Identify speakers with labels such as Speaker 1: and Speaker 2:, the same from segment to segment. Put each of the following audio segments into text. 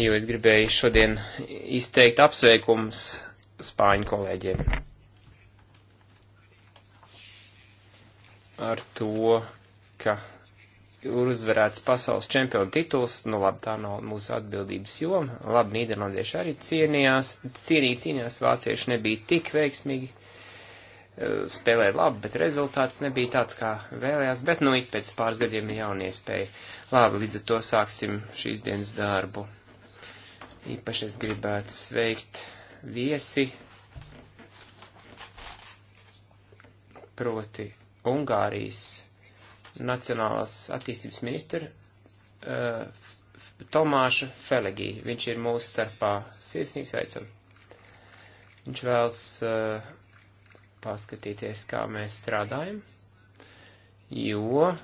Speaker 1: jo es gribēju šodien izteikt apsveikums Spāņu kolēģiem. Ar to, ka ir uzvarēts pasaules čempionu tituls, nu labi, tā nav mūsu atbildības joma, labi, Nīderlandieši arī cienījās, cienīja cīnījās, vācieši nebija tik veiksmīgi, eh, spēlēja labi, bet rezultāts nebija tāds, kā vēlējās, bet nu ik pēc pāris gadiem ir jauna iespēja. Labi, līdz ar to sāksim šīs dienas darbu. Īpaši es gribētu sveikt viesi, proti Ungārijas Nacionālās attīstības ministru uh, eh, Tomāša Felegī. Viņš ir mūsu starpā sirsnīgi sveicam. Viņš vēlas uh, paskatīties, kā mēs strādājam, jo uh,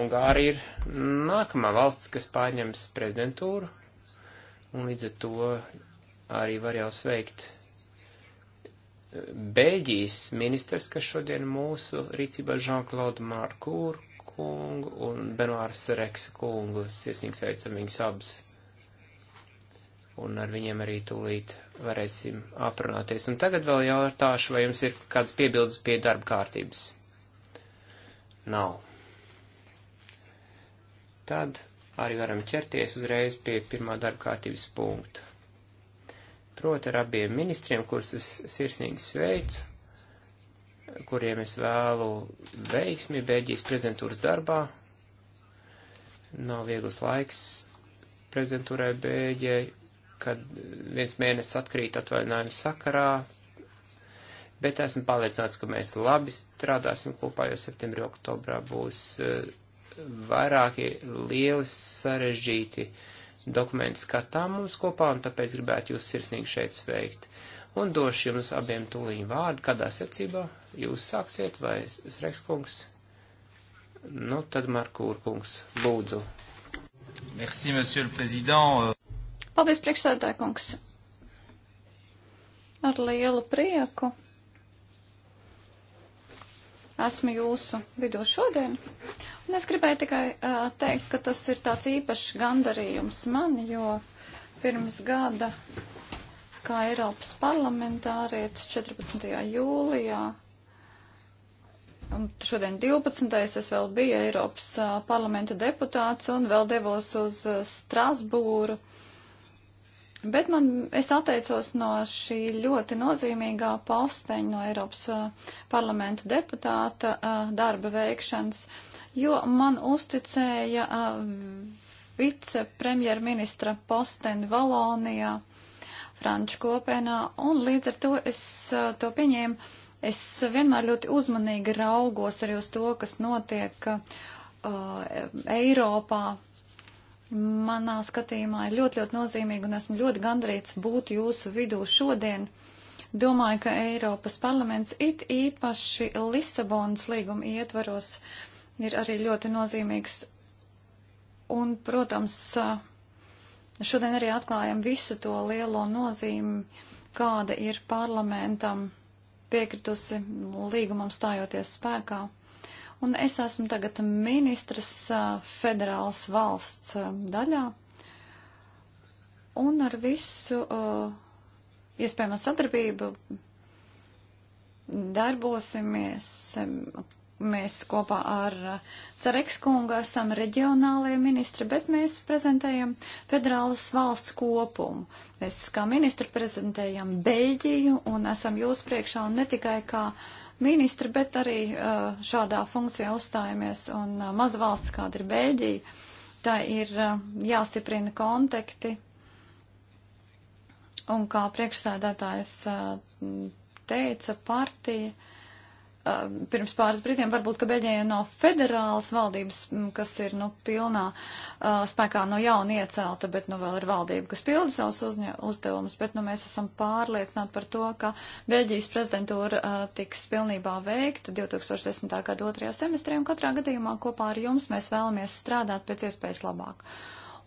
Speaker 1: Ungārija ir nākamā valsts, kas pārņems prezidentūru un līdz ar to arī var jau sveikt eh, Bēļģijas ministrs, kas šodien mūsu rīcībā Jean-Claude Marcour kungu un Benoārs Reksa kungu. Sirsnīgi sveicam viņus abus. Un ar viņiem arī tūlīt varēsim aprunāties. Un tagad vēl jautāšu, vai jums ir kāds piebildes pie darba kārtības? Nav. Tad arī varam ķerties uzreiz pie pirmā darba kārtības punkta. Proti ar abiem ministriem, kurus es sirsnīgi sveicu, kuriem es vēlu veiksmi Beļģijas prezentūras darbā. Nav viegls laiks prezentūrai Beļģijai, kad viens mēnesis atkrīt atvaļinājumu sakarā, bet esmu pārliecināts, ka mēs labi strādāsim kopā, jo septembrī, oktobrā būs uh, vairāki lieli sarežģīti dokumenti skatām mums kopā, un tāpēc gribētu jūs sirsnīgi šeit sveikt. Un došu jums abiem tūlīņu vārdu, kādā secībā jūs sāksiet, vai Rekskungs, nu tad Markūrkungs, lūdzu. Merci, monsieur le président.
Speaker 2: Paldies, priekšsēdētāj kungs. Ar lielu prieku esmu jūsu vidū šodien Un es gribēju tikai uh, teikt, ka tas ir tāds īpašs gandarījums man, jo pirms gada, kā Eiropas parlamentārietis 14. jūlijā, un šodien 12. es vēl biju Eiropas uh, parlamenta deputāts un vēl devos uz uh, Strasbūru. Bet man, es atteicos no šī ļoti nozīmīgā posteņa no Eiropas uh, parlamenta deputāta darba veikšanas. Uh, jo man uzticēja vicepremjerministra posteni Valonijā, Franču kopienā, un līdz ar to es to pieņēmu. Es vienmēr ļoti uzmanīgi raugos arī uz to, kas notiek uh, Eiropā. Manā skatījumā ir ļoti, ļoti nozīmīgi, un esmu ļoti gandarīts būt jūsu vidū šodien. Domāju, ka Eiropas parlaments it īpaši Lisabonas līguma ietvaros uh, ir arī ļoti nozīmīgs. Un, protams, šodien arī atklājam visu to lielo nozīmi, kāda ir parlamentam piekritusi līgumam stājoties spēkā. Un es esmu tagad ministrs federāls valsts daļā. Un ar visu uh, iespējamo sadarbību darbosimies mēs kopā ar eh, Cereks kungu esam reģionālajie ministri, bet mēs prezentējam federālas valsts kopumu. Mēs kā ministri prezentējam Beļģiju un esam jūs priekšā un ne tikai kā ministri, bet arī eh, šādā funkcijā uzstājamies un eh, maza valsts, kāda ir Beļģija, tā ir jāstiprina kontakti. Un kā priekšsēdētājs teica, partija Um, pirms pāris brīdiem, varbūt, ka Beļģijai nav federālas valdības, kas ir, nu, pilnā uh, spēkā no jauna iecelta, bet, nu, vēl ir valdība, kas pilda savus uzņa, uzdevumus, bet, nu, mēs esam pārliecināti par to, ka Beļģijas prezidentūra uh, tiks pilnībā veikta 2010. gada otrajā semestrī, un katrā gadījumā kopā ar jums mēs vēlamies strādāt pēc iespējas labāk.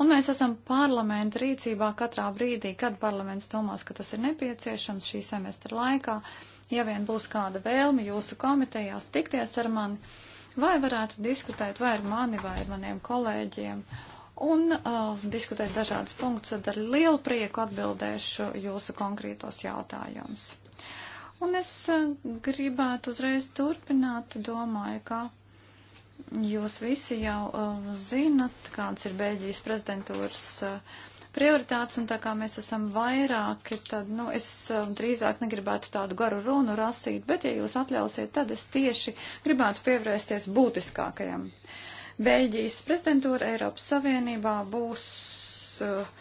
Speaker 2: Un mēs esam parlamenta rīcībā katrā brīdī, kad parlaments domās, ka tas ir nepieciešams šī semestra laikā. Uh, ja vien būs kāda vēlme jūsu komitejās tikties ar mani, vai varētu diskutēt vai ar mani, vai ar maniem kolēģiem. Un uh, diskutēt dažādas punktus, tad ar lielu prieku atbildēšu jūsu konkrētos jautājumus. Un es uh, gribētu uzreiz turpināt, domāju, ka jūs visi jau uh, zinat, kāds ir Bēļģijas prezidentūras uh, prioritātes, un tā kā mēs esam vairāki, tad, nu, es eh, drīzāk negribētu tādu garu runu rasīt, bet, ja jūs atļausiet, tad es tieši gribētu pievērsties būtiskākajam. Beļģijas prezidentūra Eiropas Savienībā būs, eh,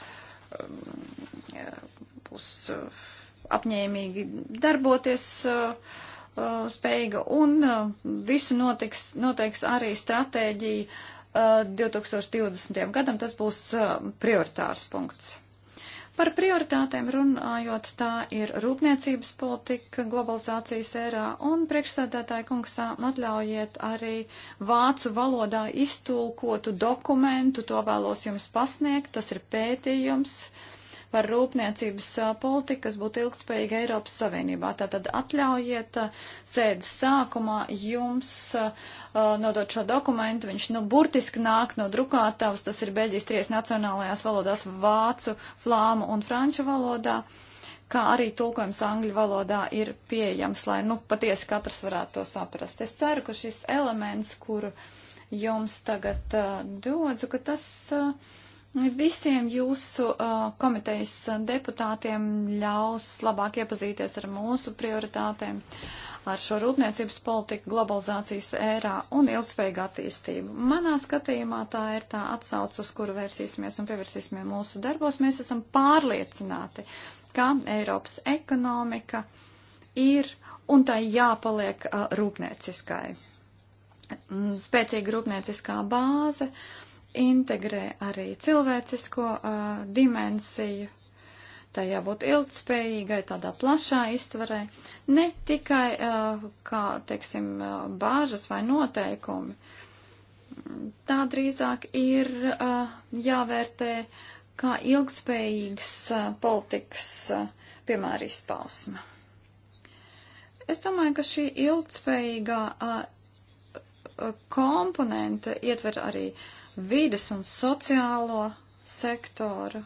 Speaker 2: eh, būs apņēmīgi darboties spējīga, un visu notiks, noteiks arī stratēģija 2020. Uh, gadam tas būs uh, prioritārs punkts. Par prioritātēm runājot, tā ir rūpniecības politika globalizācijas ērā, un priekšsēdētāja kungs atļaujiet arī vācu valodā iztulkotu dokumentu, to vēlos jums pasniegt, tas ir pētījums par rūpniecības politiku, kas būtu ilgspējīga Eiropas Savienībā. Tātad atļaujiet sēdes sākumā jums nodot šo dokumentu. Viņš, nu, burtiski nāk no drukātavas, tas ir Beļģijas tries nacionālajās valodās vācu, flāmu un franču valodā kā arī tulkojums angļu valodā ir pieejams, lai, nu, patiesi katrs varētu to saprast. Es ceru, ka šis elements, kuru jums tagad uh, dodu, ka tas uh, visiem jūsu uh, komitejas deputātiem ļaus labāk iepazīties ar mūsu prioritātēm, ar šo rūpniecības politiku, globalizācijas ērā un ilgspējīgu attīstību. Manā skatījumā tā ir tā atsauce, uz kuru vērsīsimies un pievērsīsimies mūsu darbos. Mēs esam pārliecināti, ka Eiropas ekonomika ir un tai jāpaliek uh, rūpnieciskai. Mm, spēcīga rūpnieciskā bāze. Uh, integrē arī cilvēcisko uh, dimensiju. Tā jābūt ilgspējīgai, tādā plašā iztvarē, ne tikai, uh, kā, teiksim, bāžas vai noteikumi. Tā drīzāk ir uh, jāvērtē kā ilgspējīgas uh, politikas, uh, piemēra izpausme. Es domāju, ka šī ilgspējīgā uh, komponente ietver arī uh, vides un sociālo sektoru.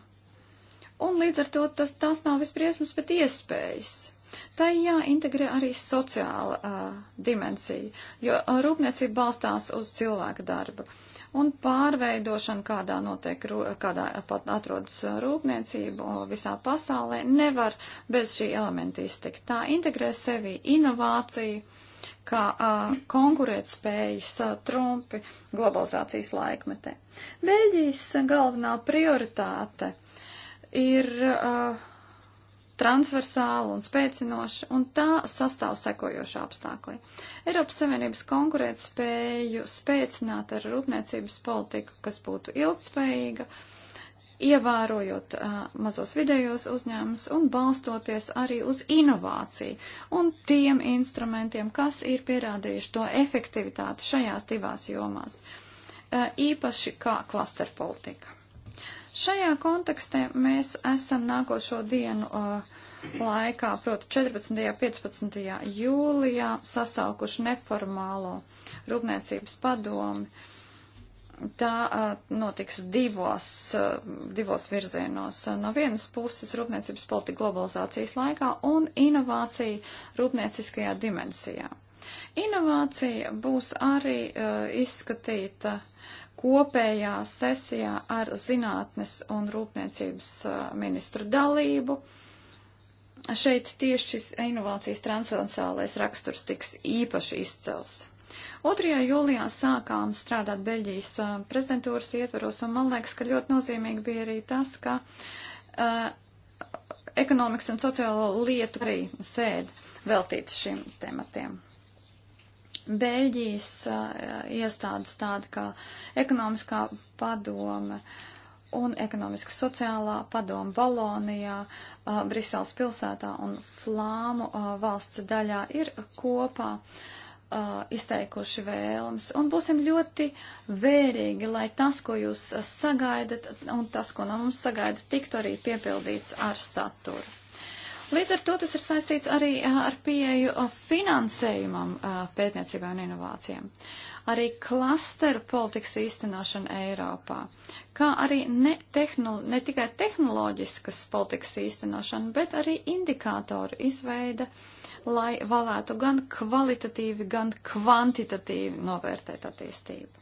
Speaker 2: Un līdz ar to tas, tas nav visbriesmas, bet iespējas. Tā ir jāintegrē arī sociāla uh, dimensija, jo rūpniecība balstās uz cilvēka darba. Un pārveidošana, kādā notiek, kādā pat atrodas rūpniecība visā pasaulē, nevar bez šī elementa iztikt. Tā integrē sevi inovāciju kā uh, konkurētspējas uh, trumpi globalizācijas laikmetē. Beļģijas galvenā prioritāte ir uh, transversāla un spēcinoša, un tā sastāv sekojošā apstāklī. Eiropas Savienības konkurētspēju spēcināt ar rūpniecības politiku, kas būtu ilgtspējīga, uh, ievērojot uh, mazos vidējos uzņēmumus un balstoties arī uz inovāciju un tiem instrumentiem, kas ir pierādījuši to efektivitāti šajās divās jomās, uh, īpaši kā klasterpolitika. Šajā kontekstē mēs esam nākošo dienu uh, laikā, proti 14. un 15. jūlijā, sasaukuši neformālo rūpniecības padomi tā notiks divos, divos virzienos. No vienas puses rūpniecības politika globalizācijas laikā un inovācija rūpnieciskajā dimensijā. Inovācija būs arī izskatīta kopējā sesijā ar zinātnes un rūpniecības ministru dalību. Šeit tieši šis inovācijas transversālais raksturs tiks īpaši izcels. 2. jūlijā sākām strādāt Beļģijas uh, prezidentūras ietvaros, un man liekas, ka ļoti nozīmīgi bija arī tas, ka uh, ekonomikas un sociālo lietu arī sēde veltīta šiem tematiem. Beļģijas uh, iestādes tāda kā ekonomiskā padome un ekonomiska sociālā padome Valonijā, uh, Briseles pilsētā un Flāmu uh, valsts daļā ir kopā uh, uh, izteikuši vēlmes. Un būsim ļoti vērīgi, lai tas, ko jūs sagaidat, un tas, ko no mums sagaida, tiktu arī piepildīts ar saturu. Līdz ar to tas ir saistīts arī ar pieeju finansējumam pētniecībai un inovācijām. Arī klasteru politikas īstenošana Eiropā, kā arī ne, tehnolo, ne tikai tehnoloģiskas politikas īstenošana, bet arī indikātoru izveida uh, lai varētu gan kvalitatīvi, gan kvantitatīvi novērtēt attīstību.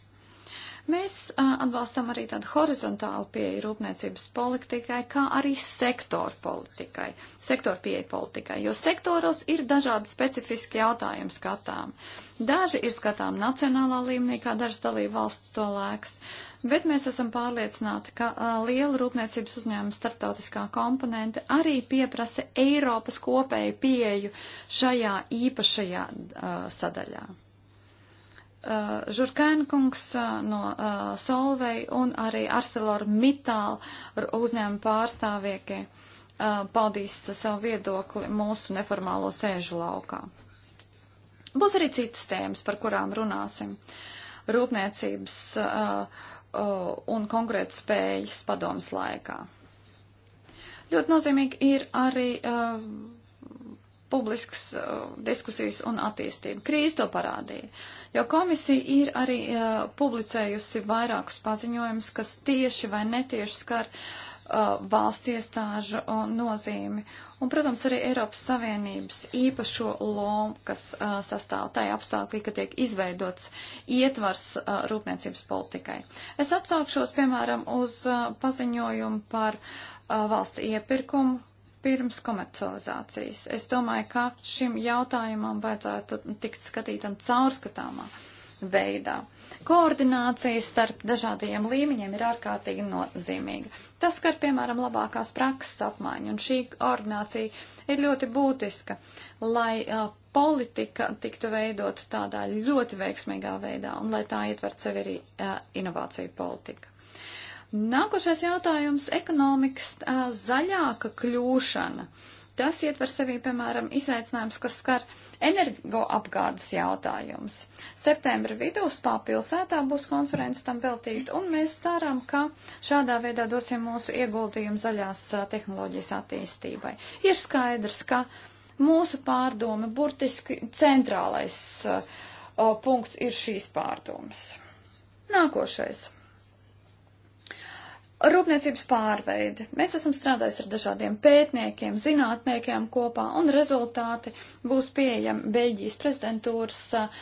Speaker 2: Mēs atbalstam arī tādu horizontālu pieeju rūpniecības politikai, kā arī sektoru politikai, sektoru pieeju politikai, jo sektoros ir dažādi specifiski jautājumi skatām. Daži ir skatām nacionālā līmenī, kā dažas dalība valsts to lēks. Uh, bet mēs esam pārliecināti, ka liela rūpniecības uzņēmuma starptautiskā komponente arī pieprasa Eiropas kopēju pieeju šajā īpašajā sadaļā. Uh, Žurkēnkungs uh, no uh, Solvei un arī Arcelor Mitāl uzņēmuma pārstāviekie uh, paudīs savu viedokli mūsu neformālo sēžu laukā. Būs arī citas tēmas, par kurām runāsim. Rūpniecības uh, Uh, un konkrēta spējas padomas laikā. Ļoti nozīmīgi ir arī uh, publiskas uh, diskusijas un attīstība. Krīze to parādīja, jo komisija ir arī uh, publicējusi vairākus paziņojumus, kas tieši vai netieši skar uh, Uh, valsts iestāžu uh, nozīmi. Un, protams, arī Eiropas Savienības īpašo lomu, kas uh, sastāv tajā apstākļī, ka tiek izveidots ietvars uh, rūpniecības politikai. Es atsaukšos, piemēram, uz uh, paziņojumu par uh, valsts iepirkumu pirms komercializācijas. Es domāju, ka šim jautājumam vajadzētu tikt skatītam caurskatāmā veidā. Uh, koordinācija starp dažādajiem līmeņiem ir ārkārtīgi nozīmīga. Tas skar, piemēram, labākās prakses apmaiņu, un šī koordinācija ir ļoti būtiska, lai uh, politika tiktu veidot tādā ļoti veiksmīgā veidā, un lai tā ietver sevi arī uh, inovāciju politika. Nākošais jautājums - ekonomikas uh, zaļāka kļūšana. Uh, Tas ietver sevī, piemēram, izaicinājums, kas skar energoapgādes jautājums. Septembra vidū spā pilsētā būs konferences tam veltīt, un mēs ceram, ka šādā veidā dosim mūsu ieguldījumu zaļās tehnoloģijas attīstībai. Ir skaidrs, ka mūsu pārdoma burtiski centrālais o, punkts ir šīs pārdomas. Nākošais. Rūpniecības pārveide. Mēs esam strādājuši ar dažādiem pētniekiem, zinātniekiem kopā, un rezultāti būs pieejami Beļģijas prezidentūras uh,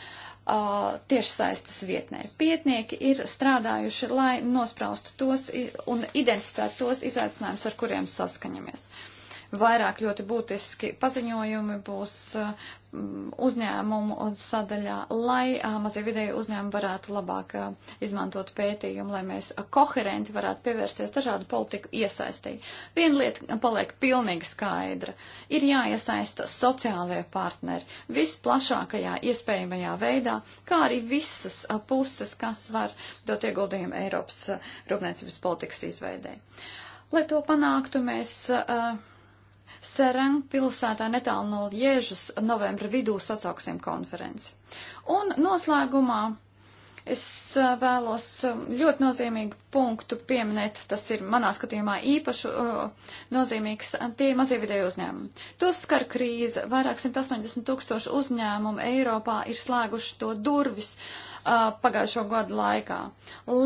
Speaker 2: tiešsaistes vietnē. Pietnieki ir strādājuši, lai nospraustu tos un identificētu tos izaicinājumus, ar kuriem saskaņamies. Uh, vairāk ļoti būtiski paziņojumi būs uh, mm, uzņēmumu sadaļā, lai uh, mazie vidēji uzņēmumi varētu labāk uh, izmantot pētījumu, lai mēs koherenti varētu pievērsties dažādu politiku iesaistī. Viena lieta paliek pilnīgi skaidra. Ir jāiesaista sociālie partneri visplašākajā iespējamajā veidā, kā arī visas puses, kas var dot ieguldījumu Eiropas rūpniecības politikas izveidē. Lai to panāktu, mēs uh, Serang pilsētā netālu no Jēžas novembra vidū sacauksim konferenci. Un noslēgumā es vēlos ļoti nozīmīgu punktu pieminēt, tas ir manā skatījumā īpaši uh, nozīmīgs, tie mazie vidēji uzņēmumi. Tos skar krīze, vairāk 180 tūkstoši uzņēmumu Eiropā ir slēguši to durvis. Uh, uh, pagājušo gadu laikā.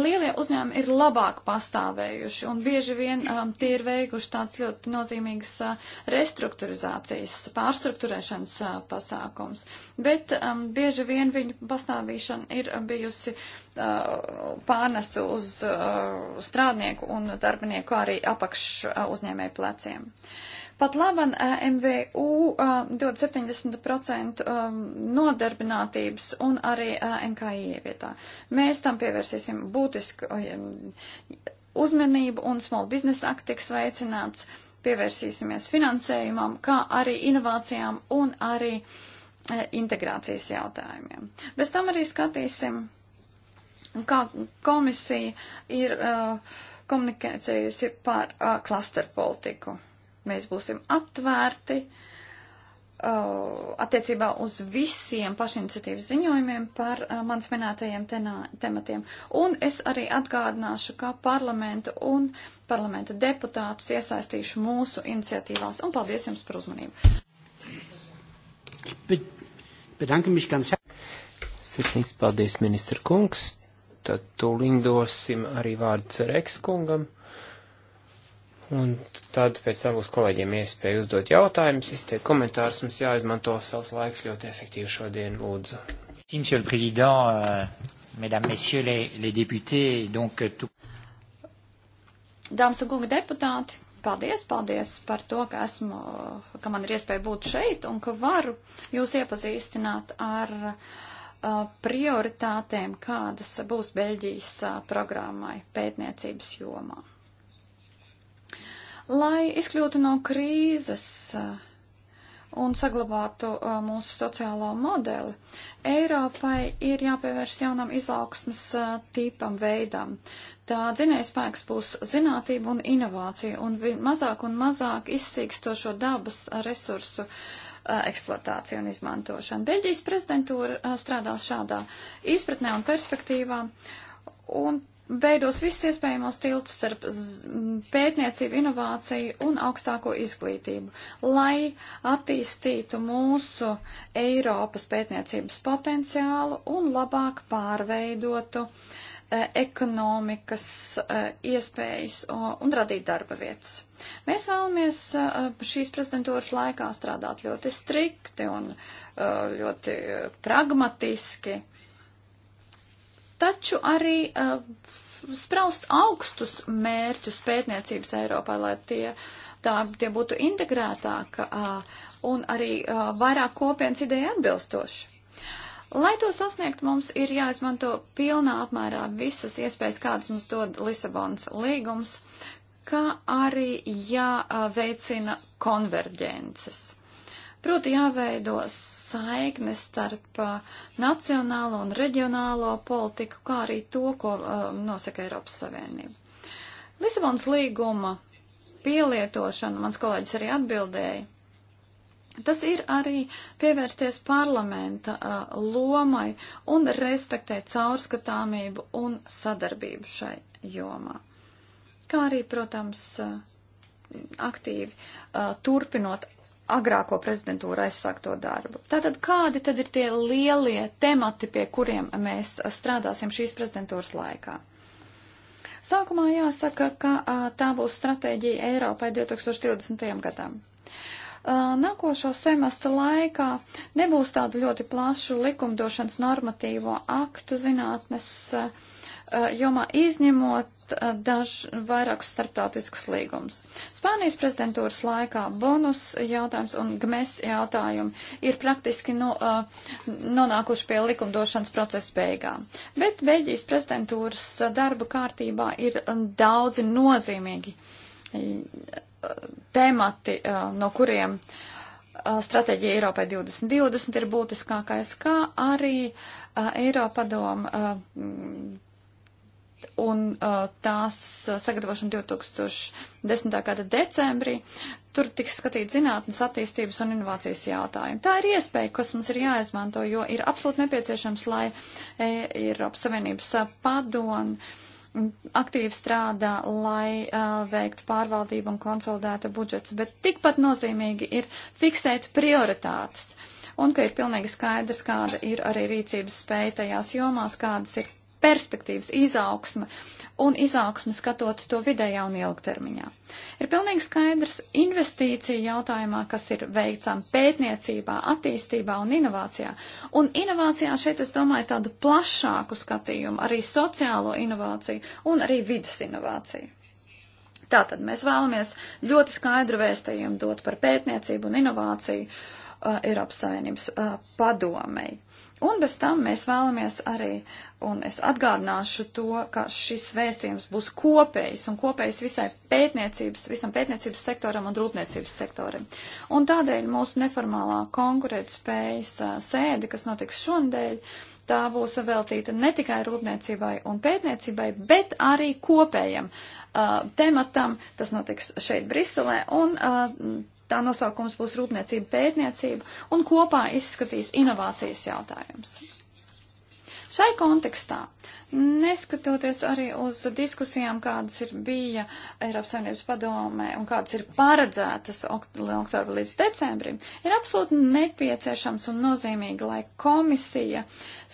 Speaker 2: Lielie uzņēmumi ir labāk pastāvējuši un bieži vien um, tie ir veikuši tāds ļoti nozīmīgs uh, restruktūrizācijas, pārstruktūrēšanas uh, pasākums. Bet um, bieži vien viņu pastāvīšana ir bijusi uh, pārnesta uz uh, strādnieku un darbinieku arī apakš uh, uzņēmēju pleciem. Uh, Pat laban eh, MVU eh, dod 70% eh, nodarbinātības un arī NKI ievietā. Mēs tam pievērsīsim būtisku uzmanību un small business act tiks veicināts. Pievērsīsimies finansējumam, kā arī inovācijām un arī integrācijas jautājumiem. Bez tam arī skatīsim, kā komisija ir uh, komunicējusi par uh, klasterpolitiku. politiku. Mēs būsim atvērti uh, attiecībā uz visiem pašiniciatīvas ziņojumiem par uh, mans minētajiem tenā, tematiem. Un es arī atgādināšu, kā parlamentu un parlamenta deputātus iesaistīšu mūsu iniciatīvās. Un paldies jums par uzmanību.
Speaker 1: Sirsnīgs paldies, ministra kungs. Tad tūlīt dosim arī vārdu Cereks kungam. Un tad pēc tam būs kolēģiem iespēja uzdot jautājumus, izteikt komentārus. Mums jāizmanto savs laiks ļoti efektīvi šodien, lūdzu. Monsieur le Président, euh, Mesdames, Messieurs les, les députés, donc euh, tout.
Speaker 2: Dāmas un kungi deputāti, paldies, paldies par to, ka esmu, ka man ir iespēja būt šeit un ka varu jūs iepazīstināt ar uh, prioritātēm, kādas būs Beļģijas uh, programmai pētniecības jomā. Lai izkļūtu no krīzes eh, un saglabātu eh, mūsu sociālo modeli, Eiropai ir jāpievērš jaunam izaugsmas eh, tipam veidam. Tā dzinējspēks būs zinātība un inovācija un mazāk un mazāk izsīkstošo dabas resursu uh, eksploatāciju un izmantošanu. Beļģijas prezidentūra strādās šādā izpratnē un perspektīvā. Un beidos viss iespējamos tilts starp pētniecību, inovāciju un augstāko izglītību, lai attīstītu mūsu Eiropas pētniecības potenciālu un labāk pārveidotu eh, ekonomikas eh, iespējas o, un radīt darba vietas. Mēs vēlamies eh, šīs prezidentūras laikā strādāt ļoti strikti un e, ļoti pragmatiski taču arī uh, spraust augstus mērķus pētniecības Eiropā, lai tie, tā, tie būtu integrētāk un arī vairāk kopienas ideja atbilstoši. Lai to sasniegt, mums ir jāizmanto pilnā apmērā visas iespējas, kādas mums dod Lisabonas līgums, kā arī jāveicina konverģences. Proti jāveido saikne starp uh, nacionālo un reģionālo politiku, kā arī to, ko uh, nosaka Eiropas Savienība. Lisabonas līguma pielietošana, mans kolēģis arī atbildēja, Tas ir arī pievērsties parlamenta uh, lomai un respektēt caurskatāmību un sadarbību šai jomā. Kā arī, protams, uh, aktīvi uh, turpinot agrāko prezidentūru aizsākto darbu. Tātad kādi tad ir tie lielie temati, pie kuriem mēs strādāsim šīs prezidentūras laikā? Sākumā jāsaka, ka a, tā būs stratēģija Eiropai 2020. gadam. A, nākošo semestra laikā nebūs tādu ļoti plašu likumdošanas normatīvo aktu zinātnes. A, Uh, jomā izņemot uh, daž vairākus starptautiskus līgumus. Spānijas prezidentūras laikā bonus jautājums un gmes jautājumi ir praktiski no, uh, nonākuši pie likumdošanas procesa beigām. Bet Beļģijas prezidentūras darba kārtībā ir um, daudzi nozīmīgi temati, no kuriem stratēģija Eiropai 2020 ir būtiskākais, kā arī Eiropa padoma un uh, tās sagatavošana 2010. gada decembrī. Tur tiks skatīt zinātnes attīstības un inovācijas jautājumu. Tā ir iespēja, kas mums ir jāizmanto, jo ir absolūti nepieciešams, lai Eiropas Savienības padomu aktīvi strādā, lai uh, veiktu pārvaldību un konsolidētu budžets, bet tikpat nozīmīgi ir fiksēt prioritātes un ka ir pilnīgi skaidrs, kāda ir arī rīcības spēja tajās jomās, kādas ir perspektīvas izaugsme un izaugsme skatot to vidējā un ilgtermiņā. Ir pilnīgi skaidrs investīcija jautājumā, kas ir veicam pētniecībā, attīstībā un inovācijā. Un inovācijā šeit es domāju tādu plašāku skatījumu, arī sociālo inovāciju un arī vidas inovāciju. Tātad mēs vēlamies ļoti skaidru vēstījumu dot par pētniecību un inovāciju uh, Eiropas Savienības uh, padomei. Un bez tam mēs vēlamies arī, un es atgādināšu to, ka šis vēstījums būs kopējs un kopējs visai pētniecības, visam pētniecības sektoram un rūpniecības sektoram. Un tādēļ mūsu neformālā konkurētspējas sēde, kas notiks šonadēļ, tā būs veltīta ne tikai rūpniecībai un pētniecībai, bet arī kopējam uh, tematam. Tas notiks šeit Briselē un uh, Tā nosaukums būs rūpniecība pētniecība un kopā izskatīs inovācijas jautājums. Šai kontekstā, neskatoties arī uz diskusijām, kādas ir bija Eiropas Savienības padomē un kādas ir paredzētas okt oktobra līdz decembrim, ir absolūti nepieciešams un nozīmīgi, lai komisija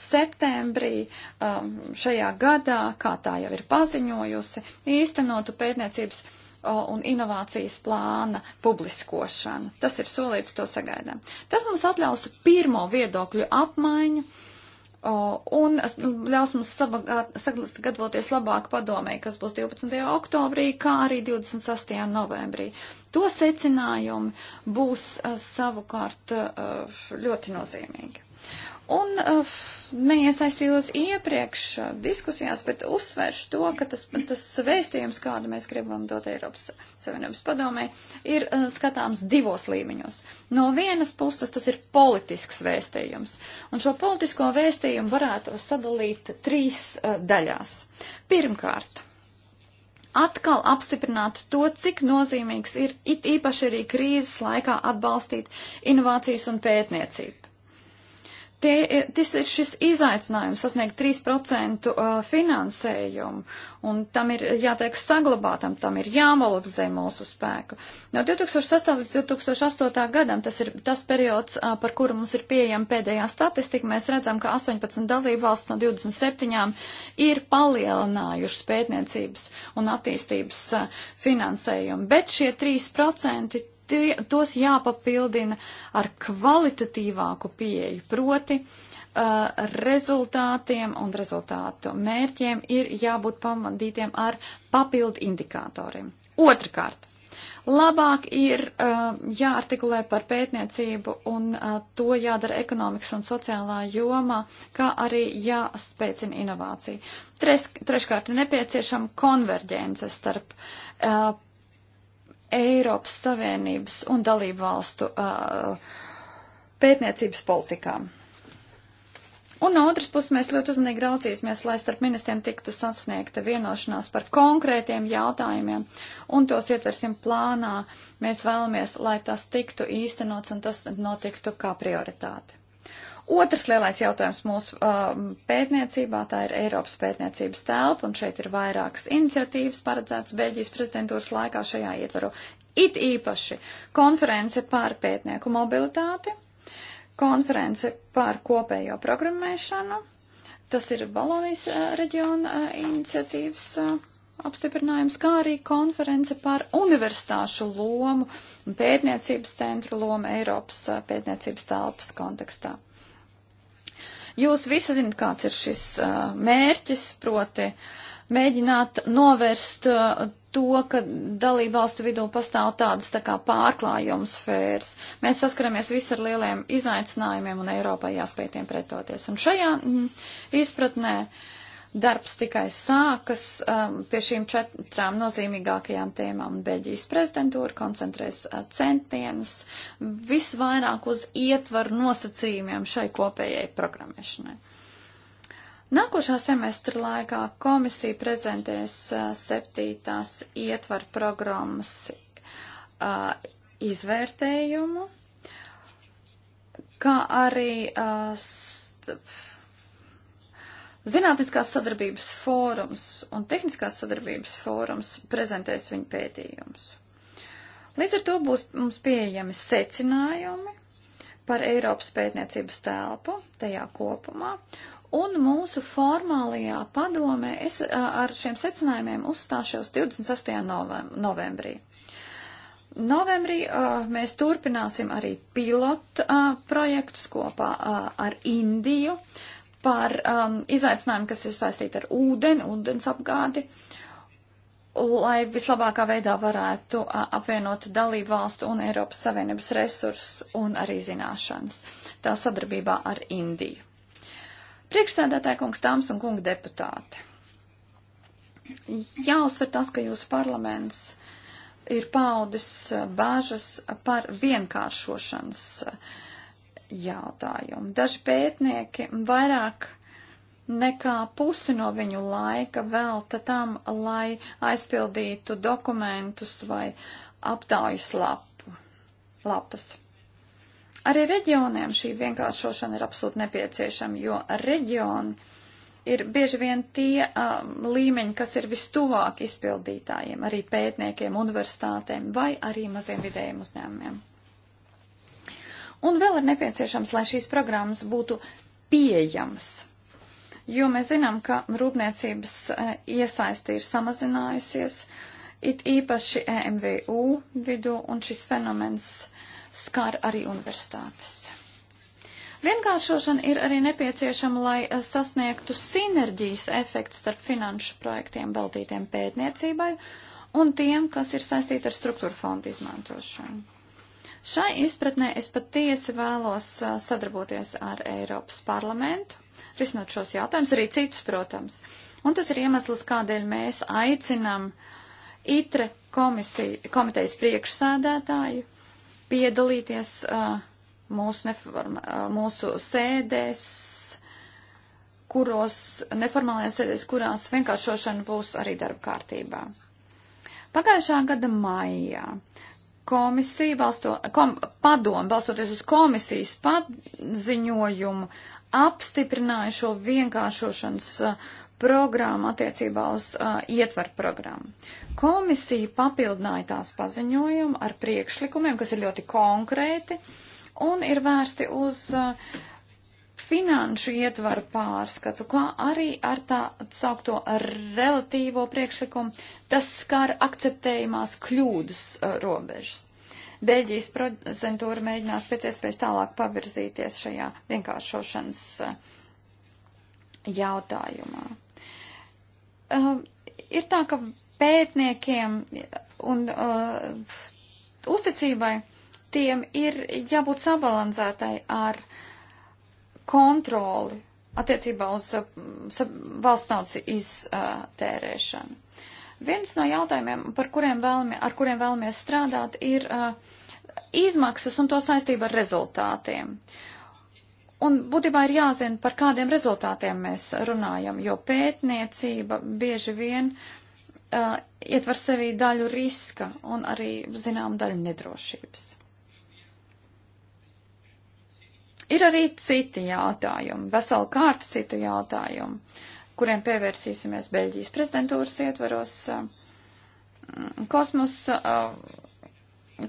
Speaker 2: septembrī um, šajā gadā, kā tā jau ir paziņojusi, īstenotu pētniecības un inovācijas plāna publiskošanu. Tas ir solīts, to sagaidām. Tas mums atļaus pirmo viedokļu apmaiņu un nu, ļaus mums sagatavoties labāk padomē, kas būs 12. oktobrī, kā arī 26. novembrī. To secinājumi būs savukārt ļoti nozīmīgi. Un uh, neiesaistījos iepriekš uh, diskusijās, bet uzsvēršu to, ka tas, tas vēstījums, kādu mēs gribam dot Eiropas Savienības padomē, ir uh, skatāms divos līmeņos. No vienas puses tas ir politisks vēstījums, un šo politisko vēstījumu varētu sadalīt trīs uh, daļās. Pirmkārt, atkal apstiprināt to, cik nozīmīgs ir it īpaši arī krīzes laikā atbalstīt inovācijas un pētniecību Tie, tis ir šis izaicinājums sasniegt 3% finansējumu, un tam ir jātiek saglabātam, tam ir jāmolabzē mūsu spēku. No 2008 līdz 2008 gadam, tas ir tas periods, par kuru mums ir pieejama pēdējā statistika, mēs redzam, ka 18 dalību valsts no 27 ir palielinājušas pētniecības un attīstības finansējumu, bet šie 3% tie, tos jāpapildina ar kvalitatīvāku pieeju, proti uh, rezultātiem un rezultātu mērķiem ir jābūt pamandītiem ar papildu indikatoriem. Otrakārt, labāk ir uh, jāartikulē par pētniecību un uh, to jādara ekonomikas un sociālā jomā, kā arī jāspēcina inovācija. Tres, treškārt, nepieciešama konverģence starp uh, Eiropas Savienības un dalību valstu uh, pētniecības politikām. Un no otras puses mēs ļoti uzmanīgi raucīsimies, lai starp ministriem tiktu sasniegta vienošanās par konkrētiem jautājumiem, un tos ietversim plānā. Mēs vēlamies, lai tas tiktu īstenots un tas notiktu kā prioritāte. Otrs lielais jautājums mūsu uh, pētniecībā, tā ir Eiropas pētniecības telpa, un šeit ir vairākas iniciatīvas paredzētas Beļģijas prezidentūras laikā šajā ietvaru. It īpaši konference par pētnieku mobilitāti, konference par kopējo programmēšanu, tas ir Valonijas uh, reģiona uh, iniciatīvas. Uh, apstiprinājums, kā arī konference par universitāšu lomu un pētniecības centru lomu Eiropas uh, pētniecības telpas kontekstā. Jūs visi zinat, kāds ir šis uh, mērķis, proti mēģināt novērst uh, to, ka dalību valstu vidū pastāv tādas tā kā pārklājuma sfēras. Mēs saskaramies visi ar lieliem izaicinājumiem un Eiropai jāspēj tiem pretoties. Un šajā mm, izpratnē uh, Darbs tikai sākas um, pie šīm četrām nozīmīgākajām tēmām. Beļģijas prezidentūra koncentrēs uh, centienus visvairāk uz ietvaru nosacījumiem šai kopējai programmēšanai. Nākošā semestra laikā komisija prezentēs uh, septītās ietvaru programmas uh, izvērtējumu, kā arī uh, Zinātniskās sadarbības fórums un tehniskās sadarbības fórums prezentēs viņu pētījumus. Līdz ar to būs mums pieejami secinājumi par Eiropas pētniecības telpu tajā kopumā, un mūsu formālajā padomē es ar šiem secinājumiem uzstāšos 28. novembrī. Novembrī uh, mēs turpināsim arī pilotu uh, projektus kopā uh, ar Indiju. Uh, par um, izaicinājumu, kas ir saistīti ar ūdeni, ūdens apgādi, lai vislabākā veidā varētu uh, apvienot dalību valstu un Eiropas Savienības resursus un arī zināšanas. Tā sadarbībā ar Indiju. Priekšsēdētāji kungs, dāmas un kungi deputāti. Jāuzsver tas, ka jūsu parlaments ir paudis bāžas par vienkāršošanas uh, jautājumu. Daži pētnieki vairāk nekā pusi no viņu laika velta tam, lai aizpildītu dokumentus vai aptaujas lapu, lapas. Arī reģioniem šī vienkāršošana ir absolūti nepieciešama, jo reģioni ir bieži vien tie um, līmeņi, kas ir vistuvāk izpildītājiem, arī pētniekiem, universitātēm vai arī maziem vidējiem uzņēmumiem. Un vēl ir nepieciešams, lai šīs programmas būtu pieejamas. Jo mēs zinām, ka rūpniecības e, iesaisti ir samazinājusies, it īpaši EMVU vidū, un šis fenomens skar arī universitātes. Vienkāršošana ir arī nepieciešama, lai e, sasniegtu sinerģijas efektu starp finanšu projektiem veltītiem pētniecībai un tiem, kas ir saistīti ar struktūra fondu izmantošanu. Šai izpratnē es patiesi vēlos sadarboties ar Eiropas parlamentu, risinot šos jautājumus, arī citus, protams. Un tas ir iemesls, kādēļ mēs aicinam ITRE komisiju, komitejas priekšsēdētāju piedalīties uh, mūsu, neforma, uh, mūsu sēdēs, kuros, neformālajās sēdēs, kurās vienkāršošana būs arī darba kārtībā. Pagājušā gada maijā Komisija balsto, kom, padomu, balstoties uz komisijas paziņojumu, apstiprināja šo vienkāršošanas uh, programmu attiecībā uz uh, ietvaru programmu. Komisija papildināja tās paziņojumu ar priekšlikumiem, kas ir ļoti konkrēti un ir vērsti uz uh, finanšu ietvaru pārskatu, kā arī ar tā saukto relatīvo priekšlikumu, tas skar akceptējumās kļūdas uh, robežas. Beļģijas prezentūra mēģinās pēc iespējas tālāk pavirzīties šajā vienkāršošanas uh, jautājumā. Uh, ir tā, ka pētniekiem un uh, uzticībai tiem ir jābūt sabalansētai ar uh, kontroli attiecībā uz uh, valsts naudas iztērēšanu. Uh, Viens no jautājumiem, par kuriem vēlamies, ar kuriem vēlamies strādāt, ir uh, izmaksas un to saistība ar rezultātiem. Un būtībā ir jāzina, par kādiem rezultātiem mēs runājam, jo pētniecība bieži vien uh, ietver sevī daļu riska un arī, zinām, daļu nedrošības. Ir arī citi jautājumi, vesela kārta citu jautājumu, kuriem pievērsīsimies Beļģijas prezidentūras ietvaros. Mm, kosmos, uh,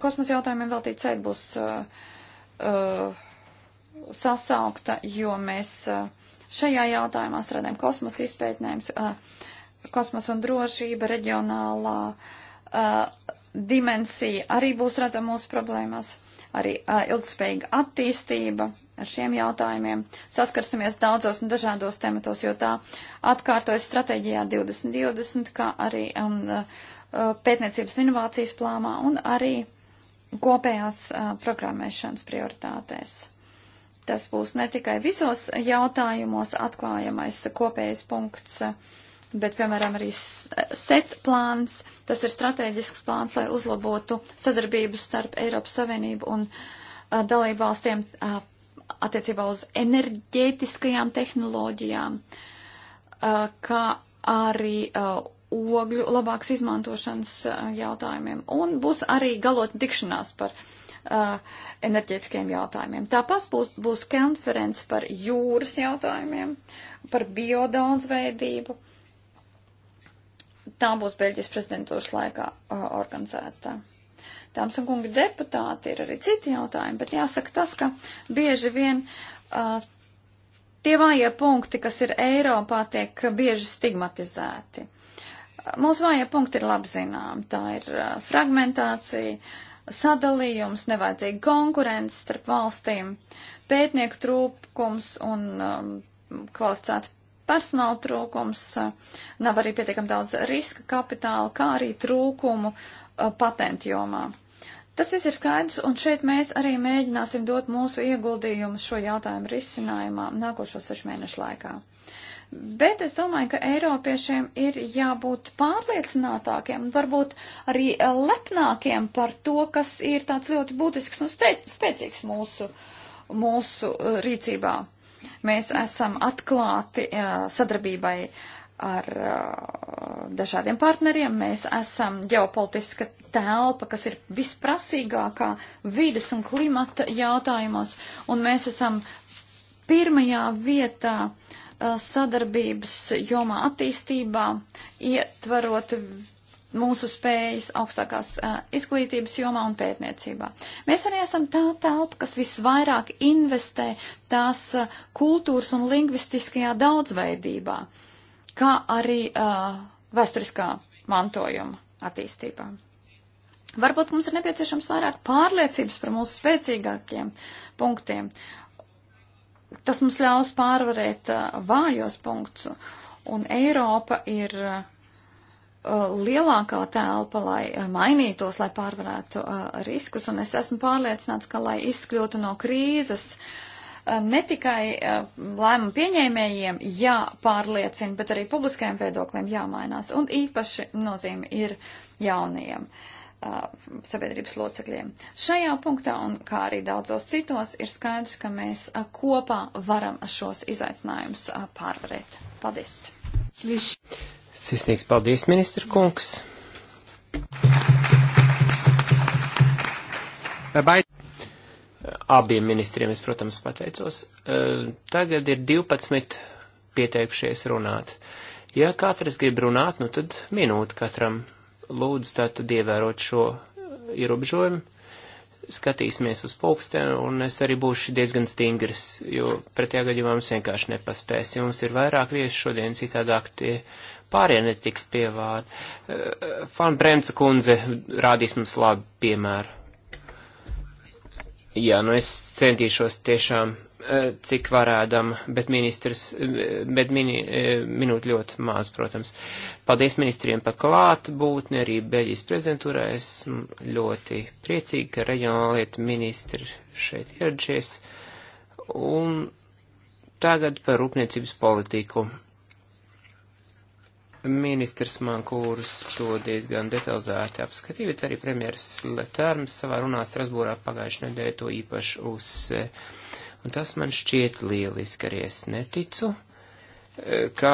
Speaker 2: kosmos jautājumiem veltīt sēd būs uh, uh, sasaukta, jo mēs šajā jautājumā strādājam kosmosa izpētnēms, kosmosa un drošība reģionālā dimensija arī būs redzama mūsu problēmās, arī ilgspējīga attīstība ar šiem jautājumiem saskarsimies daudzos un dažādos tematos, jo tā atkārtojas stratēģijā 2020, kā arī um, uh, pētniecības inovācijas plāmā un arī kopējās uh, programmēšanas prioritātēs. Tas būs ne tikai visos jautājumos atklājamais kopējais punkts, bet, piemēram, arī set plāns. Tas ir strateģisks plāns, lai uzlabotu sadarbību starp Eiropas Savienību un uh, dalībvalstiem uh, attiecībā uz enerģētiskajām tehnoloģijām, kā arī ogļu labāks izmantošanas jautājumiem. Un būs arī galotni tikšanās par enerģētiskiem jautājumiem. Tāpēc būs, būs konference par jūras jautājumiem, par biodaudzveidību. Tā būs Beļģijas prezidentūras laikā organizēta. Uh, Dāmas un kungi deputāti ir arī citi jautājumi, bet jāsaka tas, ka bieži vien uh, tie vājie punkti, kas ir Eiropā, tiek bieži stigmatizēti. Mūsu vājie punkti ir labi zinām. Tā ir uh, fragmentācija, sadalījums, nevajadzīga konkurence starp valstīm, pētnieku trūkums un um, kvalificētu personāla trūkums, nav arī pietiekam daudz riska kapitāla, kā arī trūkumu Uh, patentu jomā. Tas viss ir skaidrs, un šeit mēs arī mēģināsim dot mūsu ieguldījumu šo jautājumu risinājumā nākošo sešu mēnešu laikā. Bet es domāju, ka Eiropiešiem ir jābūt pārliecinātākiem un varbūt arī lepnākiem par to, kas ir tāds ļoti būtisks un spēcīgs mūsu, mūsu uh, rīcībā. Mēs esam atklāti uh, sadarbībai uh, ar uh, dažādiem partneriem. Mēs esam ģeopolitiska telpa, kas ir visprasīgākā vides un klimata jautājumos, un mēs esam pirmajā vietā uh, sadarbības jomā attīstībā, ietvarot mūsu spējas augstākās uh, izglītības jomā un pētniecībā. Mēs arī esam tā telpa, kas visvairāk investē tās uh, kultūras un lingvistiskajā daudzveidībā. Uh, kā arī uh, vēsturiskā mantojuma attīstībā. Varbūt mums ir nepieciešams vairāk pārliecības par mūsu spēcīgākiem punktiem. Tas mums ļaus pārvarēt uh, vājos punktus, un Eiropa ir uh, lielākā telpa, lai mainītos, lai pārvarētu uh, riskus, un es esmu pārliecināts, ka, lai izkļūtu no krīzes, uh, ne tikai lēmumu pieņēmējiem jāpārliecina, bet arī publiskajiem viedokļiem jāmainās. Un īpaši nozīme ir jaunajiem sabiedrības locekļiem. Šajā punktā, un kā arī daudzos citos, ir skaidrs, ka mēs kopā varam šos izaicinājumus pārvarēt. Paldies!
Speaker 1: Sisnieks, paldies, ministra kungs! Bye bye abiem ministriem es, protams, pateicos. E, tagad ir 12 pieteikušies runāt. Ja katrs grib runāt, nu tad minūte katram. Lūdzu, tātad ievērot šo ierobežojumu. Skatīsimies uz pulksteni, un es arī būšu diezgan stingrs, jo pretējā gadījumā mums vienkārši nepaspēs. Ja mums ir vairāk viesu šodien, citādāk tie pārējie netiks pievārdi. E, e, Fan Bremca kundze rādīs mums labu piemēru. Jā, nu es centīšos tiešām e, cik varēdam, bet ministrs, e, bet mini, e, minūti ļoti maz, protams. Paldies ministriem par klātbūtni, arī Beļģijas prezidentūrā. Esmu ļoti priecīgi, ka reģionāla lieta ministri šeit ieradušies. Un tagad par rūpniecības politiku. Ministrs Mankūrs to diezgan detalizēti apskatīja, bet arī premjeras Letārms savā runā Strasbūrā pagājušajā nedēļā to īpaši uzsver. Un tas man šķiet lieliski, arī es neticu, e, ka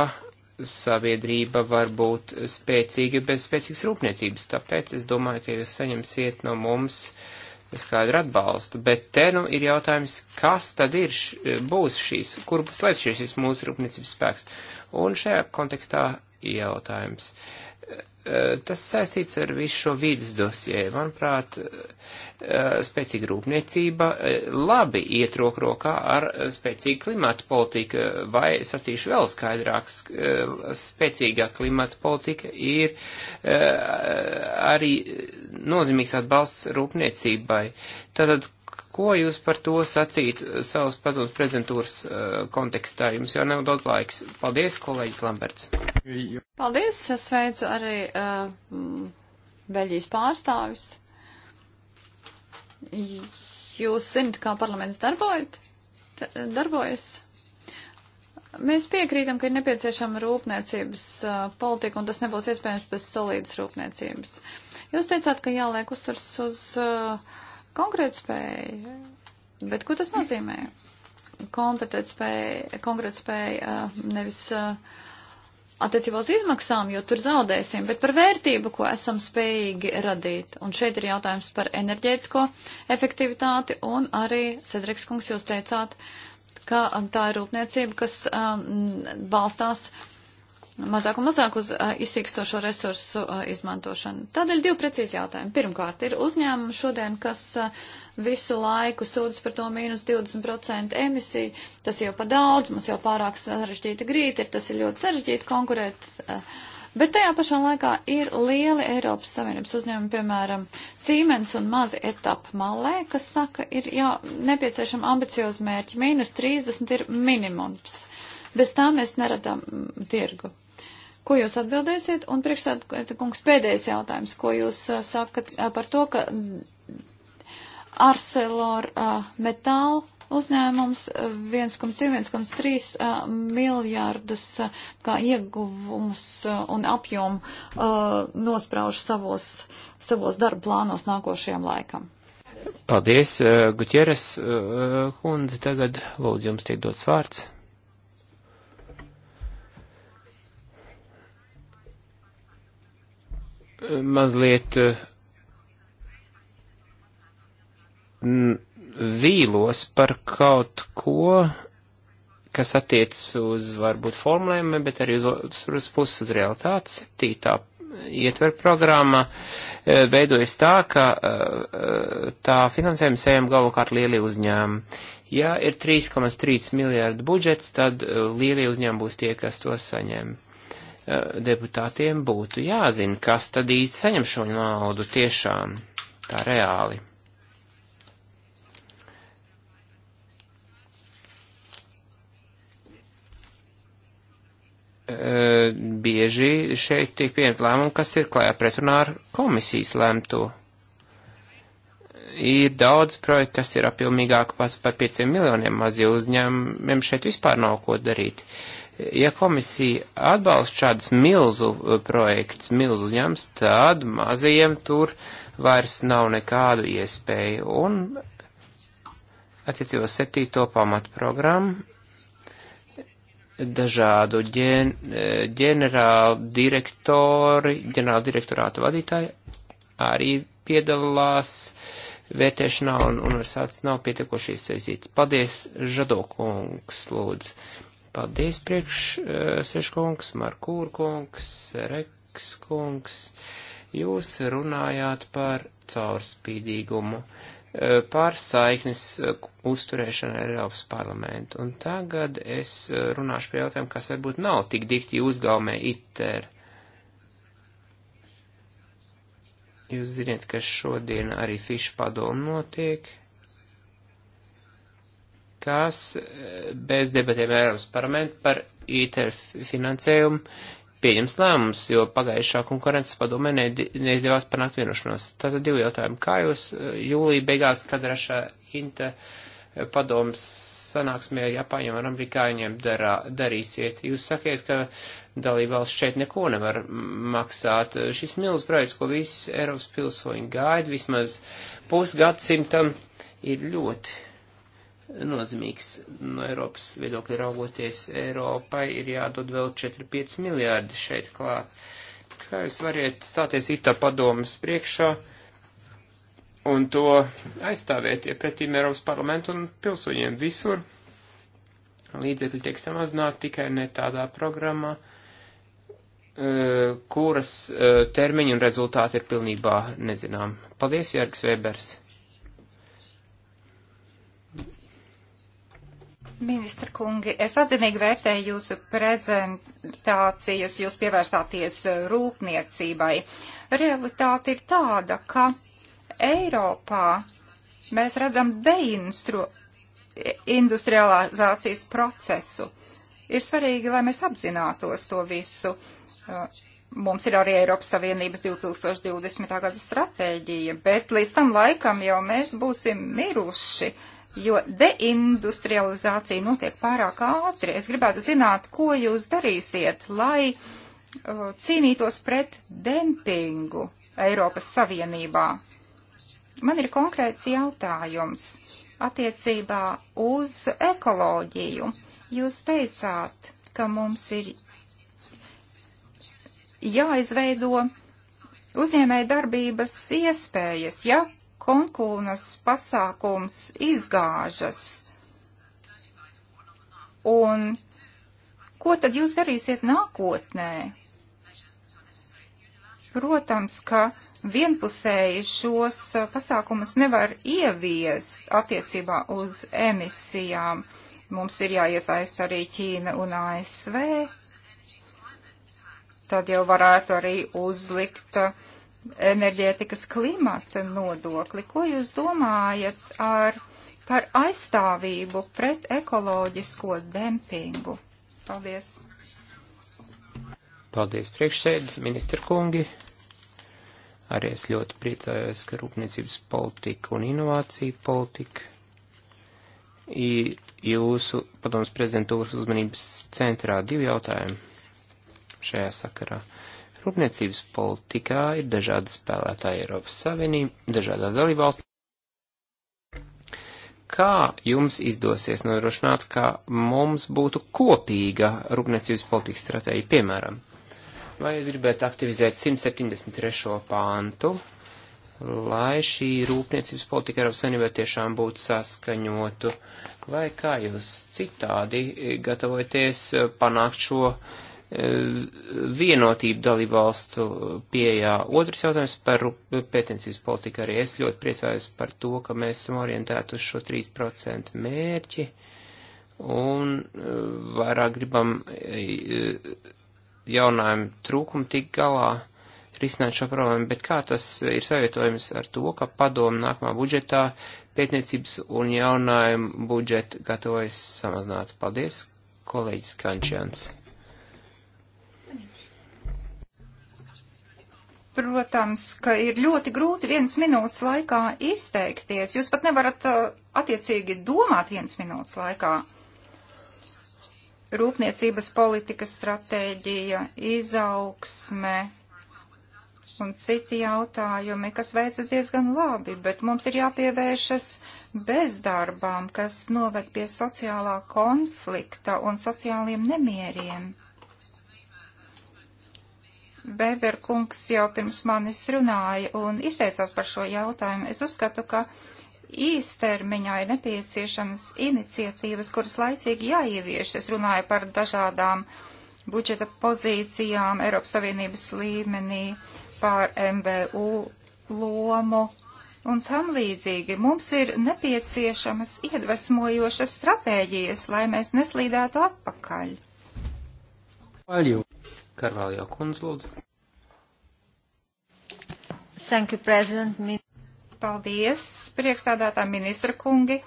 Speaker 1: sabiedrība var būt spēcīga bez spēcīgas rūpniecības. Tāpēc es domāju, ka jūs saņemsiet no mums skaidru atbalstu. Bet te nu ir jautājums, kas tad ir, š, būs šīs, kur slēpšies šis mūsu rūpniecības spēks. Un šajā kontekstā jautājums. Tas saistīts ar visu šo vidas dosieju. Manuprāt, spēcīga rūpniecība labi iet roku rokā ar spēcīgu klimatu politiku, vai, sacīšu vēl skaidrāk, spēcīgā klimatu politika ir eh, arī nozīmīgs atbalsts rūpniecībai. Tātad Ko jūs par to sacīt eh, savas padomus prezidentūras uh, kontekstā? Jums jau nav daudz laiks. Paldies, kolēģis Lamberts.
Speaker 2: Paldies, es sveicu arī uh, Beļģijas pārstāvis. Jūs zinat, kā parlaments darbojat, darbojas. Mēs piekrītam, ka ir nepieciešama rūpniecības uh, politika, un tas nebūs iespējams bez solīdas rūpniecības. Jūs teicāt, ka jāliek uzsvars uz. Uh, Konkrētspēja. Bet ko tas nozīmē? Kompetētspēja, konkrētspēja uh, nevis uh, attiecībā uz izmaksām, jo tur zaudēsim, bet par vērtību, ko esam spējīgi radīt. Un šeit ir jautājums par enerģētisko efektivitāti un arī, Sedriks kungs, jūs teicāt, ka tā ir rūpniecība, kas um, balstās uh, mazāk un mazāk uz uh, izsīkstošo resursu uh, izmantošanu. Tādēļ divi precīzi jautājumi. Pirmkārt, ir uzņēmumi šodien, kas uh, visu laiku sūdzas par to mīnus 20% emisiju. Tas jau pa daudz, mums jau pārāk sarežģīta grīta ir, tas ir ļoti sarežģīti konkurēt. Uh, Bet tajā pašā laikā ir lieli Eiropas Savienības uzņēmumi, piemēram, Siemens un mazi etapu malē, kas saka, ir jā, nepieciešama ambiciozi mērķi. Mīnus 30 ir minimums. Bez tā mēs neradām tirgu. Ko jūs atbildēsiet? Un priekšsēdētāj, kungs, pēdējais jautājums, ko jūs sakat par to, ka Arcelor metālu uzņēmums 1,2-1,3 miljārdus kā ieguvumus un apjomu nosprauž savos, savos darba plānos nākošajam laikam.
Speaker 1: Paldies, Guķeres kundze, tagad lūdzu jums tiek dots vārds. mazliet eh, vīlos par kaut ko, kas attiec uz varbūt formulēm, bet arī uz otras puses uz realitāti. Septītā ietver programma eh, veidojas tā, ka eh, tā finansējuma sējam galvenokārt lielie uzņēmumi. Ja ir 3,3 miljārdu budžets, tad lielie uzņēmumi būs tie, kas to saņem. Eh, deputātiem būtu jāzina, kas tad īsti saņem šo naudu tiešām tā reāli. Eh, bieži šeit tiek pieņemt lēmumu, kas ir klājā pretrunā ar komisijas lēmto. Ir daudz projektu, kas ir apjomīgāk pat par 5 miljoniem mazie uzņēmumiem, šeit vispār nav ko darīt. Uh, ja komisija atbalsta šādus milzu eh, projektus, milzu uzņēmums, tad mazajiem tur vairs nav nekādu iespēju. Un attiecībā septīto pamatu programmu dažādu ģen, eh, ģenerālu direktori, ģenerālu direktorātu vadītāji arī piedalās vērtēšanā un universitātes nav pietiekoši izteisīts. Paldies, Žadokungs, lūdzu. Paldies priekš eh, Seškungs, Markūrkungs, Rekskungs. Jūs runājāt par caurspīdīgumu, eh, par saiknes eh, uzturēšanu ar Eiropas parlamentu. Un tagad es runāšu par jautājumu, kas varbūt nav tik dikti uzgaumē iter. Jūs ziniet, ka šodien arī fišu padomu notiek kas eh, bez debatiem Eiropas parlamentu par ITER finansējumu pieņems lēmums, jo pagājušā konkurences padomē ne, neizdevās panākt vienošanos. Tātad divi jautājumi. Kā jūs eh, jūlija beigās, kad rašā INTA padoms sanāksmē Japāņiem un Amerikāņiem darā, darīsiet? Jūs sakiet, ka dalībvalsts šeit neko nevar maksāt. Šis milz projekts, ko visi Eiropas pilsoņi gaida vismaz pusgadsimtam, ir ļoti nozīmīgs no Eiropas viedokļa raugoties. Eiropai ir jādod vēl 4-5 miljārdi šeit klāt. Kā jūs variet stāties itā padomas priekšā un to aizstāvēt, ja pretīm Eiropas parlamentu un pilsoņiem visur līdzekļi tiek samazināti tikai ne tādā programmā, e, kuras e, termiņi un rezultāti ir pilnībā nezinām. Paldies, Jērgs Vēbers!
Speaker 3: Ministra kungi, es atzinīgi vērtēju jūsu prezentācijas, jūs pievērstāties eh, rūpniecībai. Realitāte ir tāda, ka Eiropā mēs redzam deindustrializācijas procesu. Ir svarīgi, lai mēs apzinātos to visu. Eh, mums ir arī Eiropas Savienības 2020. gada stratēģija, bet līdz tam laikam jau mēs būsim miruši. Uh, jo deindustrializācija notiek pārāk ātri. Es gribētu zināt, ko jūs darīsiet, lai uh, cīnītos pret dempingu Eiropas Savienībā. Man ir konkrēts jautājums attiecībā uz ekoloģiju. Jūs teicāt, ka mums ir jāizveido uzņēmēja darbības iespējas, ja konkūnas pasākums izgāžas. Un ko tad jūs darīsiet nākotnē? Protams, ka vienpusēji šos pasākumus nevar ieviest attiecībā uz emisijām. Mums ir jāiesaist arī Ķīna un ASV. Tad jau varētu arī uzlikt uh, enerģētikas klimata nodokli. Ko jūs domājat ar, par aizstāvību pret ekoloģisko dempingu? Paldies!
Speaker 1: Paldies priekšsēd, ministra kungi! Arī es ļoti priecājos, ka rūpniecības politika un inovācija politika ir jūsu padomas prezidentūras uzmanības centrā divi jautājumi šajā sakarā. Uh, Rūpniecības politikā ir dažādi spēlētāji Eiropas Savienība, dažādās dalībvalstīs. Kā jums izdosies nodrošināt, ka mums būtu kopīga rūpniecības politikas stratēja, piemēram? Vai jūs gribētu aktivizēt 173. pāntu, lai šī rūpniecības politika Eiropas Savienībā tiešām būtu saskaņotu, vai kā jūs citādi gatavojaties eh, panākt šo uh, vienotību dalībvalstu pieejā. Otrs jautājums par pētniecības politiku arī. Es ļoti priecājos par to, ka mēs esam orientēti uz šo 3% mērķi un eh, vairāk gribam eh, jaunājumu trūkumu tik galā risināt šo problēmu, bet kā tas ir savietojums ar to, ka padomu nākamā budžetā pētniecības un jaunājumu budžetu gatavojas samazināt. Paldies, kolēģis Kančians.
Speaker 3: Protams, ka ir ļoti grūti viens minūtes laikā izteikties. Jūs pat nevarat uh, attiecīgi domāt viens minūtes laikā. Rūpniecības politikas stratēģija, izaugsme un citi jautājumi, kas veicas diezgan labi, bet mums ir jāpievēršas bezdarbām, kas noved pie sociālā konflikta un sociāliem nemieriem. Beber kungs jau pirms manis runāja un izteicās par šo jautājumu. Es uzskatu, ka īstermiņā ir nepieciešamas iniciatīvas, kuras laicīgi jāievieš. Es runāju par dažādām budžeta pozīcijām Eiropas Savienības līmenī, par MVU lomu un tam līdzīgi mums ir nepieciešamas iedvesmojošas stratēģijas, lai mēs neslīdētu atpakaļ.
Speaker 1: Paļu. Karvaljo kundz, lūdzu.
Speaker 3: Thank you, President. Paldies, priekšstādātā ministra kungi.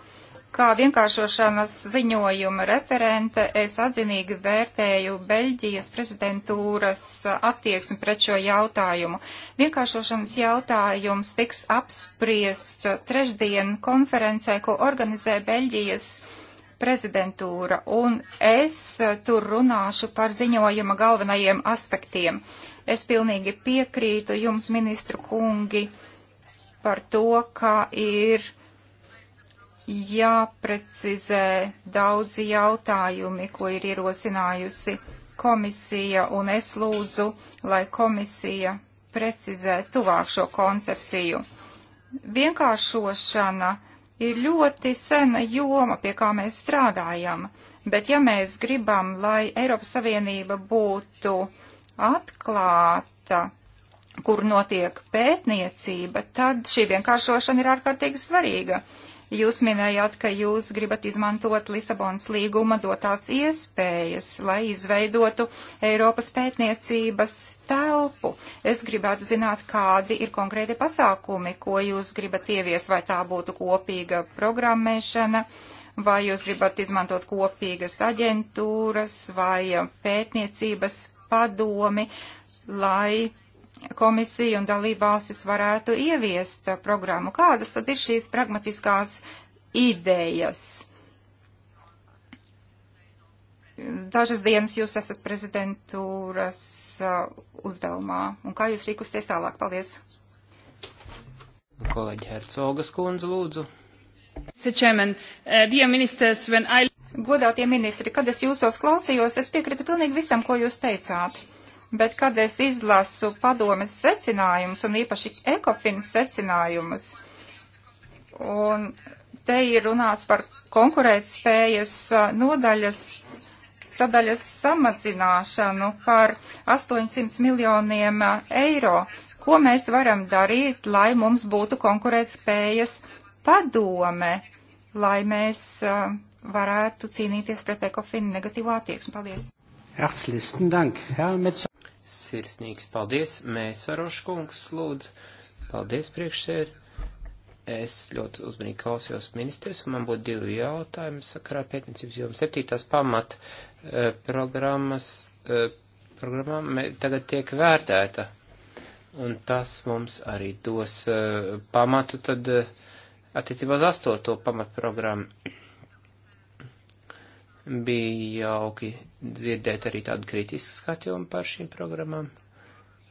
Speaker 3: Kā vienkāršošanas ziņojuma referente, es atzinīgi vērtēju Beļģijas prezidentūras attieksmi pret šo jautājumu. Vienkāršošanas jautājums tiks apspriests trešdien konferencē, ko organizē Beļģijas prezidentūra prezidentūra, un es eh, tur runāšu par ziņojuma galvenajiem aspektiem. Es pilnīgi piekrītu jums, ministru kungi, par to, ka ir jāprecizē daudzi jautājumi, ko ir ierosinājusi komisija, un es lūdzu, lai komisija precizē tuvāk šo koncepciju. Vienkāršošana ir ļoti sena joma, pie kā mēs strādājam. Bet ja mēs gribam, lai Eiropas Savienība būtu atklāta, kur notiek pētniecība, tad šī vienkāršošana ir ārkārtīgi svarīga. Jūs minējāt, ka jūs gribat izmantot Lisabonas līguma dotās iespējas, lai izveidotu Eiropas pētniecības telpu. Es gribētu zināt, kādi ir konkrēti pasākumi, ko jūs gribat ievies, vai tā būtu kopīga programmēšana, vai jūs gribat izmantot kopīgas aģentūras vai pētniecības padomi, lai komisija un dalība valstis varētu ieviest programmu. Kādas tad ir šīs pragmatiskās idejas? dažas dienas jūs esat prezidentūras uh, uzdevumā. Un kā jūs rīkusties tālāk? Paldies!
Speaker 1: Kolēģi Hercogas kundze, lūdzu.
Speaker 3: Uh, Godātie ministri, kad es jūsos klausījos, es piekrītu pilnīgi visam, ko jūs teicāt. Bet, kad es izlasu padomes secinājumus un īpaši ekofins secinājumus, un te ir runāts par konkurētspējas uh, nodaļas sadaļas samazināšanu par 800 miljoniem uh, eiro. Ko mēs varam darīt, lai mums būtu konkurētspējas padome, lai mēs uh, varētu cīnīties pret ekofinu negatīvo attieksmi? Paldies!
Speaker 1: Herzlichen Dank, Herr Metz. Sirsnīgs paldies, Mēsarošs kungs, lūdzu. Paldies, priekšsēd. Es ļoti uzmanīgi klausījos ministrs, un man būtu divi jautājumi sakarā pētniecības jomas septītās pamata Eh, programmas, eh, programmām tagad tiek vērtēta. Un tas mums arī dos eh, pamatu tad attiecībā uz astoto pamatprogrammu. Bija jauki dzirdēt arī tādu kritisku skatījumu par šīm programmām.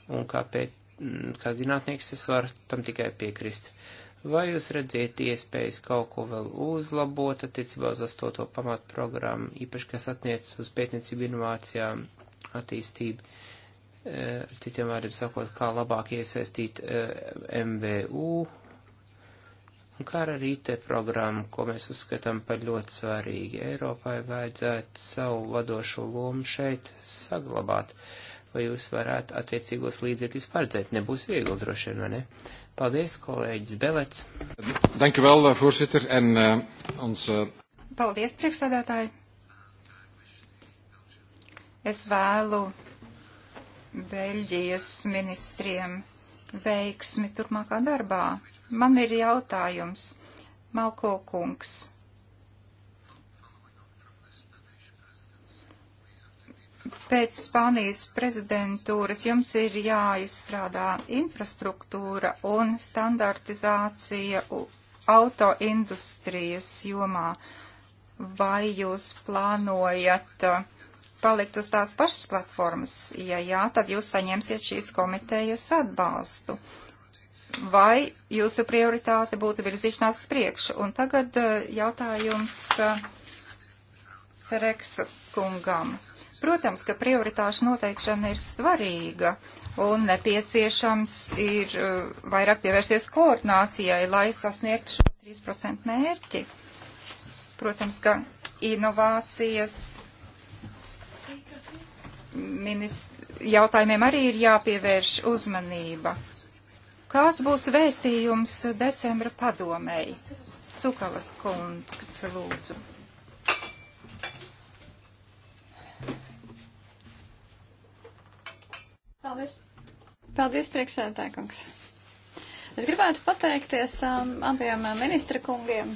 Speaker 1: Un kā, pēc, mm, kā zinātnieks es varu tam tikai piekrist. Uh, Vai jūs redziet iespējas kaut ko vēl uzlabot attiecībā uz astoto pamatu programmu, īpaši kas attiecas uz pētniecību, inovācijām, attīstību, eh, citiem vārdiem sakot, kā labāk iesaistīt eh, MVU un kā ar IT programmu, ko mēs uzskatām par ļoti svarīgi. Eiropai vajadzētu savu vadošo lomu šeit saglabāt. Uh, vai jūs varētu attiecīgos līdzekļus paredzēt. Nebūs viegli droši vien, vai ne? Paldies, kolēģis Belets. Danku vēl, Fursiter, eh, un uh, eh, ons. Uh...
Speaker 3: Paldies, priekšsēdētāji. Es vēlu Beļģijas ministriem veiksmi turpmākā darbā. Man ir jautājums, Malko kungs. Pēc Spānijas prezidentūras jums ir jāizstrādā infrastruktūra un standartizācija autoindustrijas jomā. Vai jūs plānojat uh, palikt uz tās pašas platformas? Ja jā, tad jūs saņemsiet šīs komitejas atbalstu. Vai jūsu prioritāte būtu virzīšanās priekšu? Un tagad uh, jautājums uh, Sareksa kungam. Protams, ka prioritāšu noteikšana ir svarīga un nepieciešams ir uh, vairāk pievērsties koordinācijai, lai sasniegtu šo 3% mērķi. Protams, ka inovācijas jautājumiem arī ir jāpievērš uzmanība. Kāds būs vēstījums decembra padomēji? Cukalas kundze, lūdzu.
Speaker 2: Paldies. Paldies, priekšsēdētājkungs. Es gribētu pateikties um, abiem uh, ministra kungiem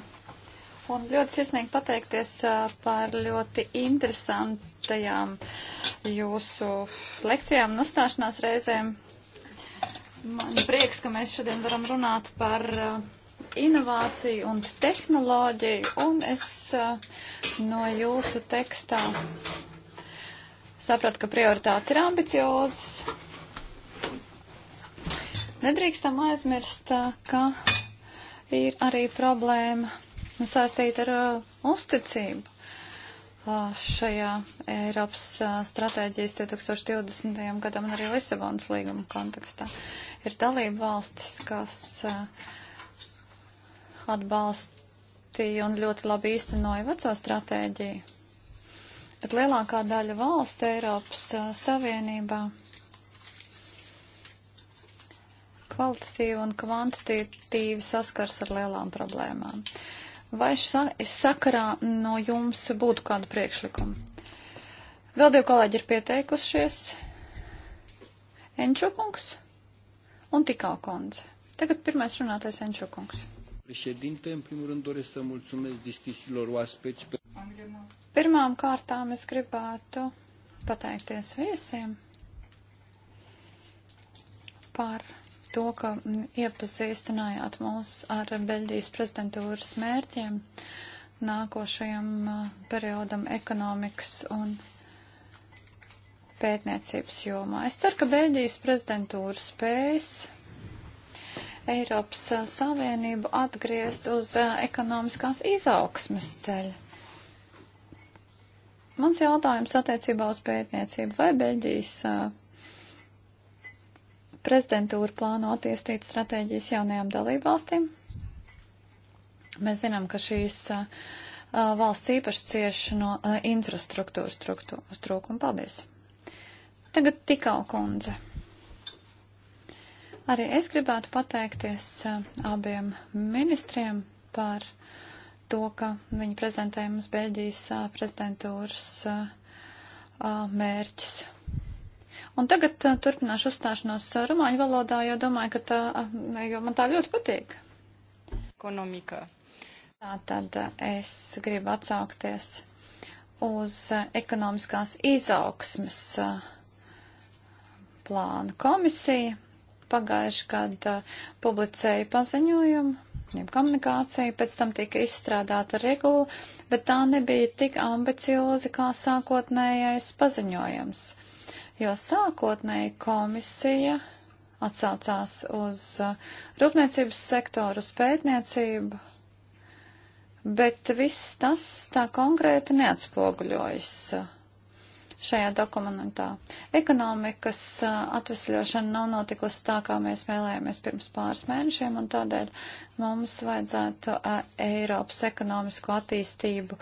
Speaker 2: un ļoti sirsnīgi pateikties uh, par ļoti interesantajām jūsu lekcijām un uzstāšanās reizēm. Man prieks, ka mēs šodien varam runāt par uh, inovāciju un tehnoloģiju, un es uh, no jūsu tekstā sapratu, ka prioritātes ir ambiciozas Nedrīkstam aizmirst, ka ir arī problēma saistīta ar uh, uzticību uh, šajā Eiropas uh, stratēģijas 2020. gadam un arī Lisabonas līguma kontekstā. Ir dalība valstis, kas atbalstīja un ļoti labi īstenoja veco stratēģiju. Bet lielākā daļa valstu Eiropas Savienībā kvalitatīvi un kvantitatīvi saskars ar lielām problēmām. Vai sa sakarā no jums būtu kādu priekšlikumu? Vēl divi kolēģi ir pieteikušies. Enčukungs un Tikau kundze. Tagad pirmais runātais Enčukungs.
Speaker 1: Președinte, în primul rând doresc să mulțumesc discuțiilor oaspeți. Pe...
Speaker 2: Pirmām kārtām es gribētu pateikties viesiem par to, ka mm, iepazīstinājāt mūs ar Beļģijas prezidentūras mērķiem nākošajam periodam ekonomikas un pētniecības jomā. Es ceru, ka Beļģijas prezidentūra spējas Eiropas Savienību atgriezt uz ekonomiskās izaugsmes ceļa. Mans jautājums attiecībā uz pētniecību. Vai Beļģijas Prezidentūra plāno attīstīt stratēģijas jaunajām dalībvalstīm. Mēs zinām, ka šīs uh, uh valsts īpaši cieši no uh, infrastruktūras trūkuma. Paldies! Tagad tikau kundze. Arī es gribētu pateikties uh, abiem ministriem par to, ka viņi prezentēja mums Beļģijas uh, prezidentūras uh, mērķus Un tagad uh, turpināšu uzstāšanos uh, romāņu valodā, jo domāju, ka tā, uh, jo man tā ļoti patīk.
Speaker 3: Ekonomika.
Speaker 2: Tā tad uh, es gribu atsaukties uz ekonomiskās izaugsmes plānu komisiju pagājuši, kad uh, publicēja paziņojumu, jeb komunikāciju, pēc tam tika izstrādāta regula, bet tā nebija tik ambiciozi kā sākotnējais paziņojums jo sākotnēji komisija atsaucās uz uh, rūpniecības sektoru, uz pētniecību, bet viss tas tā konkrēti neatspoguļojas uh, šajā dokumentā. Ekonomikas uh, atvesļošana nav notikusi tā, kā mēs vēlējāmies pirms pāris mēnešiem, un tādēļ mums vajadzētu Eiropas ekonomisko attīstību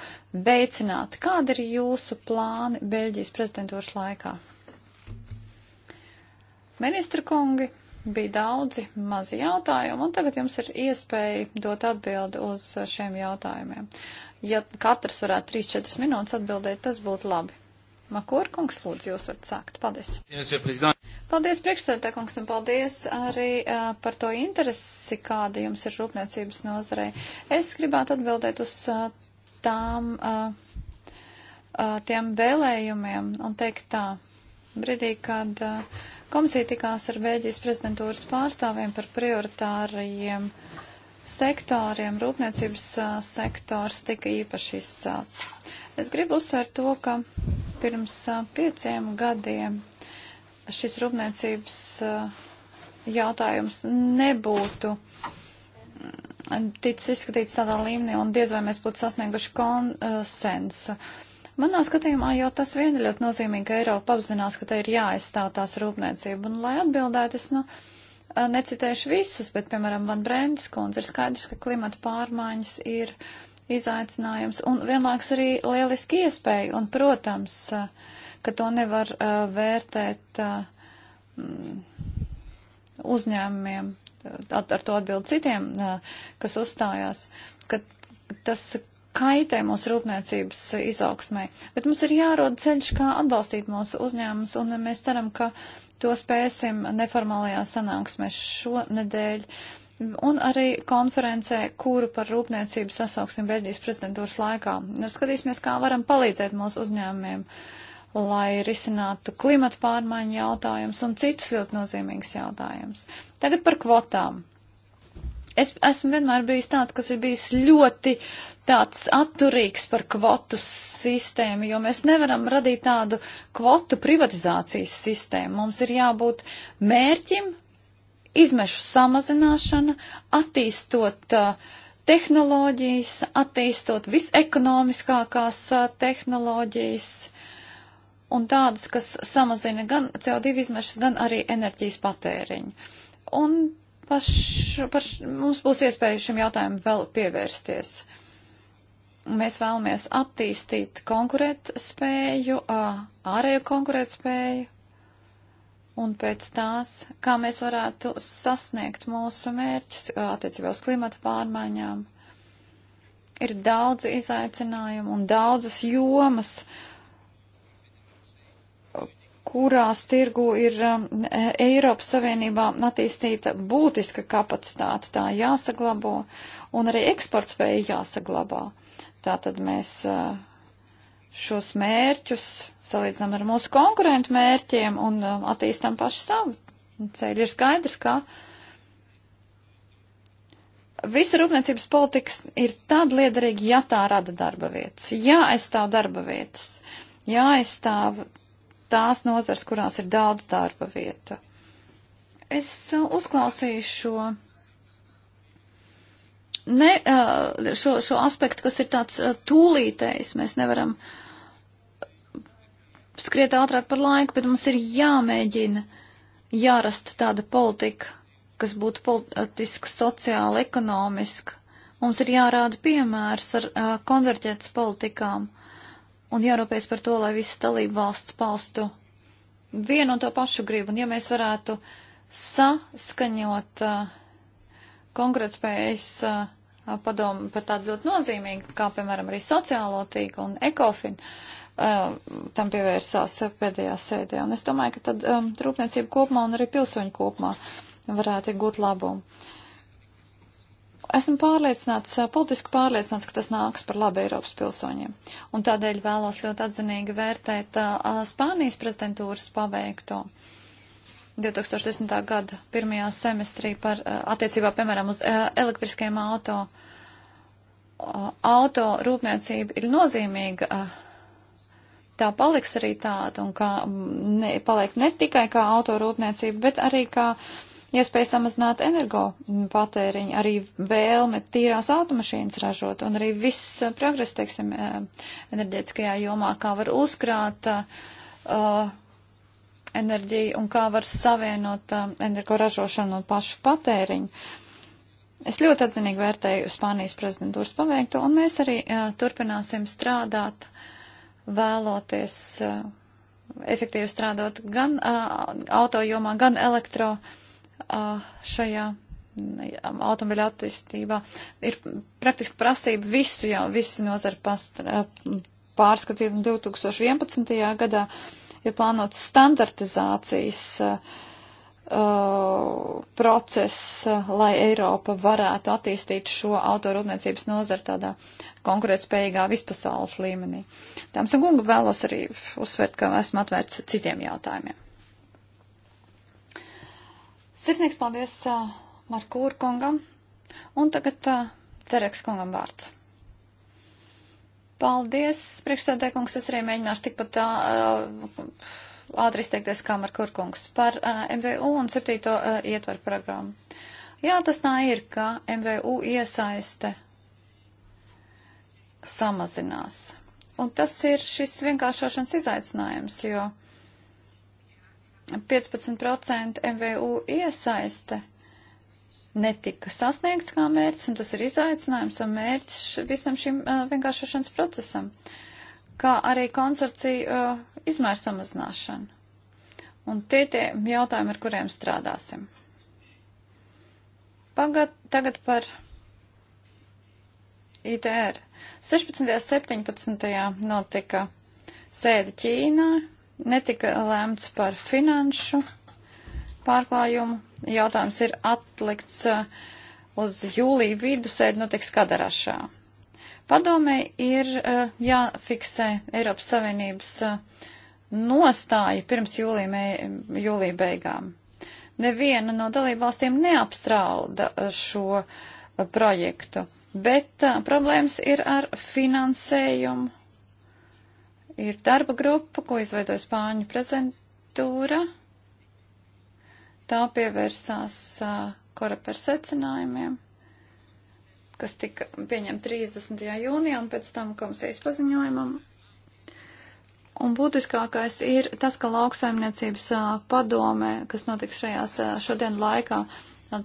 Speaker 2: veicināt. Kādi ir jūsu plāni Beļģijas prezidentūras laikā? Ministra kungi, bija daudzi mazi jautājumi, un tagad jums ir iespēja dot atbildi uz šiem jautājumiem. Ja katrs varētu 3-4 minūtes atbildēt, tas būtu labi. Makorkungs, lūdzu, jūs varat sākt. Paldies. Paldies, priekšsēdētāj kungs, un paldies arī uh, par to interesi, kāda jums ir rūpniecības nozarei. Es gribētu atbildēt uz uh, tām, uh, uh, tiem vēlējumiem un teikt tā, brīdī, kad. Uh, Komisija tikās ar Bēļģijas prezidentūras pārstāvjiem par prioritārajiem sektoriem. Rūpniecības sektors tika īpaši izcelts. Es gribu uzsvērt to, ka pirms pieciem gadiem šis rūpniecības jautājums nebūtu ticis izskatīts tādā līmenī un diez vai mēs būtu sasnieguši konsensu. Uh, Manā skatījumā jau tas vien ir ļoti nozīmīgi, ka Eiropa apzinās, ka te ir jāaizstāv tās rūpniecība. Un, lai atbildētu, es nu eh, necitēšu visus, bet, piemēram, Van Brendis kundze ir skaidrs, ka klimata pārmaiņas ir izaicinājums un vienlaiks arī lieliski iespēja. Un, protams, eh, ka to nevar uh, vērtēt uh, uzņēmumiem, ar, at, ar to atbildu citiem, uh, kas uzstājās, ka tas kaitē mūsu rūpniecības eh, izaugsmai. Bet mums ir jārod ceļš, kā atbalstīt mūsu uzņēmumus, un mēs ceram, ka to spēsim neformālajā sanāksmē šonedēļ. Un arī konferencē, kuru par rūpniecību sasauksim Beļģijas prezidentūras laikā. Skatīsimies, kā varam palīdzēt mūsu uzņēmumiem, lai risinātu klimata pārmaiņu jautājumus un citas ļoti nozīmīgas jautājumus. Tagad par kvotām. Es esmu vienmēr bijis tāds, kas ir bijis ļoti tāds atturīgs par kvotu sistēmu, jo mēs nevaram radīt tādu kvotu privatizācijas sistēmu. Mums ir jābūt mērķim, izmešu samazināšana, attīstot uh, tehnoloģijas, attīstot visekonomiskākās uh, tehnoloģijas un tādas, kas samazina gan CO2 izmešas, gan arī enerģijas patēriņu. Un paš, paš, mums būs iespēja šim jautājumam vēl pievērsties. Mēs vēlamies attīstīt konkurēt spēju, ārēju konkurēt spēju, un pēc tās, kā mēs varētu sasniegt mūsu mērķus attiecībā uz klimata pārmaiņām. Ir daudz izaicinājumu un daudzas jomas, uh, kurās tirgu ir um, e, Eiropas Savienībā attīstīta būtiska kapacitāte, tā jāsaglabo, un arī eksportspēja jāsaglabā. Tātad mēs e, šos mērķus salīdzinām ar mūsu konkurentu mērķiem un e, attīstam paši savu. Ceļi ir skaidrs, ka visa rūpniecības politikas ir tad liederīga, ja tā rada darba vietas, ja aizstāv darba vietas, ja aizstāv tās nozars, kurās ir daudz darba vieta. Es uh, uzklausīju šo, ne, uh, šo, šo aspektu, kas ir tāds uh, tūlītējs. Mēs nevaram skriet ātrāk par laiku, bet mums ir jāmēģina jārast tāda politika, kas būtu politiska, sociāla, ekonomiska. Mums ir jārāda piemērs ar konverģētas politikām un jārūpēs par to, lai visas dalība valsts palstu vienu un to pašu gribu. Un ja mēs varētu saskaņot uh, konkrētspējas uh, padomu par tādu ļoti nozīmīgu, kā piemēram arī sociālo tīklu un ekofinu, uh, tam pievērsās pēdējā sēdē. Un es domāju, ka tad um, rūpniecība kopumā un arī pilsoņu kopumā varētu iegūt labumu. Uh, Esmu pārliecināts, politiski pārliecināts, ka tas nāks par labu Eiropas pilsoņiem. Un tādēļ vēlos ļoti atzinīgi vērtēt uh, Spānijas prezidentūras paveikto 2010. gada pirmajā semestrī par uh, attiecībā, piemēram, uz uh, elektriskiem auto. Auto rūpniecība ir nozīmīga tā paliks arī tāda, un kā ne, paliek ne tikai kā autorūpniecība, bet arī kā uh, iespēja samazināt energopatēriņu, arī vēlme tīrās automašīnas ražot un arī viss progress, teiksim, e, enerģētiskajā jomā, kā var uzkrāt uh, enerģiju un kā var savienot uh, energoražošanu un pašu patēriņu. Es ļoti atzinīgi vērtēju Spānijas prezidentūras paveikto, un mēs arī uh, turpināsim strādāt, vēloties uh, efektīvi strādāt gan uh, auto jomā, gan elektro uh, šajā automobiļa attīstībā. Ir praktiski prasība visu jau, visu nozaru pārskatīt. 2011. gadā ir plānots standartizācijas uh, process, lai Eiropa varētu attīstīt šo autorūpniecības nozaru tādā konkurētspējīgā vispasaules līmenī. Tāms un kunga vēlos arī uzsvērt, ka esmu atvērts citiem jautājumiem. Sirsnīgs paldies uh, Markūra kungam. Un tagad uh, Cereks kungam vārds. Paldies, priekšstādē kungs, es arī mēģināšu tikpat tā. Uh, ātri izteikties kā Markurkungs par uh, MVU un septīto uh, ietvaru programmu. Jā, tas tā ir, ka MVU iesaiste samazinās. Un tas ir šis vienkāršošanas izaicinājums, jo 15% MVU iesaiste netika sasniegts kā mērķis, un tas ir izaicinājums un mērķis visam šim uh, vienkāršošanas procesam, kā arī konsorcija uh, izmēra samazināšana. Un tie tie jautājumi, ar kuriem strādāsim. Pagad, tagad par ITR. 16. un 17. notika sēde Ķīnā, netika lēmts par finanšu pārklājumu. Jautājums ir atlikts uh, uz jūliju vidu sēdi notiks Kadarašā. Padomē ir uh, jāfiksē Eiropas Savienības uh, nostāja pirms jūlija, jūlija beigām. Neviena no dalībvalstīm neapstrauda šo projektu, bet problēmas ir ar finansējumu Ir darba grupa, ko izveido Spāņu prezentūra. Tā pievērsās kora par secinājumiem, kas tika pieņemta 30. jūnijā un pēc tam komisijas paziņojumam. Un būtiskākais ir tas, ka lauksaimniecības padomē, kas notiks šajās šodien laikā,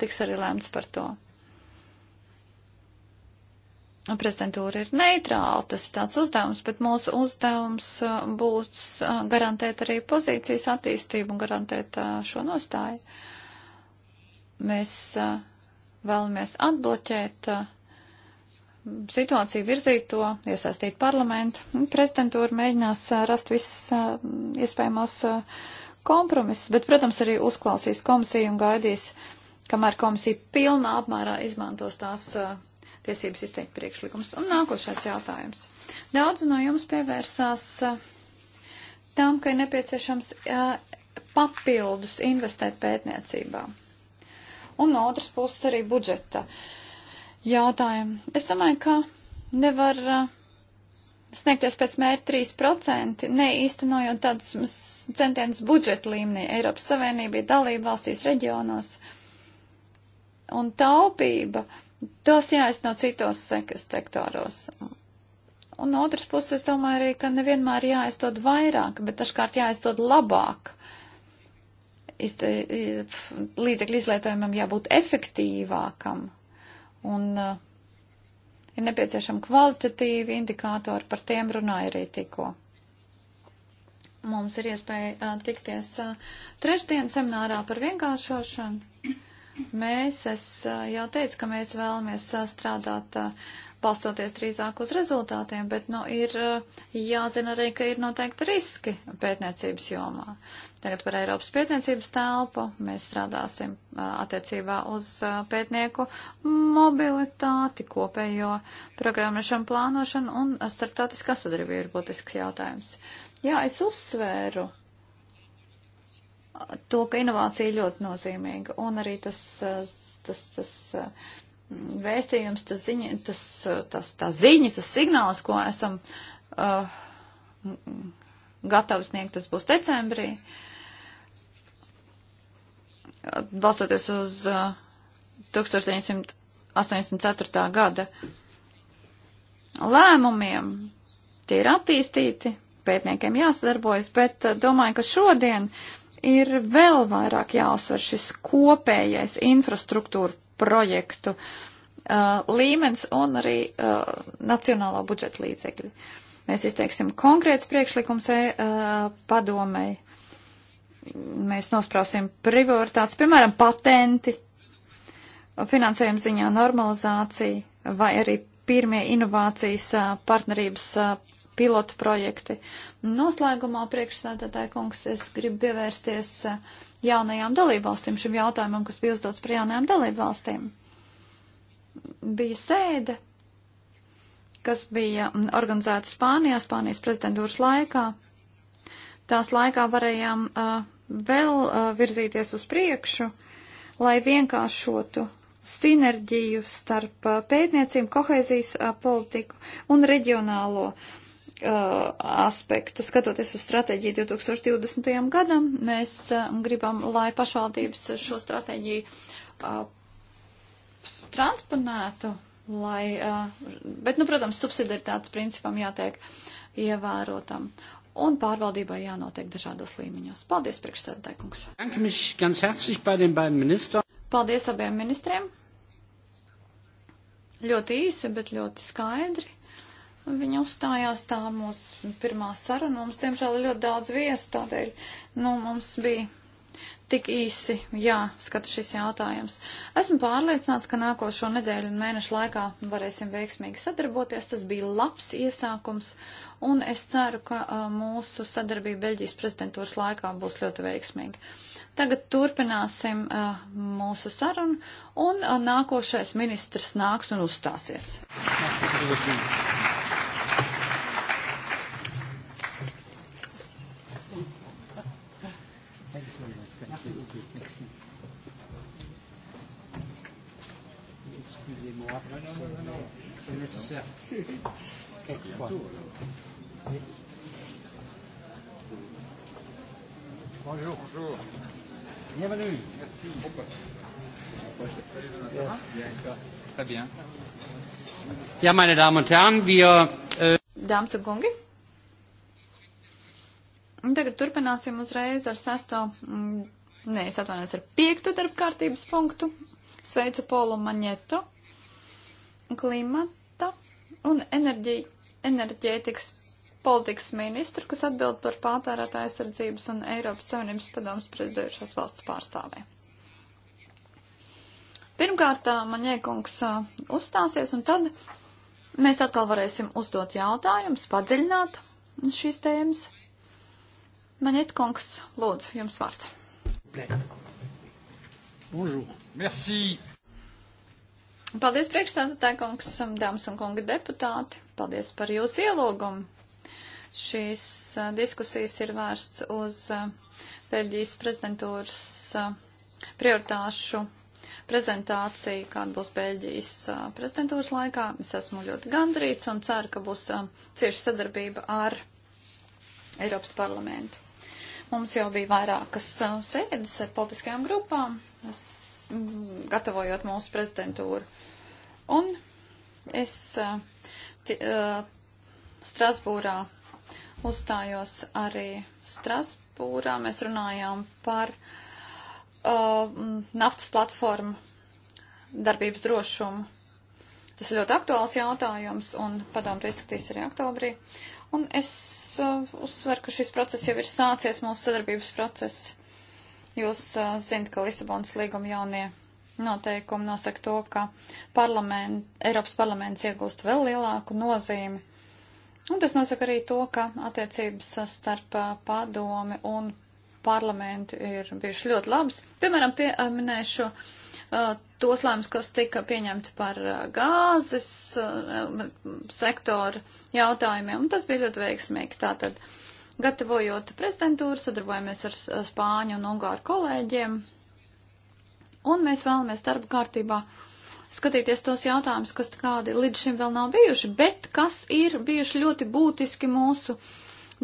Speaker 2: tiks arī lēmts par to prezidentūra ir neitrāla, tas ir tāds uzdevums, bet mūsu uzdevums uh, būs uh, garantēt arī pozīcijas attīstību un garantēt uh, šo nostāju. Mēs vēlamies atbloķēt situāciju, virzīt to, iesaistīt parlamentu. Prezidentūra mēģinās rast visas iespējamos kompromisus, bet, protams, arī uzklausīs komisiju un gaidīs, kamēr komisija pilnā apmērā izmantos tās uh, tiesības izteikt priekšlikumus. Un nākošais jautājums. Daudz no jums pievērsās eh, tam, ka ir nepieciešams eh, papildus investēt pētniecībā. Un no otras puses arī budžeta jautājumu. Es domāju, ka nevar eh, sniegties pēc mērķa 3%, neīstenojot tādas centienas budžeta līmenī Eiropas Savienībā, dalību valstīs, reģionos. Un taupība uh, Tos jāizno citos sekas sektoros. Un no otras puses, es domāju arī, ka nevienmēr jāizdod vairāk, bet dažkārt jāizdod labāk. Izte, līdzekļu izlietojumam jābūt efektīvākam. Un uh, ir nepieciešama kvalitatīva indikātori, par tiem runāja arī tikko. Mums ir iespēja uh, tikties uh, trešdien seminārā par vienkāršošanu. Mēs, es jau teicu, ka mēs vēlamies strādāt balstoties drīzāk uz rezultātiem, bet nu, ir jāzina arī, ka ir noteikti riski pētniecības jomā. Tagad par Eiropas pētniecības telpu mēs strādāsim attiecībā uz pētnieku mobilitāti, kopējo programmēšanu plānošanu un starptautiskā sadarbība ir būtisks jautājums. Jā, es uzsvēru to, ka inovācija ir ļoti nozīmīga un arī tas, eh, tas, tas eh, vēstījums, tas ziņa, tas, eh, tas, tā ziņa, tas signāls, ko esam uh, gatavi sniegt, tas būs decembrī. Balstoties uz uh, 1984. gada lēmumiem, tie ir attīstīti, pētniekiem jāsadarbojas, bet uh, domāju, ka šodien uh, ir vēl vairāk jāuzsver šis kopējais infrastruktūra projektu uh, līmenis un arī uh, nacionālā budžeta līdzekļi. Mēs izteiksim konkrēts priekšlikums e, uh, padomei. Mēs nosprausim prioritātes, piemēram, patenti, finansējuma ziņā normalizācija vai arī pirmie inovācijas e, partnerības e, pilotu projekti. Noslēgumā priekšsēdētāja kungs, es gribu pievērsties eh, jaunajām dalībvalstīm, šim jautājumam, kas bija uzdots par jaunajām dalībvalstīm. Bija sēde, kas bija mm, organizēta Spānijā, Spānijas prezidentūras laikā. Tās laikā varējām uh, vēl uh, virzīties uz priekšu, lai vienkāršotu sinerģiju starp pētniecību, kohēzijas politiku un reģionālo uh, aspektu. Skatoties uz stratēģiju 2020. gadam, mēs gribam, lai pašvaldības šo stratēģiju transponētu, lai, bet, nu, protams, subsidiaritātes principam jātiek ievērotam un pārvaldībai jānotiek dažādos līmeņos. Paldies, priekšstādātājkungs. Paldies abiem ministriem. Ļoti īsi, bet ļoti skaidri. Viņa uzstājās tā mūsu pirmā saruna. Mums, diemžēl, ir ļoti daudz viesu, tādēļ nu, mums bija tik īsi jāskata šis jautājums. Esmu pārliecināts, ka nākošo nedēļu un mēnešu laikā varēsim veiksmīgi sadarboties. Tas bija labs iesākums, un es ceru, ka a, mūsu sadarbība Beļģijas prezidentūras laikā būs ļoti veiksmīga. Tagad turpināsim a, mūsu sarunu, un a, nākošais ministrs nāks un uzstāsies.
Speaker 3: Nā,
Speaker 1: okay, quoi. Oui. Bonjour. Bonjour. Bienvenue. Merci. Très bien. Ja, meine Damen und Herren, wir. Äh
Speaker 2: Dāmas un kungi, un tagad turpināsim uzreiz ar sesto, mm, nē, es atvainojos ar piekto darbkārtības punktu. Sveicu Polu Maņeto, klimata un enerģi, enerģētikas politikas ministru, kas atbild par pātērētā aizsardzības un Eiropas Savienības padomus prezidējušās valsts pārstāvē. Pirmkārt, Maņēkungs uzstāsies, un tad mēs atkal varēsim uzdot jautājumus, padziļināt šīs tēmas. Maņēkungs, lūdzu, jums vārds. Bonjour. Merci. Paldies priekšstādātāji kungs, dāmas un kungi deputāti. Paldies par jūsu ielogumu. Šīs a, diskusijas ir vērsts uz Beļģijas prezidentūras a, prioritāšu prezentāciju, kāda būs Beļģijas a, prezidentūras laikā. Es esmu ļoti gandrīts un ceru, ka būs cieša sadarbība ar Eiropas parlamentu. Mums jau bija vairākas sēdes ar politiskajām grupām. Es Mm, gatavojot mūsu prezidentūru. Un es eh, t, eh, Strasbūrā uzstājos arī Strasbūrā. Mēs runājām par uh, naftas platformu darbības drošumu. Tas ir ļoti aktuāls jautājums, un padomu to izskatīs arī oktobrī. Un es uh, uzsveru, ka šis process jau ir sācies, mūsu sadarbības process. Jūs uh, zinat, ka Lisabonas līguma jaunie noteikumi nosaka to, ka parlament, Eiropas parlaments iegūst vēl lielāku nozīmi. Un tas nosaka arī to, ka attiecības starp padomi un parlamentu ir bijušas ļoti labas. Piemēram, pieminēšu uh, tos lēmus, kas tika pieņemti par uh, gāzes uh, sektoru jautājumiem, un tas bija ļoti veiksmīgi. Tātad Gatavojot prezidentūru, sadarbojamies ar Spāņu un Ungāru kolēģiem, un mēs vēlamies darba kārtībā skatīties tos jautājumus, kas kādi līdz šim vēl nav bijuši, bet kas ir bijuši ļoti būtiski mūsu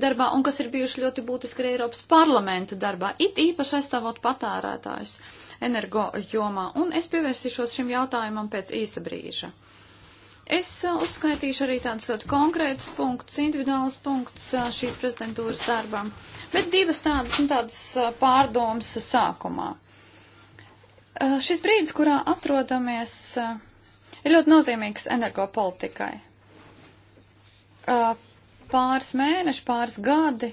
Speaker 2: darbā un kas ir bijuši ļoti būtiski arī Eiropas parlamenta darbā, it īpaši aizstāvot patērētājus energo jomā, un es pievērsīšos šim jautājumam pēc īsa brīža. Uh, Es uh, uzskaitīšu arī tādus ļoti konkrētus punktus, individuālus punktus uh, šīs prezidentūras darbām, bet divas tādas un nu, tādas uh, pārdomas sākumā. Šis brīdis, kurā atrodamies, ir ļoti nozīmīgs energopolitikai. Pāris mēneši, pāris gadi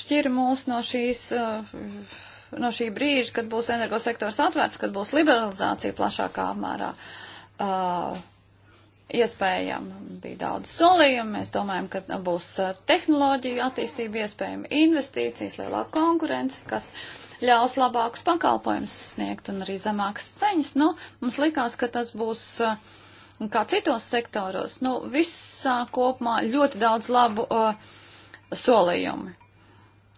Speaker 2: šķir mūs no šīs no šī brīža, kad būs energosektors atvērts, kad būs liberalizācija plašākā apmērā. Uh, uh, iespējama. Bija daudz solījumu, mēs domājam, ka būs uh, tehnoloģija attīstība, iespējama investīcijas, lielāka konkurence, kas ļaus labākus pakalpojumus sniegt un arī zemākas ceņas. Nu, mums likās, ka tas būs. Uh, kā citos sektoros, nu, visā uh, kopumā ļoti daudz labu uh, solījumi.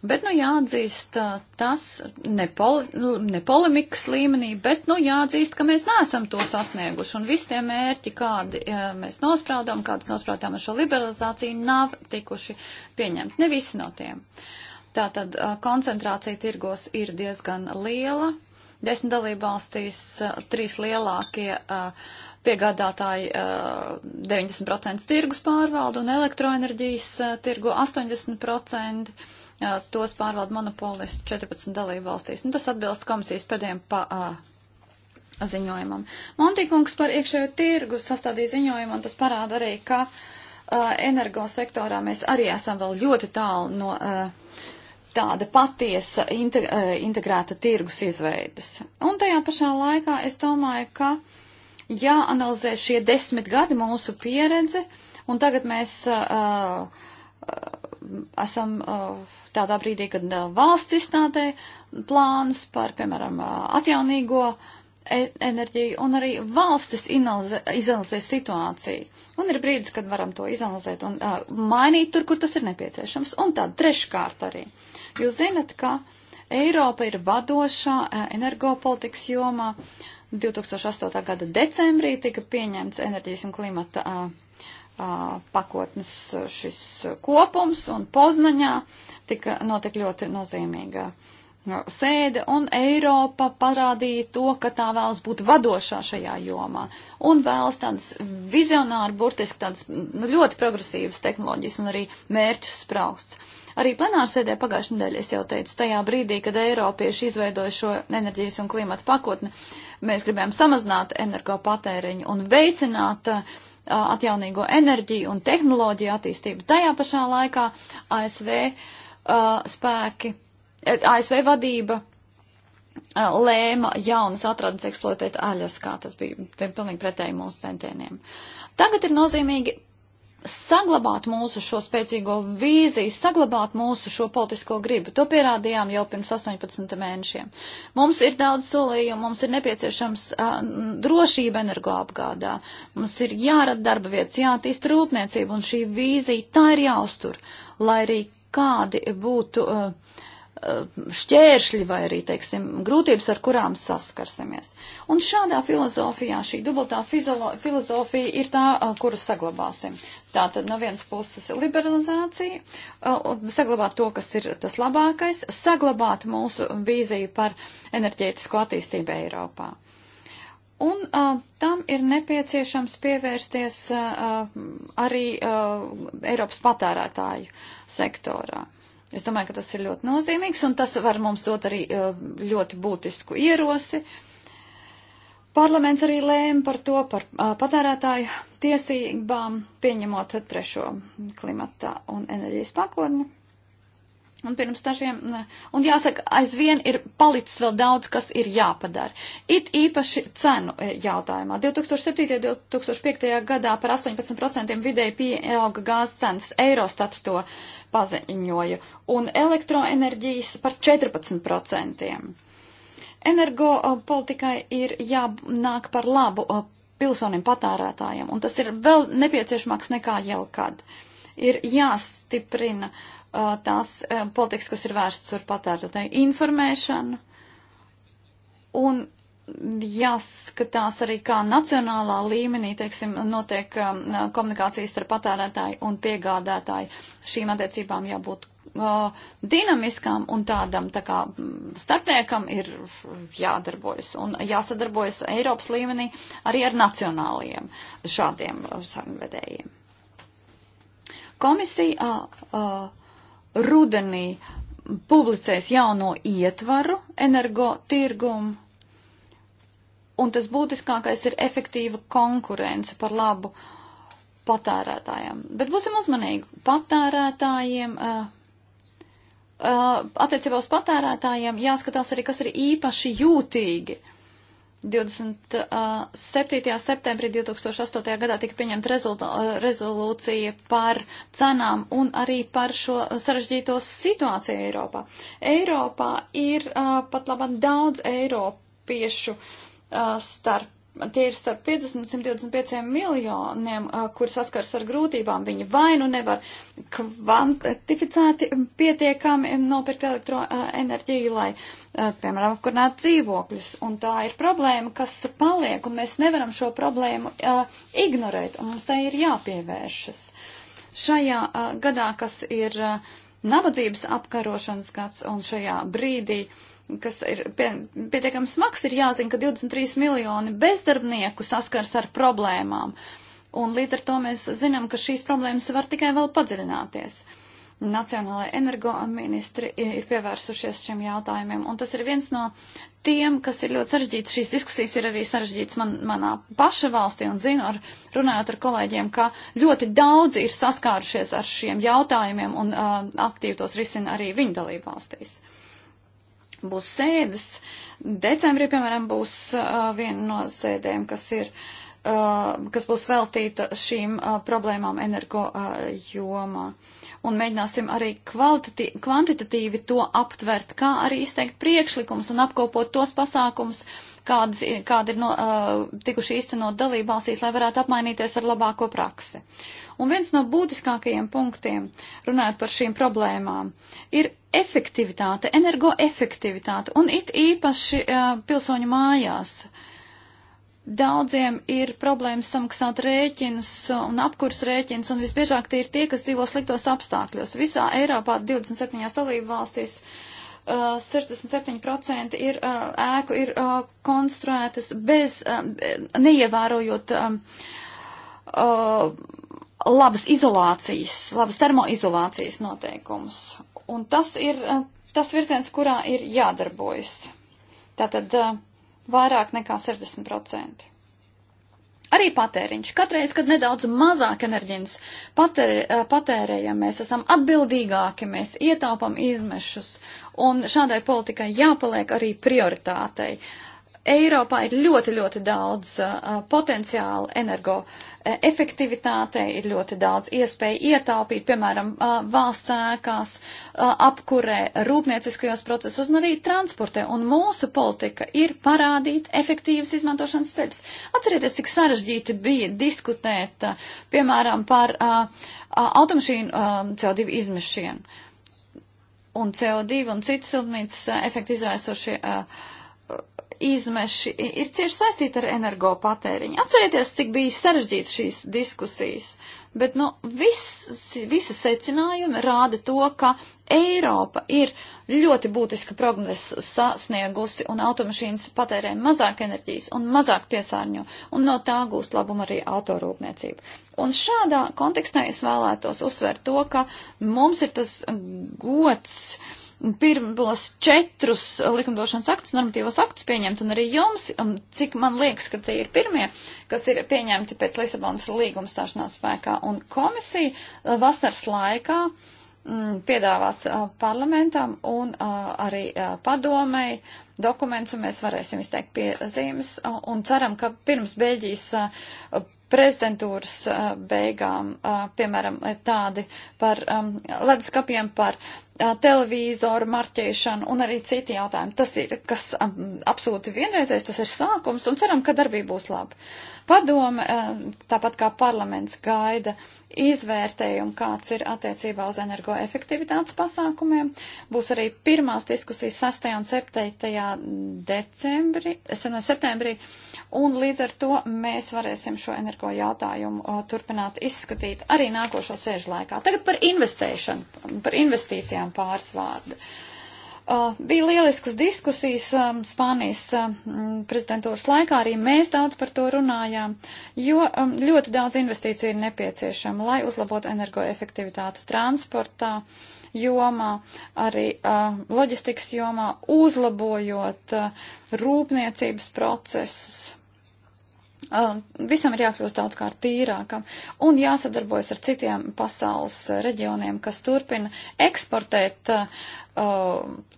Speaker 2: Bet, nu, jāatzīst tas ne, poli, nu, ne polemikas līmenī, bet, nu, jāatzīst, ka mēs neesam to sasnieguši. Un visi tie mērķi, kādi ja mēs nospraudām, kādas nospraudām ar šo liberalizāciju, nav tikuši pieņemti. Ne visi no tiem. Tātad koncentrācija tirgos ir diezgan liela. Desmit dalībvalstīs trīs lielākie piegādātāji 90% tirgus pārvalda un elektroenerģijas tirgu 80% tos pārvalda monopolisti 14 dalību valstīs. Nu, tas atbilst komisijas pēdējiem pa, a, ziņojumam. Montīkungs par iekšējo tirgu sastādīja ziņojumu, un tas parāda arī, ka a, energosektorā mēs arī esam vēl ļoti tālu no a, tāda patiesa integ integrēta tirgus izveidas. Un tajā pašā laikā es domāju, ka jāanalizē šie desmit gadi mūsu pieredze, un tagad mēs uh, esam tādā brīdī, kad valsts iznādē plānus par, piemēram, atjaunīgo e, enerģiju, un arī valstis inalizē, izanalizē situāciju. Un ir brīdis, kad varam to izanalizēt un uh, mainīt tur, kur tas ir nepieciešams. Un tā treškārt arī. Jūs zinat, ka Eiropa ir vadošā uh, energopolitikas jomā. 2008. gada decembrī tika pieņemts enerģijas un klimata uh, pakotnes šis kopums un Poznaņā tika notik ļoti nozīmīga sēde, un Eiropa parādīja to, ka tā vēlas būt vadošā šajā jomā, un vēlas tādas vizionāri, burtiski tādas nu, ļoti progresīvas tehnoloģijas un arī mērķus sprausts. Arī plenārsēdē pagājušajā nedēļā es jau teicu, tajā brīdī, kad Eiropieši izveidoja šo enerģijas un klimata pakotni, mēs gribējām samazināt energopatēriņu un veicināt uh, atjaunīgo enerģiju un tehnoloģiju attīstību. Tajā pašā laikā ASV uh, spēki, ASV vadība uh, lēma jaunas atradnes eksploatēt aļas, kā tas bija pilnīgi pretēji mūsu centieniem. Tagad ir nozīmīgi saglabāt mūsu šo spēcīgo vīziju, saglabāt mūsu šo politisko gribu. To pierādījām jau pirms 18 mēnešiem. Mums ir daudz solījumu, mums ir nepieciešams uh, drošība energoapgādā, mums ir jārada darba vietas, jātīst rūpniecība, un šī vīzija tā ir jāuztur, lai arī kādi būtu. Uh, Eh, šķēršļi vai arī, teiksim, grūtības, ar kurām saskarsimies. Un šādā filozofijā, šī dubultā filozofija ir tā, eh, kuru saglabāsim. Tā tad no vienas puses liberalizācija, eh, saglabāt to, kas ir tas labākais, saglabāt mūsu vīziju par enerģētisko attīstību Eiropā. Un uh, tam ir nepieciešams pievērsties uh, arī uh, Eiropas patērētāju sektorā. Es domāju, ka tas ir ļoti nozīmīgs, un tas var mums dot arī e, ļoti būtisku ierosi. Parlaments arī lēma par to, par e, patērētāju tiesībām, pieņemot trešo klimata un enerģijas pakotni. Un pirms dažiem, un jāsaka, aizvien ir palicis vēl daudz, kas ir jāpadara. It īpaši cenu e, jautājumā. 2007. un 2005. gadā par 18% vidēji pieauga gāzes cenas. Eurostat to paziņoja. Un elektroenerģijas par 14%. Energo e, politikai ir jānāk par labu e, pilsoniem patērētājiem, un tas ir vēl nepieciešamāks nekā jau kad. Ir jāstiprina. Uh, Uh, tās uh, politikas, kas ir vērstas uz patērētāju informēšanu. Un jāskatās arī, kā nacionālā līmenī, teiksim, notiek um, komunikācijas starp patērētāju un piegādētāju. Šīm attiecībām jābūt uh, dinamiskām un tādam tā kā mm, starpniekam ir jādarbojas un jāsadarbojas Eiropas līmenī arī ar nacionāliem šādiem uh, sarunvedējiem. Komisija uh, uh, rudenī publicēs jauno ietvaru energo tirgumu, un tas būtiskākais ir efektīva konkurence par labu patērētājiem. Bet būsim uzmanīgi patērētājiem. Uh, Uh, attiecībā uz patērētājiem jāskatās arī, kas ir īpaši jūtīgi uh, 27. septembrī 2008. gadā tika pieņemta rezolūcija par cenām un arī par šo sarežģīto situāciju Eiropā. Eiropā ir uh, pat labāk daudz eiropiešu uh, starp tie ir starp 50 un 125 miljoniem, kur saskars ar grūtībām. Viņi vai nu nevar kvantificēti pietiekami nopirkt elektroenerģiju, lai, piemēram, apkurnētu dzīvokļus. Un tā ir problēma, kas paliek, un mēs nevaram šo problēmu uh, ignorēt, un mums tai ir jāpievēršas. Šajā uh, gadā, kas ir uh, nabadzības apkarošanas gads, un šajā brīdī, uh, kas ir pie, pietiekami smags, ir jāzina, ka 23 miljoni bezdarbnieku saskars ar problēmām. Un līdz ar to mēs zinām, ka šīs problēmas var tikai vēl padziļināties. Nacionālajie energoministri ir pievērsušies šiem jautājumiem, un tas ir viens no tiem, kas ir ļoti sarežģīts. Šīs diskusijas ir arī sarežģītas man, manā paša valstī, un zinu, ar, runājot ar kolēģiem, ka ļoti daudzi ir saskārušies ar šiem jautājumiem, un uh, aktīvi tos risina arī viņu dalību valstīs. Uh, būs sēdes. Decembrī, piemēram, būs uh, viena no sēdēm, kas ir uh, kas būs veltīta šīm uh, problēmām energo uh, jomā. Un mēģināsim arī kvantitatīvi to aptvert, kā arī izteikt priekšlikums un apkopot tos pasākums, uh, kādas, kāda ir no, uh, tikuši īstenot dalībvalstīs, lai varētu apmainīties ar labāko praksi. Un viens no būtiskākajiem punktiem, runājot par šīm problēmām, ir efektivitāte, energoefektivitāte un it īpaši uh, pilsoņu mājās. Daudziem ir problēmas samaksāt rēķinus un apkurs rēķinus, un visbiežāk tie ir tie, kas dzīvo sliktos apstākļos. Visā Eiropā 27 dalību valstīs uh, uh, 67% ir, uh, ēku ir uh, konstruētas bez, um, neievērojot um, uh, labas izolācijas, labas termoizolācijas noteikumus. Un tas ir uh, tas virziens, kurā ir jādarbojas. Tātad uh, vairāk nekā 60%. Arī patēriņš. Katreiz, kad nedaudz mazāk enerģijas patēr, eh, patērējam, mēs esam atbildīgāki, mēs ietaupam izmešus, un šādai politikai jāpaliek arī prioritātei. Eiropā ir ļoti, ļoti daudz uh, potenciāla energo efektivitātei, ir ļoti daudz iespēju ietaupīt, piemēram, valsts ēkās, apkurē, rūpnieciskajos procesos un arī transportē. Un mūsu politika ir parādīt efektīvas izmantošanas ceļus. Atcerieties, cik sarežģīti bija diskutēt, piemēram, par automašīnu CO2 izmešanu un CO2 un citas siltumnīcas efektu izraisošie uh, izmeši ir cieši saistīti ar energopatēriņu. Atcerieties, cik bija sarežģīts šīs diskusijas, bet nu, vis, visi secinājumi rāda to, ka Eiropa ir ļoti būtiska progresu sasniegusi un automašīnas patērē mazāk enerģijas un mazāk piesārņo, un no tā gūst labumu arī autorūpniecība. Un šādā kontekstā es vēlētos uzsvērt to, ka mums ir tas gods, uh, pirmos četrus likumdošanas aktus, normatīvos aktus pieņemt, un arī jums, um, cik man liekas, ka tie ir pirmie, kas ir pieņemti pēc Lisabonas līguma stāšanās spēkā, un komisija uh, vasaras laikā m, mm, piedāvās uh, parlamentam un uh, arī padomei dokumentus, un mēs varēsim izteikt piezīmes, un ceram, ka pirms Beļģijas prezidentūras beigām, piemēram, tādi par um, leduskapiem, par televīzoru marķēšanu un arī citi jautājumi. Tas ir kas absolūti vienreizējs, tas ir sākums un ceram, ka darbība būs laba. Padome, tāpat kā parlaments gaida izvērtējumu, kāds ir attiecībā uz energoefektivitātes pasākumiem. Būs arī pirmās diskusijas 6. un 7. Decembri, no septembrī, un līdz ar to mēs varēsim šo energo jautājumu turpināt izskatīt arī nākošo sēžu laikā. Tagad par investēšanu, par investīcijām pāris vārdi. Uh, Uh, bija lieliskas diskusijas um, Spānijas um, prezidentūras laikā, arī mēs daudz par to runājām, jo um, ļoti daudz investīciju ir nepieciešama, lai uzlabotu energoefektivitātu transportā jomā, arī uh, loģistikas jomā, uzlabojot uh, rūpniecības procesus Ah, visam ir jākļūst daudz kā tīrākam un jāsadarbojas ar citiem pasaules eh, reģioniem, kas turpina eksportēt uh,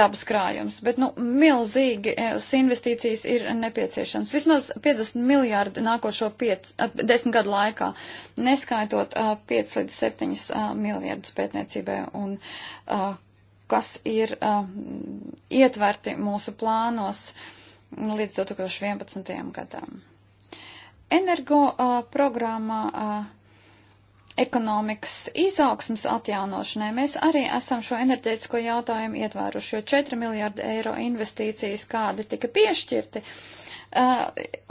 Speaker 2: dabas krājums, bet nu, milzīgas investīcijas ir nepieciešams. Vismaz 50 miljārdi nākošo 5, 10 gadu laikā, neskaitot 5 līdz 7 miljārdus pētniecībai, un kas ir ietverti mūsu plānos. Uh, līdz 2011. gadam. Energo uh, programmā uh, ekonomikas izaugsmas atjaunošanai mēs arī esam šo enerģētisko jautājumu ietvēruši, jo 4 miljārdi eiro investīcijas, kādi tika piešķirti, uh,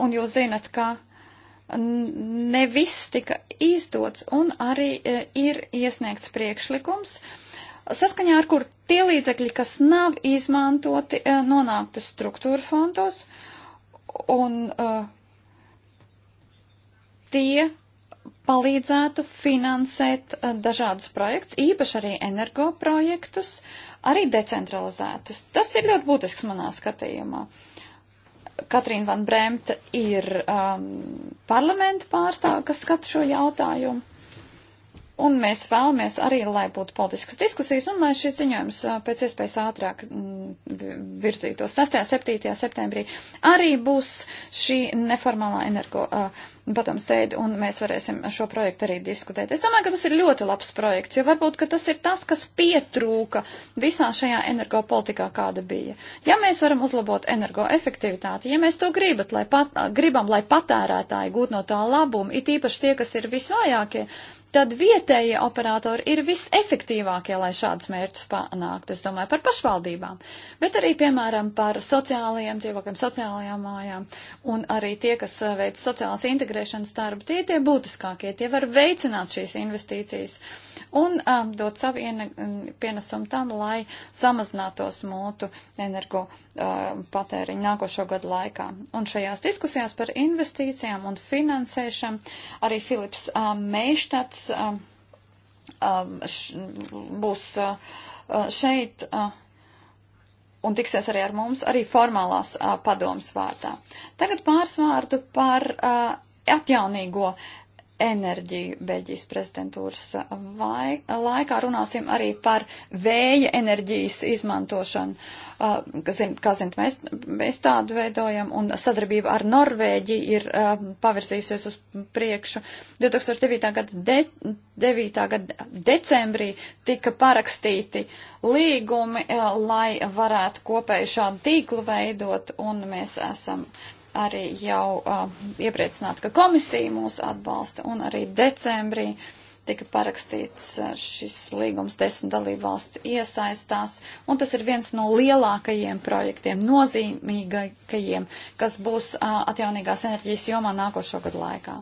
Speaker 2: un jūs zinat, ka ne viss tika izdots, un arī uh, ir iesniegts priekšlikums. Uh, saskaņā ar kur tie līdzekļi, kas nav izmantoti, eh, nonāktu struktūra fondos un uh, tie palīdzētu finansēt uh, dažādus projektus, īpaši arī energoprojektus, arī decentralizētus. Tas ir ļoti būtisks manā skatījumā. Katrīna Van Bremte ir um, parlamenta pārstāve, kas skata šo jautājumu. Un mēs vēlamies arī, lai būtu politiskas diskusijas un lai šis ziņojums pēc iespējas ātrāk mm, virzītos. 6. 7. septembrī arī būs šī neformālā energo padomu sēde un mēs varēsim šo projektu arī diskutēt. Es domāju, ka tas ir ļoti labs projekts, jo varbūt, ka tas ir tas, kas pietrūka visā šajā energo politikā, kāda bija. Ja mēs varam uzlabot energo efektivitāti, ja mēs to gribat, lai pat, gribam, lai patērētāji gūt no tā labumu, it īpaši tie, kas ir visvājākie, tad vietējie operatori ir visefektīvākie, lai šādus mērķus panāktu. Es domāju par pašvaldībām, bet arī, piemēram, par sociālajiem dzīvokļiem, sociālajām mājām un arī tie, kas eh, veic sociālās integrēšanas darbu, tie tie būtiskākie, tie var veicināt šīs investīcijas un um, dot savu mm, pienesumu tam, lai samazinātos mūtu energo uh, patēriņu nākošo gadu laikā. Un šajās diskusijās par investīcijām un finansēšanu arī Filips uh, um, Meištats Uh, um, š, būs uh, uh, šeit. Uh, un tiksies arī ar mums, arī formālās a, uh, padomas vārdā. Tagad pāris vārdu par a, atjaunīgo enerģiju Beļģijas prezidentūras vai, laikā. Runāsim arī par vēja enerģijas izmantošanu, kas zin, kā zin, mēs, mēs tādu veidojam, un sadarbība ar Norvēģiju ir pavirzījusies uz priekšu. 2009. gada, de, 9. gada decembrī tika parakstīti līgumi, lai varētu kopēju šādu tīklu veidot, un mēs esam arī jau uh, iepriecināt, ka komisija mūs atbalsta un arī decembrī tika parakstīts uh, šis līgums desmit dalību valsts iesaistās, un tas ir viens no lielākajiem projektiem, nozīmīgākajiem, kas būs uh, atjaunīgās enerģijas jomā nākošo gadu laikā.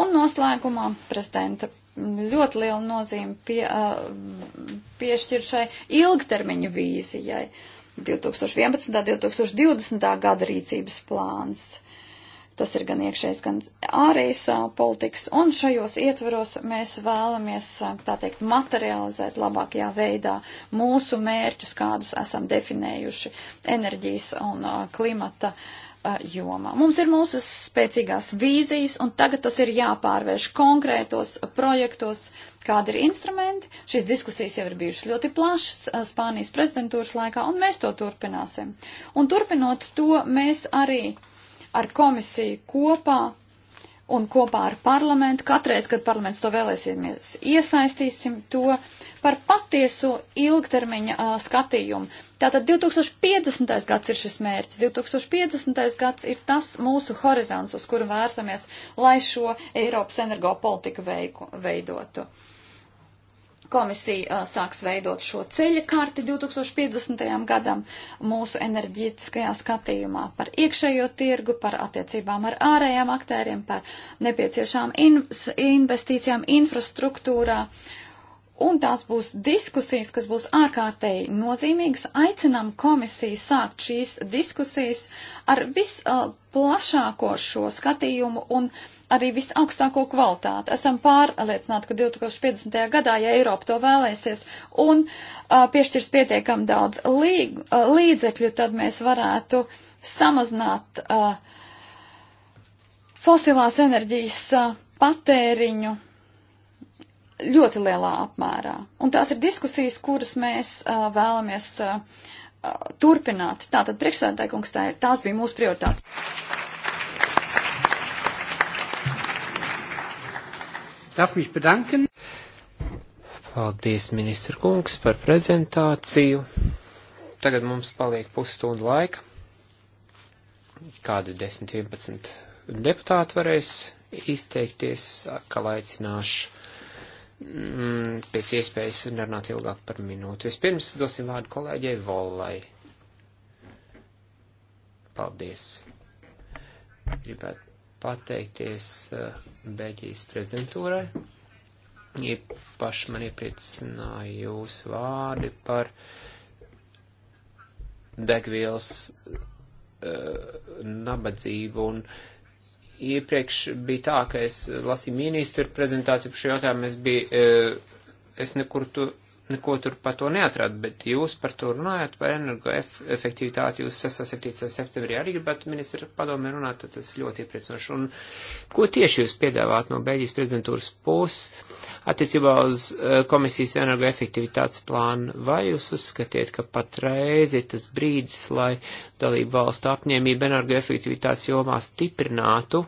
Speaker 2: Un noslēgumā prezidenta ļoti liela nozīme pie, uh, piešķir šai ilgtermiņu vīzijai. Uh, 2011. un 2020. gada rīcības plāns. Tas ir gan iekšējais, gan ārējais politikas, un šajos ietvaros mēs vēlamies, tā teikt, materializēt labākajā veidā mūsu mērķus, kādus esam definējuši enerģijas un klimata jomā. Mums ir mūsu spēcīgās vīzijas, un tagad tas ir jāpārvērš konkrētos projektos, kādi ir instrumenti. Šīs diskusijas jau ir bijušas ļoti plašas Spānijas prezidentūras laikā, un mēs to turpināsim. Un turpinot to, mēs arī ar komisiju kopā un kopā ar parlamentu, katreiz, kad parlaments to vēlēsimies, iesaistīsim to par patieso ilgtermiņa uh, skatījumu. Tātad 2050. gads ir šis mērķis, 2050. gads ir tas mūsu horizons, uz kuru vērsamies, lai šo Eiropas energopolitiku veidotu. Komisija uh, sāks veidot šo ceļa karti 2050. gadam mūsu enerģētiskajā skatījumā par iekšējo tirgu, par attiecībām ar ārējām aktēriem, par nepieciešām in investīcijām infrastruktūrā. Uh, Un tās būs diskusijas, kas būs ārkārtēji nozīmīgas. Aicinām komisiju sākt šīs diskusijas ar visplašāko uh, šo skatījumu un arī visaugstāko kvalitāti. Esam pārliecināti, ka 2050. gadā, ja Eiropa to vēlēsies un uh, piešķirs pietiekam daudz līg, uh, līdzekļu, tad mēs varētu samazināt uh, fosilās enerģijas uh, patēriņu ļoti lielā apmērā. Un tās ir diskusijas, kuras mēs uh, vēlamies uh, uh turpināt. Tātad, priekšsēdētāji kungs, tā, tās bija mūsu prioritātes.
Speaker 1: Darf mich bedanken. Paldies, ministra kungs, par prezentāciju. Tagad mums paliek pusstundu laika. Kādi 10-11 deputāti varēs izteikties, ka laicināšu mm, pēc iespējas nerunāt ilgāk par minūti. Vispirms dosim vārdu kolēģei Vollai. Paldies. Gribētu pateikties eh, Beļģijas prezidentūrai. Īpaši man iepriecināja jūsu vārdi par degvielas uh, nabadzību un uh, Iepriekš bija tā, ka es lasīju ministru prezentāciju par šo jautājumu, es biju, e, es nekur tu, neko tur par to neatradu, bet jūs par to runājat, par energoefektivitāti, jūs 6. 7. septembrī arī gribat ministra padomē runāt, tad tas ļoti iepriecinoši. Un ko tieši jūs piedāvāt no Beļģijas prezidentūras puses? Attiecībā uz eh, komisijas energoefektivitātes plānu, vai jūs uzskatiet, ka patreiz ir tas brīdis, lai dalību valstu apņēmība energoefektivitātes jomā stiprinātu,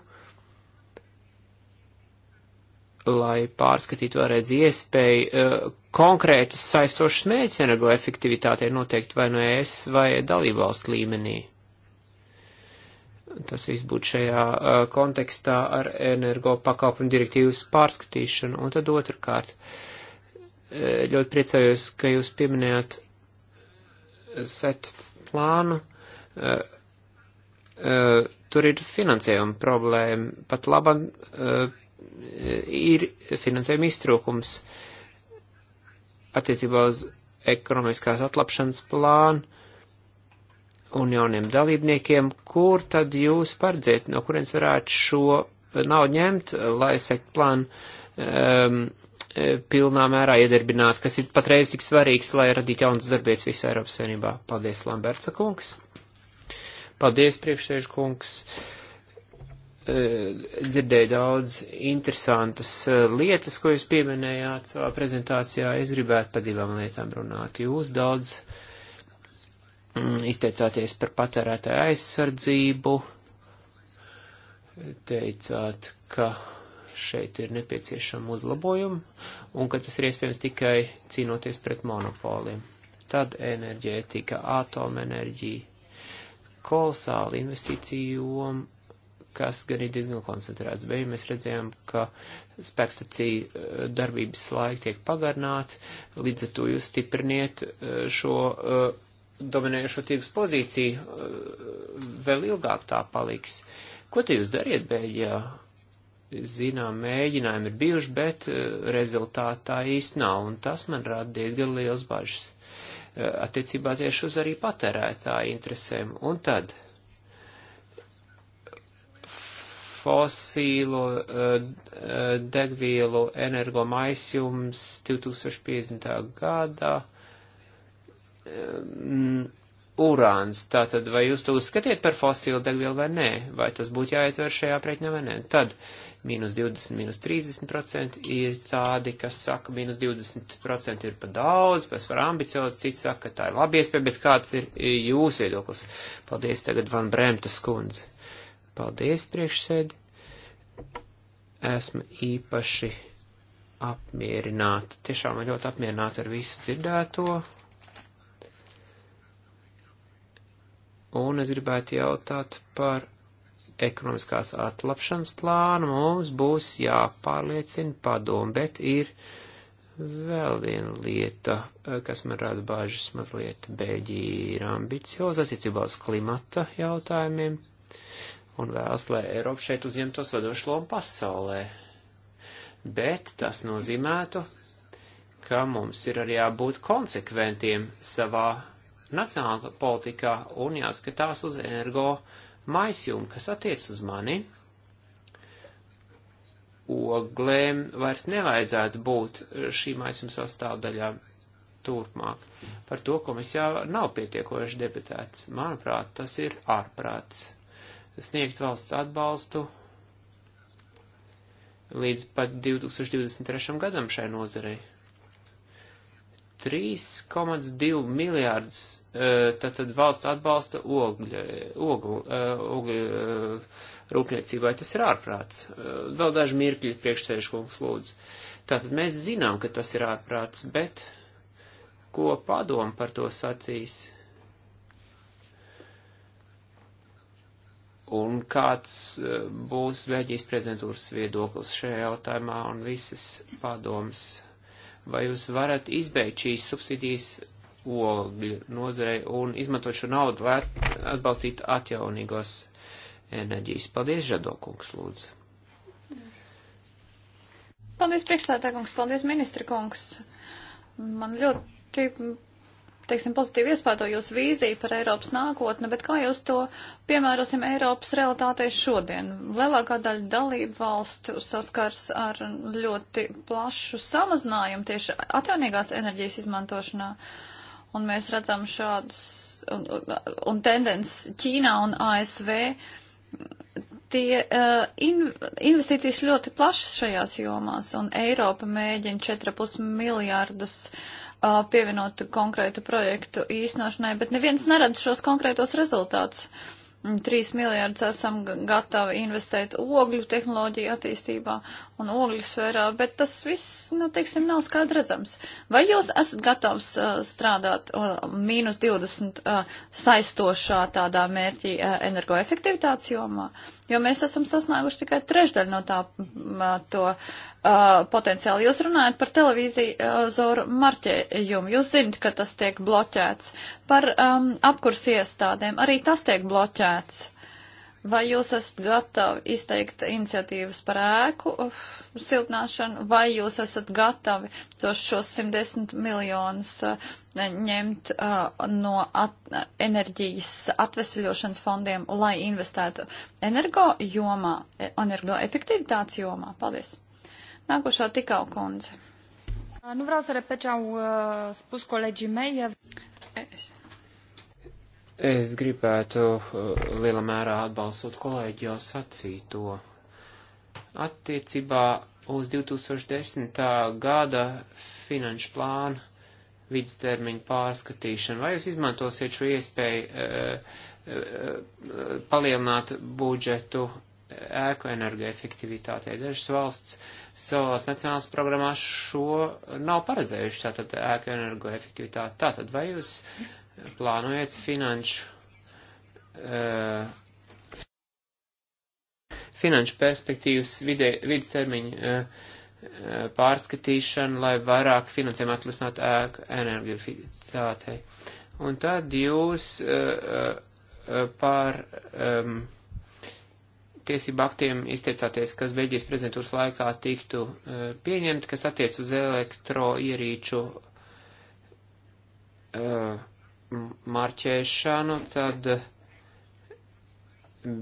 Speaker 1: lai pārskatītu vēlreiz iespēju eh, konkrētas saistošas mērķis energoefektivitātei noteikt vai no ES vai dalību valstu līmenī? Tas viss būtu šajā kontekstā ar energo pakalpojumu direktīvas pārskatīšanu. Un tad otrkārt, ļoti priecājos, ka jūs pieminējāt set plānu. Tur ir finansējuma problēma. Pat labam ir finansējuma iztrūkums attiecībā uz ekonomiskās atlapšanas plānu un jauniem dalībniekiem, kur tad jūs paredzēt, no kurienes varētu šo naudu ņemt, lai sekt plānu um, e, pilnā mērā iedarbināt, kas ir patreiz tik svarīgs, lai radītu jaunas darbietas visā Eiropas Savienībā. Paldies, Lamberca kungs! Paldies, priekšsēžu kungs! E, dzirdēju daudz interesantas e, lietas, ko jūs pieminējāt savā prezentācijā. Es gribētu par divām lietām runāt. Jūs daudz Mm, izteicāties par patērētāju aizsardzību, teicāt, ka šeit ir nepieciešama uzlabojuma un ka tas ir iespējams tikai cīnoties pret monopoliem. Tad enerģētika, atomenerģija, kolosāla investīciju, kas gan ir diezgan koncentrēts. Beigās mēs redzējām, ka spēkstacija eh, darbības laika tiek pagarnāta, līdz ar to jūs stipriniet eh, šo uh, dominējošo tirgus pozīciju eh, vēl ilgāk tā paliks. Ko te jūs dariet, Bēļģijā? Zinām, mēģinājumi ir bijuši, bet eh, rezultātā īsti nav, un tas man rada diezgan liels bažas eh, attiecībā tieši uz arī patērētāju interesēm. Un tad fosīlo degvielu energomaisjums 2050. gadā um, urāns, tātad vai jūs to uzskatiet par fosilu degvielu vai nē, vai tas būtu jāietver šajā aprēķinā vai nē. Tad mīnus 20, mīnus 30% ir tādi, kas saka, mīnus 20% ir pa daudz, pēc par ambiciozi, cits saka, ka tā ir labi iespēja, bet kāds ir jūsu viedoklis? Paldies tagad Van Bremtas kundze. Paldies priekšsēdi. Esmu īpaši apmierināta, tiešām ļoti apmierināta ar visu dzirdēto Un es gribētu jautāt par ekonomiskās atlapšanas plānu. Mums būs jāpārliecina padomu, bet ir vēl viena lieta, eh, kas man rada bāžas mazliet. Beļģija ir ambicioza attiecībā uz klimata jautājumiem un vēlas, lai Eiropa šeit uzņemtos vadošu lomu pasaulē. Bet tas nozīmētu, ka mums ir arī jābūt konsekventiem savā nacionālā politikā un jāskatās uz energo maisjumu, kas attiec uz mani. Oglēm vairs nevajadzētu būt šī maisuma sastāvdaļā turpmāk. Par to komisijā nav pietiekoši debatēts. Manuprāt, tas ir ārprāts. Sniegt valsts atbalstu līdz pat 2023. gadam šai nozarei. 3,2 miljārdus tātad e, valsts atbalsta ogļu, e, ogļu, ogļu e, rūpniecībai. Tas ir ārprāts. Vēl daži mirkļi priekšsēžkungs lūdzu. Tātad mēs zinām, ka tas ir ārprāts, bet ko padomu par to sacīs? Un kāds būs Vēģijas prezidentūras viedoklis šajā jautājumā un visas padomas? Vai jūs varat izbeigt šīs subsidijas ogļu nozarei un izmantot šo naudu, lai atbalstītu atjaunīgos enerģijas? Paldies, Žadokungs, lūdzu.
Speaker 2: Paldies, priekšstādā kungs, paldies, ministra kungs. Man ļoti teiksim, pozitīvi iespēto jūsu vīziju par Eiropas nākotni, bet kā jūs to piemērosim Eiropas realitātei šodien? Lielākā daļa dalību valstu saskars ar ļoti plašu samazinājumu tieši atjaunīgās enerģijas izmantošanā. Un mēs redzam šādus un, un tendences Ķīnā un ASV. Tie uh, in, investīcijas ļoti plašas šajās jomās, un Eiropa mēģina 4,5 miljārdus uh, pievienot konkrētu projektu īstenošanai, bet neviens neredz šos konkrētos rezultātus. 3 mm, miljārdus esam gatavi investēt ogļu tehnoloģiju attīstībā un ogļu sfērā, bet tas viss, nu, teiksim, nav skaidri redzams. Vai jūs esat gatavs uh, strādāt uh, mīnus 20 uh, saistošā tādā mērķī uh, energoefektivitātes jomā? Jo mēs esam sasnieguši tikai trešdaļu no tā, uh, to uh, uh, potenciāli. Jūs runājat par televizoru uh, marķējumu. Jūs zinat, ka tas tiek bloķēts. Par um, apkurs iestādēm arī tas tiek bloķēts. Vai jūs esat gatavi izteikt iniciatīvas par ēku uh, siltināšanu, vai jūs esat gatavi tos šos 110 miljonus uh, ņemt uh, no at, enerģijas atvesļošanas fondiem, lai investētu energo jomā, energoefektivitātes jomā? Paldies! Nākošā tikau kundze. Nu vreau să repet ce au uh, spus colegii mei. E- es. es
Speaker 1: gribētu uh, lielā mērā atbalstot kolēģi jau sacīto. Attiecībā uz 2010. gada finanšu plānu vidustermiņu pārskatīšanu, vai jūs izmantosiet šo iespēju uh, uh, uh palielināt budžetu ēku energoefektivitātei. Dažas valsts savās nacionālās programmās šo nav paredzējuši, tātad ēka energoefektivitāte. Tātad vai jūs plānojat finanšu, uh, finanšu perspektīvas vidē, vidas termiņu uh, pārskatīšanu, lai vairāk finansējumu atlisināt ēku energoefektivitātei? Un tad jūs uh, uh, par. Um, tiesību aktiem izteicāties, kas Beļģijas prezidentūras laikā tiktu eh, pieņemt, kas attiec uz elektroierīču eh, marķēšanu, tad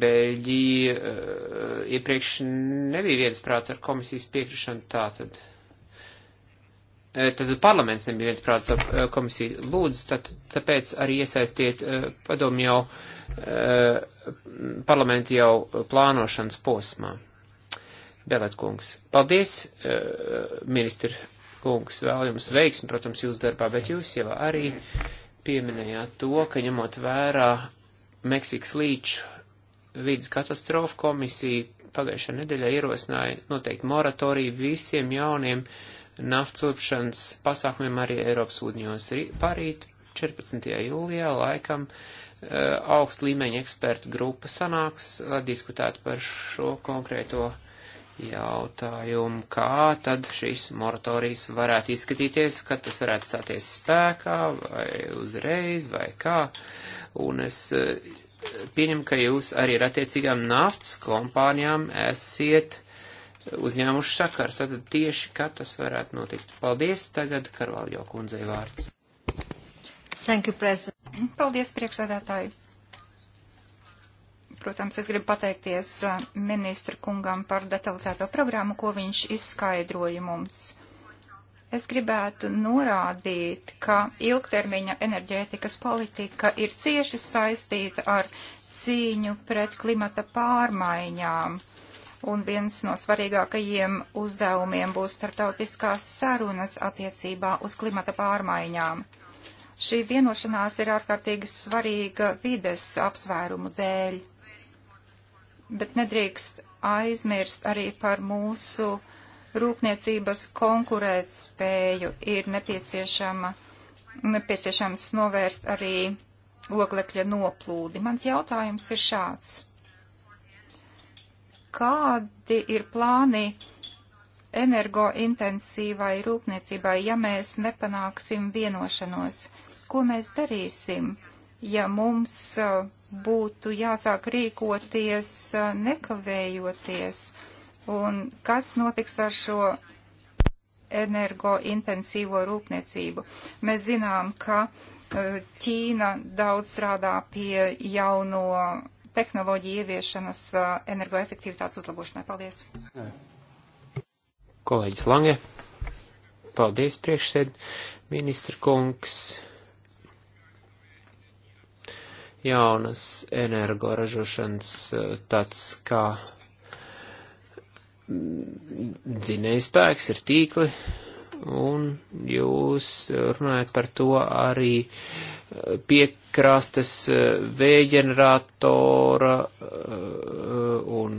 Speaker 1: Beļģija eh, iepriekš nebija viensprāts ar komisijas piekrišanu tātad. Tad parlaments nebija viensprāts ar komisiju. Lūdzu, tad, tāpēc arī iesaistiet padomu jau uh, Eh, parlamentu jau plānošanas posmā. Belet kungs. Paldies, eh, ministri kungs, vēl jums veiksmi, protams, jūs darbā, bet jūs jau arī pieminējāt to, ka ņemot vērā Meksikas līču vidas katastrofu komisija pagājušā nedēļā ierosināja noteikti moratoriju visiem jauniem naftas upšanas pasākumiem arī Eiropas ūdņos. Parīt 14. jūlijā laikam uh, Eh, augst līmeņa ekspertu grupa sanāks, lai diskutētu par šo konkrēto jautājumu, kā tad šīs moratorijas varētu izskatīties, kad tas varētu stāties spēkā, vai uzreiz, vai kā. Un es eh, pieņemu, ka jūs arī ar attiecīgām naftas kompānijām esiet uzņēmuši sakars. Tātad tieši, kad tas varētu notikt. Paldies, tagad Karvaljo kundzei vārds.
Speaker 3: Thank you, President. Paldies, priekšsēdētāji. Protams, es gribu pateikties uh, ministra kungam par detalizēto programmu, ko viņš izskaidroja mums. Es gribētu norādīt, ka ilgtermiņa enerģētikas politika ir cieši saistīta ar cīņu pret klimata pārmaiņām un viens no svarīgākajiem uzdevumiem būs startautiskās sarunas attiecībā uz klimata pārmaiņām. Šī vienošanās ir ārkārtīgi svarīga vides apsvērumu dēļ, bet nedrīkst aizmirst arī par mūsu rūpniecības konkurētspēju. Ir nepieciešama, nepieciešams novērst arī oglekļa noplūdi. Mans jautājums ir šāds. Kādi ir plāni? energointensīvai rūpniecībai, ja mēs nepanāksim vienošanos. Ko mēs darīsim, ja mums uh, būtu jāsāk rīkoties uh, nekavējoties? Un kas notiks ar šo energointensīvo rūpniecību? Mēs zinām, ka uh, Ķīna daudz strādā pie jauno tehnoloģiju ieviešanas energoefektivitātes uzlabošanai. Paldies!
Speaker 1: Kolēģis Lange, paldies priekšsēd, ministra kungs jaunas energoražošanas eh, tāds kā mm, dzinējspēks, ir tīkli, un jūs runājat par to arī eh, piekrastes eh, vējģeneratora un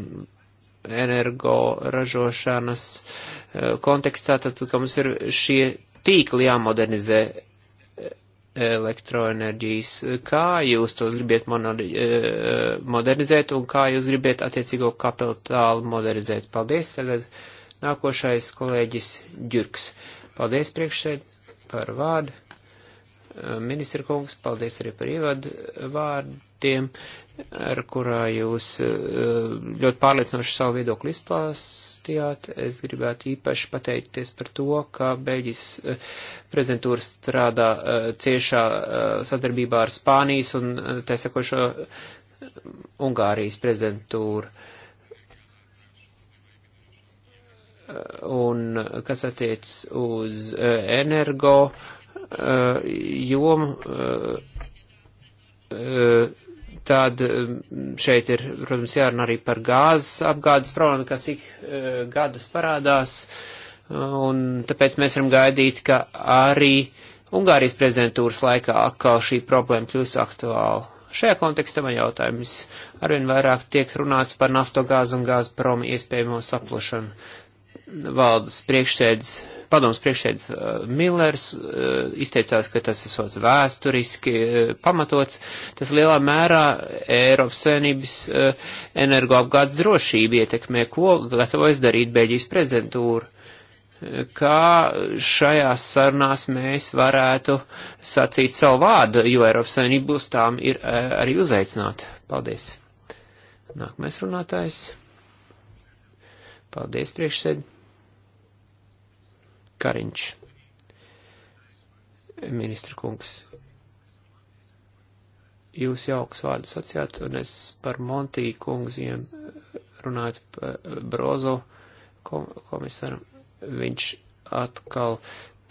Speaker 1: energoražošanas kontekstā, tad, ka mums ir šie tīkli jāmodernizē elektroenerģijas. Kā jūs tos gribiet e, modernizēt un kā jūs gribiet attiecīgo kapitālu modernizēt? Paldies. Tagad nākošais kolēģis Džurks. Paldies priekšsēd par vārdu. E, ministra kungs, paldies arī par ievadu vārdiem ar kurā jūs eh, ļoti pārliecinoši savu viedokli izplāstījāt. Es gribētu īpaši pateikties par to, ka Beļģijas eh, prezidentūra strādā eh, ciešā sadarbībā ar Spānijas un tā sekošo Ungārijas prezidentūru. Un kas attiec uz energo jomu, Tad um, šeit ir, protams, jārunā arī par gāzes apgādes problēmu, kas ik uh, gadus parādās, un tāpēc mēs varam gaidīt, ka arī Ungārijas prezidentūras laikā atkal šī problēma kļūs aktuāla. Šajā kontekstā man jautājums arvien vairāk tiek runāts par naftogāzu un gāzu promu iespējamo saplošanu. Valdes priekšsēdz Padoms priekšēdz uh, Millers uh, izteicās, ka tas esot vēsturiski uh, pamatots, tas lielā mērā Eiropas savienības uh, energoapgādes drošību ietekmē, ko gatavojas darīt Beļģijas prezidentūra uh, kā šajās sarunās mēs varētu sacīt savu vārdu, jo Eiropas Savienība būs tām ir uh, arī uzaicināta. Paldies. Nākamais runātājs. Paldies, priekšsēdētāji. Kariņš. Ministra kungs, jūs jauks vārdu sacījāt, un es par Montī kungziem runāju par Brozo komisaru. Viņš atkal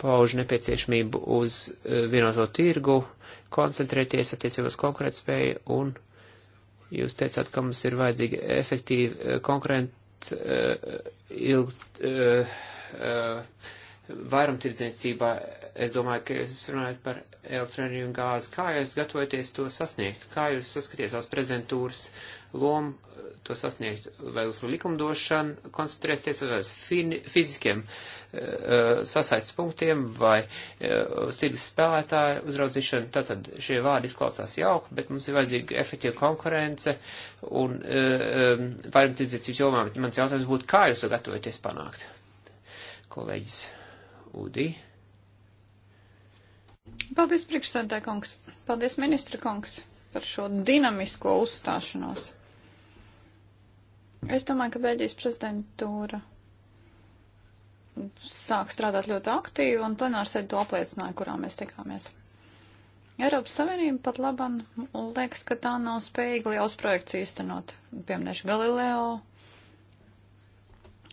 Speaker 1: pauž nepieciešamību uz eh, vienoto tirgu, koncentrēties attiecībos konkurētspēju, un jūs teicāt, ka mums ir vajadzīga efektīva eh, konkurence eh, ilgt. Uh, uh, vairumtirdzniecībā, es domāju, ka jūs runājat par elektroniju un gāzi. Kā jūs gatavojaties to sasniegt? Kā jūs saskatiet savas prezentūras lomu to sasniegt? Vai uz likumdošanu koncentrēsieties, vai uz fiziskiem uh, sasaistes punktiem, vai uh, uz tirgus spēlētāju uzraudzīšanu? Tātad šie vārdi izklausās jauki, bet mums ir vajadzīga efektīva konkurence un uh, vairumtirdzniecības jomā. Mans jautājums būtu, kā jūs to gatavojaties panākt? Kolēģis. Udi.
Speaker 3: Paldies,
Speaker 2: priekšsēdētāj kungs. Paldies, ministra kungs, par šo dinamisko uzstāšanos. Es domāju, ka Beļģijas prezidentūra sāk strādāt ļoti aktīvi, un plenārsēdi to apliecināja, kurā mēs tikāmies. Eiropas Savienība pat labam liekas, ka tā nav spējīga liels projekts īstenot. Piemēram, Galileo,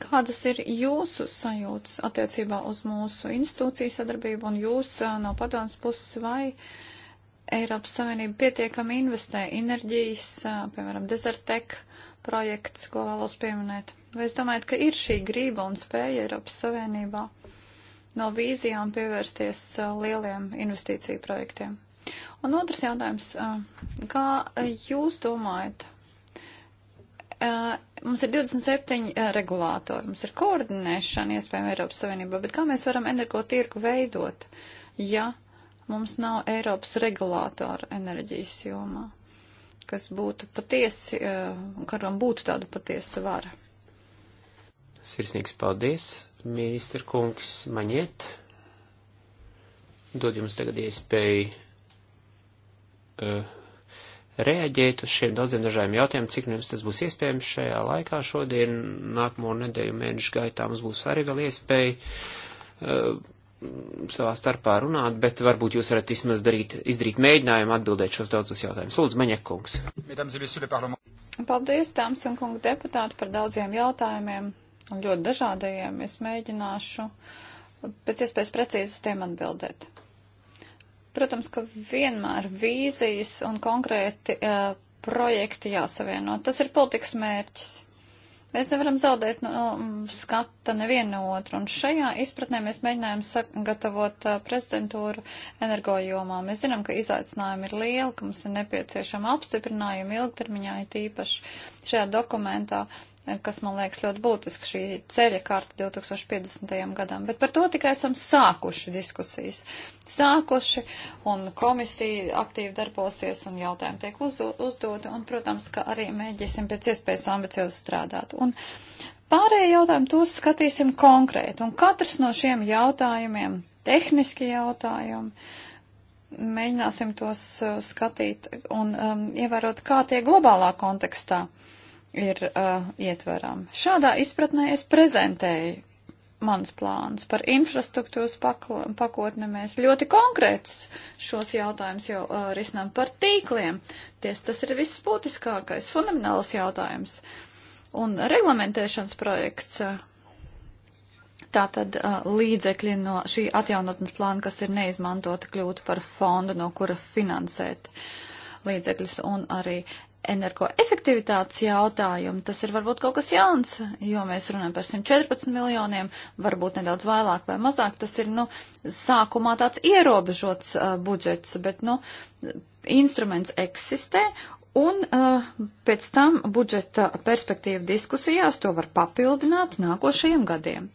Speaker 2: Kādas ir jūsu sajūtas attiecībā uz mūsu institūciju sadarbību un jūs no padomas puses vai Eiropas Savienība pietiekami investē enerģijas, piemēram, Desertec projekts, ko vēlos pieminēt? Vai es domāju, ka ir šī grība un spēja Eiropas Savienībā no vīzijām pievērsties lieliem investīciju projektiem? Un otrs jautājums, kā jūs domājat? Mums ir 27 eh, regulātori, mums ir koordinēšana iespējama Eiropas Savienībā, bet kā mēs varam energo tirku veidot, ja mums nav Eiropas regulātora enerģijas jomā, kas būtu patiesi, eh, karam būtu tāda patiesa vara?
Speaker 1: Sirsnīgs paldies, ministra kungs Maņiet. Dod jums tagad iespēju. Uh, reaģēt uz šiem daudziem dažādiem jautājumiem, cik nu jums tas būs iespējams šajā laikā šodien, nākamo nedēļu mēnešu gaitā mums būs arī vēl iespēja uh, savā starpā runāt, bet varbūt jūs varat vismaz darīt, izdarīt mēģinājumu atbildēt šos daudzus jautājumus. Lūdzu, Meņekungs.
Speaker 2: Paldies, dāmas un kungi deputāti, par daudziem jautājumiem un ļoti dažādajiem. Es mēģināšu pēc iespējas precīzi uz tiem atbildēt. Protams, ka vienmēr vīzijas un konkrēti uh, projekti jāsavieno. Tas ir politikas mērķis. Mēs nevaram zaudēt nu, um, no skata nevienu otru, un šajā izpratnē mēs mēģinājām sagatavot prezidentūru energojomā. Mēs zinām, ka izaicinājumi ir lieli, ka mums ir nepieciešama apstiprinājuma ilgtermiņā, it īpaši šajā dokumentā kas man liekas ļoti būtiski šī ceļa karta 2050. gadam, bet par to tikai esam sākuši diskusijas. Sākuši, un komisija aktīvi darbosies, un jautājumi tiek uz, uzdoti, un, protams, ka arī mēģināsim pēc iespējas ambiciozi strādāt. Un pārējie jautājumi tos skatīsim konkrēti, un katrs no šiem jautājumiem, tehniski jautājumi, mēģināsim tos uh, skatīt un um, ievērot, kā tie globālā kontekstā. Uh, ir uh, ietverami. Šādā izpratnē es prezentēju mans plāns par infrastruktūras pakotni. Mēs ļoti konkrēts šos jautājumus jau uh, risinām par tīkliem. Ties tas ir viss būtiskākais, fundamentāls jautājums. Un reglamentēšanas projekts. Uh, Tātad uh, līdzekļi no šī atjaunotnes plāna, kas ir neizmantota, kļūtu par fondu, no kura finansēt līdzekļus un arī energoefektivitātes jautājumu, tas ir varbūt kaut kas jauns, jo mēs runājam par 114 miljoniem, varbūt nedaudz vairāk vai mazāk. Tas ir, nu, sākumā tāds ierobežots uh, budžets, bet, nu, instruments eksistē Un uh, pēc tam budžeta perspektīva diskusijās to var papildināt nākošajiem gadiem.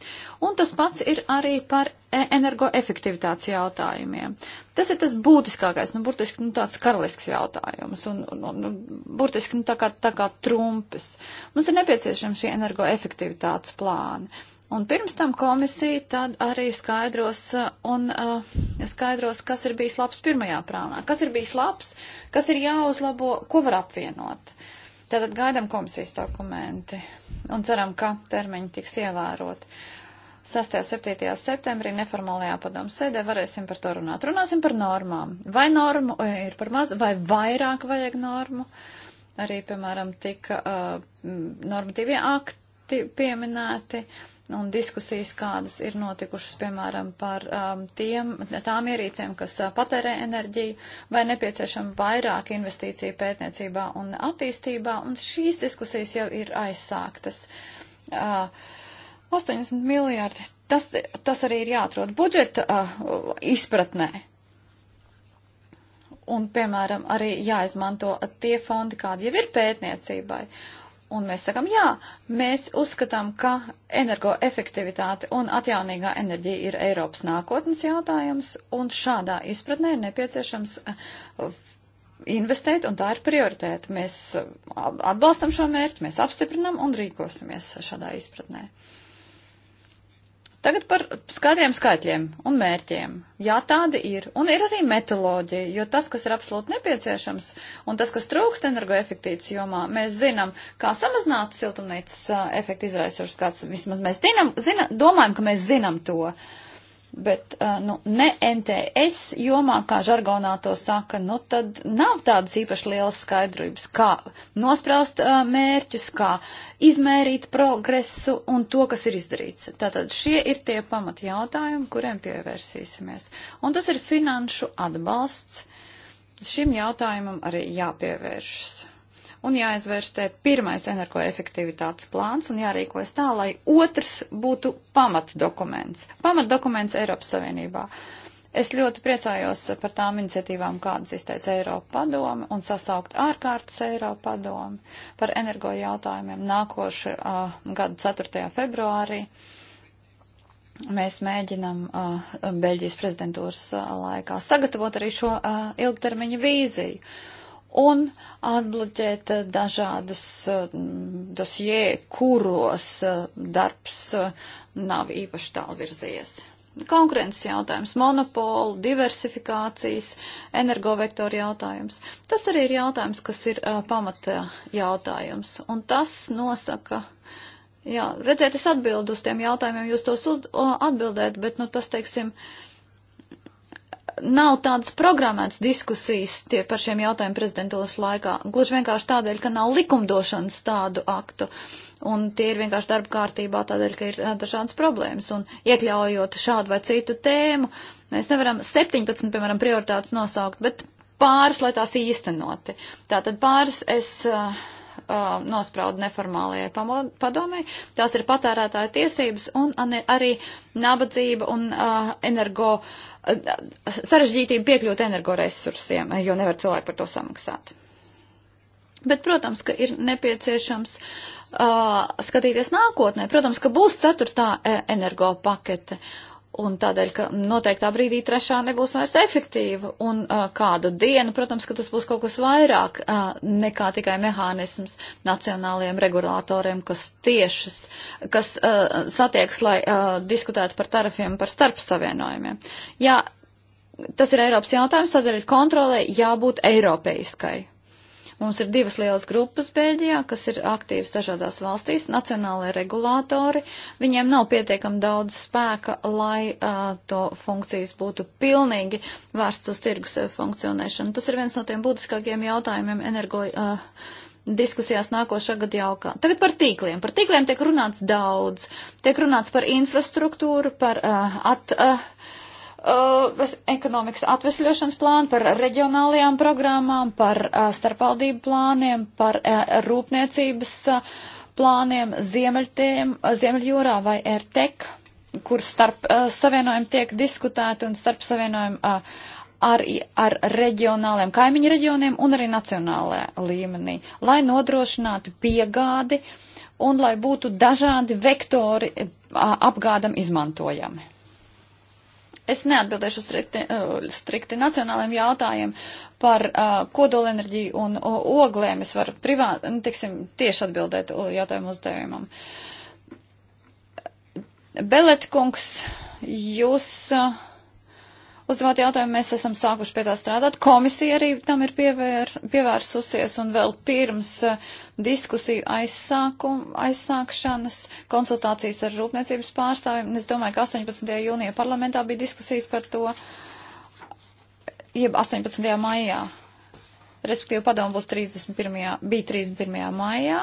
Speaker 2: Un tas pats ir arī par e- energoefektivitātes jautājumiem. Tas ir tas būtiskākais, nu, burtiski nu, tāds karalisks jautājums, un, un, un nu, burtiski nu, tā, kā, tā kā trumpis. Mums ir nepieciešama šī energoefektivitātes plāna. Un pirms tam komisija tad arī skaidros, uh, un, uh, skaidros, kas ir bijis labs pirmajā prānā, kas ir bijis labs, kas ir jāuzlabo, ko var apvienot. Tātad gaidam komisijas dokumenti un ceram, ka termiņi tiks ievērot. 6. un 7. septembrī neformālajā padomu sēdē varēsim par to runāt. Runāsim par normām. Vai normu eh, ir par maz, vai vairāk vajag normu? Arī, piemēram, tika uh, normatīvie akti pieminēti. Uh, un diskusijas, kādas ir notikušas, piemēram, par um, tiem, tām ierīcēm, kas uh, patērē enerģiju, vai nepieciešama vairāk investīcija pētniecībā un attīstībā, un šīs diskusijas jau ir aizsāktas. Uh, 80 miljārdi. Tas, tas arī ir jāatrod budžeta uh, izpratnē. Un, piemēram, arī jāizmanto tie fondi, kādi jau ir pētniecībai. Uh, Un mēs sakam, jā, mēs uzskatām, ka energoefektivitāte un atjaunīgā enerģija ir Eiropas nākotnes jautājums, un šādā izpratnē ir nepieciešams eh, investēt, un tā ir prioritēta. Mēs eh, atbalstam šo mērķi, mēs apstiprinam un rīkosimies šādā izpratnē. Uh, Tagad par skaidriem skaitļiem un mērķiem. Jā, tādi ir. Un ir arī metoloģija, jo tas, kas ir absolūti nepieciešams un tas, kas trūkst energoefektīvas jomā, mēs zinām, kā samazināt siltumnīcas eh, efektu izraisošas kāds. Vismaz mēs zinām, zina, domājam, ka mēs zinām to. Uh, bet nu, ne NTS jomā, kā žargonā to saka, nu tad nav tādas īpaši lielas skaidrības, kā nospraust uh, mērķus, kā izmērīt progresu un to, kas ir izdarīts. Tātad šie ir tie pamat jautājumi, kuriem pievērsīsimies. Un tas ir finanšu atbalsts. Šim jautājumam arī jāpievēršas un jāizvērstē pirmais energoefektivitātes plāns un jārīkojas tā, lai otrs būtu pamatdokuments. Pamatdokuments Eiropas Savienībā. Es ļoti priecājos par tām iniciatīvām, kādas izteica Eiropa padome un sasaukt ārkārtas Eiropa padome par energo jautājumiem nākošu uh, gadu 4. februārī. Mēs mēģinam uh, Beļģijas prezidentūras uh, laikā sagatavot arī šo uh, ilgtermiņa vīziju. Uh, un atbloķēt eh, dažādus eh, dosjē, kuros eh, darbs nav īpaši tālu virzies. Konkurences jautājums, monopolu, diversifikācijas, energovektoru jautājums. Tas arī ir jautājums, kas ir uh, pamata jautājums. Un tas nosaka, jā, redziet, es atbildu uz tiem jautājumiem, jūs tos atbildēt, bet, nu, tas, teiksim, uh, nav tādas programmētas diskusijas tie, par šiem jautājumiem prezidentūras laikā. Gluži vienkārši tādēļ, ka nav likumdošanas tādu aktu. Un tie ir vienkārši darba kārtībā tādēļ, ka ir eh, dažādas problēmas. Un iekļaujot šādu vai citu tēmu, mēs nevaram 17, piemēram, prioritātes nosaukt, bet pāris, lai tās īstenoti. Tātad pāris es. Uh, uh, um, nosprauda neformālajai padomē. Tās ir patērētāja tiesības un arī nabadzība un uh, energo uh, sarežģītība piekļūt energoresursiem, jo nevar cilvēki par to samaksāt. Bet, protams, ka ir nepieciešams uh, skatīties nākotnē. Protams, ka būs ceturtā e, energo pakete. Uh, Un tādēļ, ka noteiktā brīdī trešā nebūs vairs efektīva. Un uh, kādu dienu, protams, ka tas būs kaut kas vairāk uh, nekā tikai mehānisms nacionālajiem regulātoriem, kas tiešas, kas uh, satieks, lai uh, diskutētu par tarifiem, par starpsavienojumiem. Jā, tas ir Eiropas jautājums, tādēļ kontrolē jābūt eiropeiskai. Mums ir divas lielas grupas Bēļģijā, kas ir aktīvas dažādās valstīs, nacionālai regulātori. Viņiem nav pietiekam daudz spēka, lai uh, to funkcijas būtu pilnīgi vērsts uz tirgus funkcionēšanu. Tas ir viens no tiem būtiskākiem jautājumiem energo. Uh, diskusijās nākošā gada jaukā. Tagad par tīkliem. Par tīkliem tiek runāts daudz. Tiek runāts par infrastruktūru, par uh, at, uh, uh, ekonomikas atvesļošanas plānu, par reģionālajām programmām, par uh, starpvaldību plāniem, par uh, rūpniecības uh, plāniem Ziemeļtiem, uh, Ziemeļjūrā vai ERTEK, kur starp uh, savienojumu tiek diskutēti un starp savienojumu uh, ar, ar reģionāliem kaimiņu reģioniem un arī nacionālajā līmenī, lai nodrošinātu piegādi un lai būtu dažādi vektori uh, apgādam izmantojami. Es neatbildēšu strikti, eh, strikti nacionālajiem jautājumiem par uh, kodolenerģiju un uh, oglēm. Es varu privāti, nu, tiksim, tieši atbildēt jautājumu uzdevumam. Beletkungs, jūs. Uh, uzdevāt jautājumu, mēs esam sākuši pie tā strādāt. Komisija arī tam ir pievēr, pievērsusies un vēl pirms uh, diskusiju aizsākum, aizsākšanas konsultācijas ar rūpniecības pārstāvjiem. Es domāju, ka 18. jūnija parlamentā bija diskusijas par to, jeb 18. maijā respektīvi padomu būs 31. bija 31. maijā,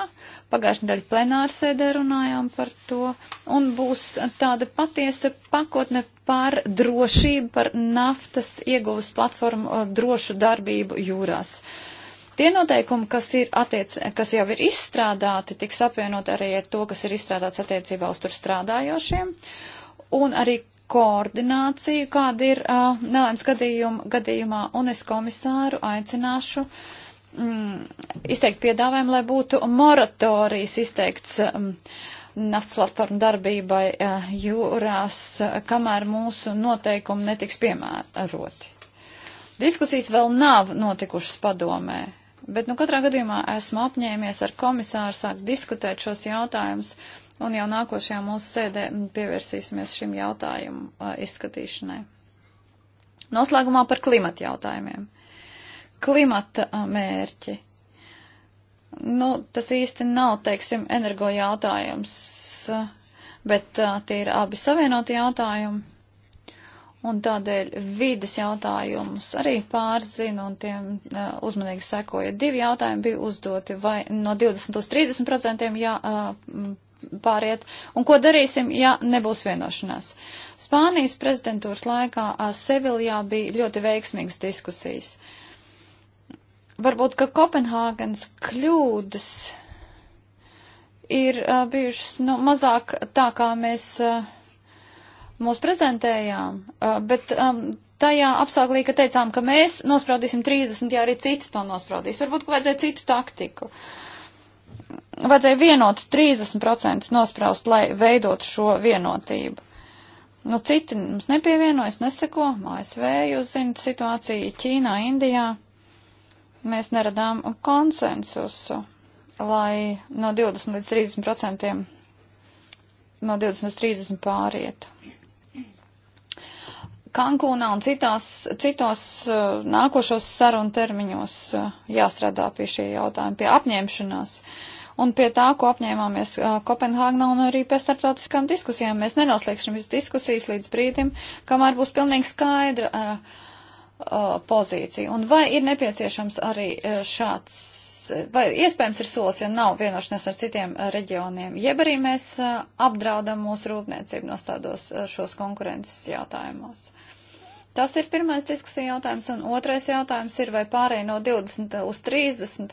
Speaker 2: pagājušajā nedēļā plenārsēdē runājām par to, un būs tāda patiesa pakotne par drošību, par naftas ieguvas platformu eh, drošu darbību jūrās. Tie noteikumi, kas, ir attiec, kas jau ir izstrādāti, tiks apvienot arī ar to, kas ir izstrādāts attiecībā uz tur strādājošiem, un arī koordināciju, kāda ir uh, nelēms gadījuma, gadījumā, un es komisāru aicināšu mm, izteikt piedāvājumu, lai būtu moratorijas izteikts um, naftas platformu darbībai uh, jūrās, uh, kamēr mūsu noteikumi netiks piemēroti. Diskusijas vēl nav notikušas padomē, bet nu katrā gadījumā esmu apņēmies ar komisāru sākt diskutēt šos jautājumus un jau nākošajā mūsu sēdē pievērsīsimies šim jautājumu uh, izskatīšanai. Noslēgumā par klimata jautājumiem. Klimata mērķi. Nu, tas īsti nav, teiksim, energo jautājums, bet uh, tie ir abi savienoti jautājumi. Un tādēļ vides jautājumus arī pārzinu un tiem uh, uzmanīgi sekoju. Divi jautājumi bija uzdoti, vai no 20 uz 30 procentiem jā, uh, pāriet, un ko darīsim, ja nebūs vienošanās. Spānijas prezidentūras laikā Seviljā bija ļoti veiksmīgas diskusijas. Varbūt, ka Kopenhāgens kļūdas ir uh, bijušas nu, mazāk tā, kā mēs uh, mūs prezentējām, uh, bet um, tajā apsāklī, ka teicām, ka mēs nospraudīsim 30, ja arī citi to nospraudīs. Varbūt, ka vajadzēja citu taktiku. Uh, vajadzēja vienot 30% nospraust, lai veidot šo vienotību. Nu, citi mums nepievienojas, neseko, ASV, jūs zinat, situācija Ķīnā, Indijā. Mēs neradām konsensusu, lai no 20 līdz 30% no 20 līdz 30 pārietu. Kankūnā un citās, citos uh, nākošos sarunu termiņos uh, jāstrādā pie šī jautājuma, pie apņemšanās. Uh, un pie tā, ko apņēmāmies uh, Kopenhāgnā un arī pēc starptautiskām diskusijām. Mēs nenoslēgsim visas diskusijas līdz brīdim, kamēr būs pilnīgi skaidra uh, uh, pozīcija. Un vai ir nepieciešams arī uh, šāds, vai iespējams ir solis, ja nav vienošanās ar citiem uh, reģioniem, jeb arī mēs uh, apdraudam mūsu rūpniecību nostādos šos konkurences jautājumos. Tas ir pirmais diskusija jautājums, un otrais jautājums ir, vai pārēj no 20 uz 30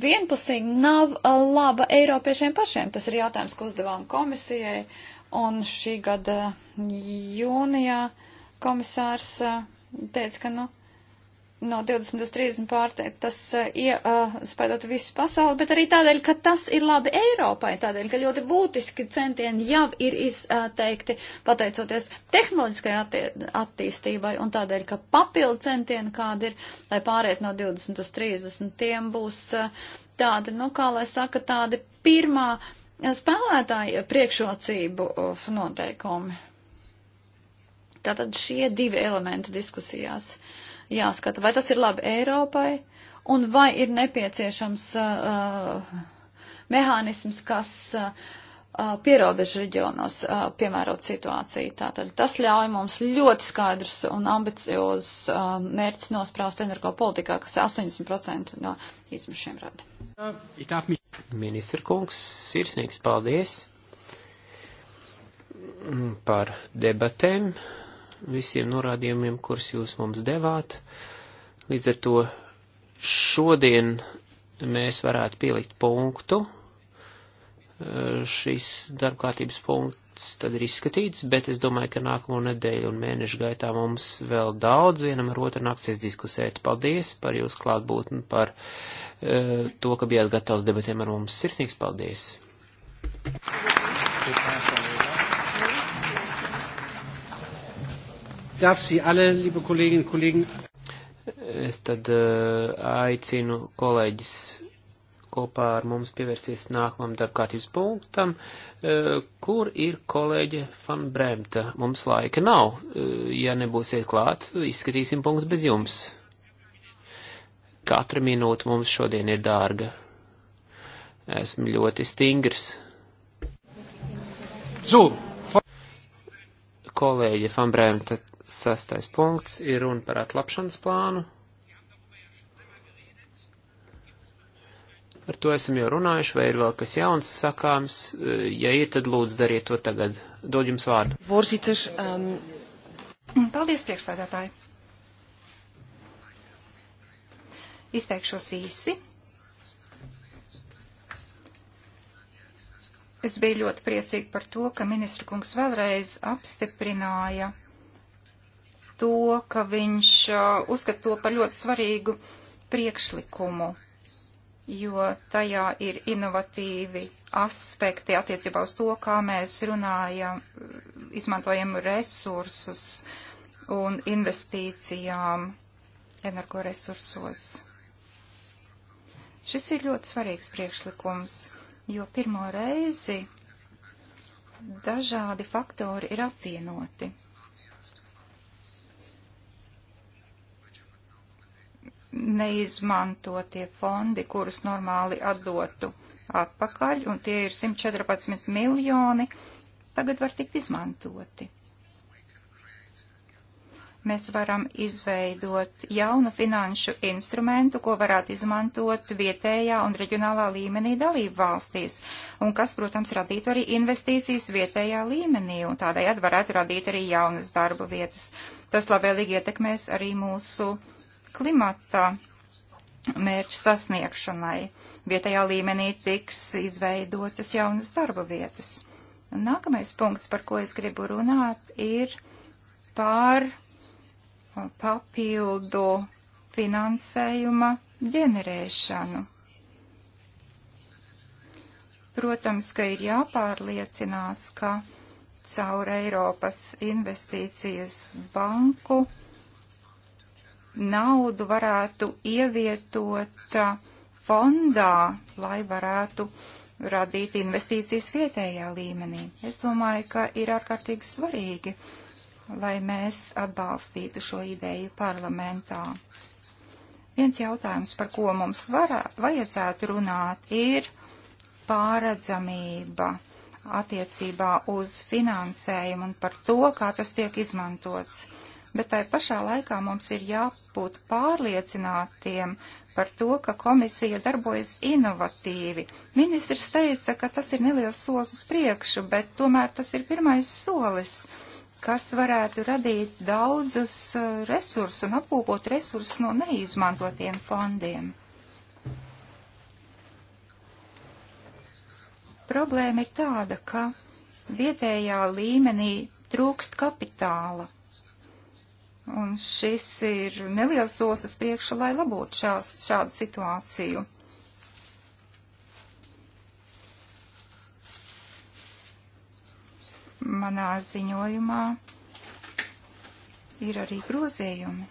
Speaker 2: vienpusīgi nav laba Eiropiešiem pašiem. Tas ir jautājums, ko uzdevām komisijai. Un šī gada jūnijā komisārs eh, teica, ka, nu, no 20 uz 30 pārteikt, tas uh, eh, iespaidot eh, uh, visu pasauli, bet arī tādēļ, ka tas ir labi Eiropai, tādēļ, ka ļoti būtiski centieni jau ir izteikti pateicoties tehnoloģiskai attie, attīstībai un tādēļ, ka papildu centieni kādi ir, lai pāriet no 20 uz 30, tiem būs uh, tādi, nu kā lai saka, tādi pirmā spēlētāja priekšrocību noteikumi. Tātad šie divi elementi diskusijās jāskata, vai tas ir labi Eiropai un vai ir nepieciešams uh, mehānisms, kas uh, uh pierobežu reģionos uh, piemērot situāciju. Tātad tas ļauj mums ļoti skaidrs un ambiciozs uh, mērķis nosprāst energopolitikā, kas 80% no izmešiem
Speaker 1: rada. Ministra kungs, sirsnīgs paldies par debatēm visiem norādījumiem, kurus jūs mums devāt. Līdz ar to šodien mēs varētu pielikt punktu. Eh, šis darbkārtības punkts tad ir izskatīts, bet es domāju, ka nākamo nedēļu un mēnešu gaitā mums vēl daudz vienam ar otru nāksies diskusēt. Paldies par jūsu klātbūtni, par uh, to, ka bijāt gatavs debatēm ar mums. Sirsnīgs paldies!
Speaker 3: Thank you.
Speaker 1: darf Sie alle, liebe Kolleginnen und Kollegen. Es tad uh, aicinu kolēģis kopā ar mums pievērsties nākamam darbkārtības punktam, uh, kur ir kolēģe Fan Bremta. Mums laika nav. Uh, ja nebūsiet klāt, izskatīsim punktu bez jums. Katra minūte mums šodien ir dārga. Esmu ļoti stingrs. So, kolēģe Fambrēmta sastais punkts ir runa par atlapšanas plānu. Par to esam jau runājuši, vai ir vēl kas jauns sakāms. Ja ir, tad lūdzu dariet to tagad. Dod jums vārdu.
Speaker 3: Vorsiters, um... Ehm, paldies, priekšsēdētāji. Izteikšos īsi. Es biju ļoti priecīga par to, ka ministra kungs vēlreiz apstiprināja to, ka viņš uh, uzskata to par ļoti svarīgu priekšlikumu, jo tajā ir inovatīvi aspekti attiecībā uz to, kā mēs runājam, izmantojam resursus un investīcijām energoresursos. Šis ir ļoti svarīgs priekšlikums jo pirmo reizi dažādi faktori ir apvienoti. Neizmantotie fondi, kurus normāli atdotu atpakaļ, un tie ir 114 miljoni, tagad var tikt izmantoti mēs varam izveidot jaunu finanšu instrumentu, ko varētu izmantot vietējā un reģionālā līmenī dalību valstīs, un kas, protams, radītu arī investīcijas vietējā līmenī, un tādējādi varētu radīt arī jaunas darba vietas. Tas labvēlīgi ietekmēs arī mūsu klimata mērķu sasniegšanai. Vietējā līmenī tiks izveidotas jaunas darba vietas. Nākamais punkts, par ko es gribu runāt, ir pār papildu finansējuma ģenerēšanu. Protams, ka ir jāpārliecinās, ka caur Eiropas investīcijas banku naudu varētu ievietot uh, fondā, lai varētu radīt investīcijas vietējā līmenī. Es domāju, ka ir ārkārtīgi svarīgi lai mēs atbalstītu šo ideju parlamentā. Viens jautājums, par ko mums varā, vajadzētu runāt, ir pāredzamība attiecībā uz finansējumu un par to, kā tas tiek izmantots bet tai pašā laikā mums ir jābūt pārliecinātiem par to, ka komisija darbojas inovatīvi. Ministrs teica, ka tas ir neliels solis uz priekšu, bet tomēr tas ir pirmais solis kas varētu radīt daudzus uh, resursus un apkopot resursus no neizmantotiem fondiem. Problēma ir tāda, ka vietējā līmenī trūkst kapitāla. Un šis ir neliels solis priekšu, lai labotu šādu situāciju. manā ziņojumā ir arī grozējumi.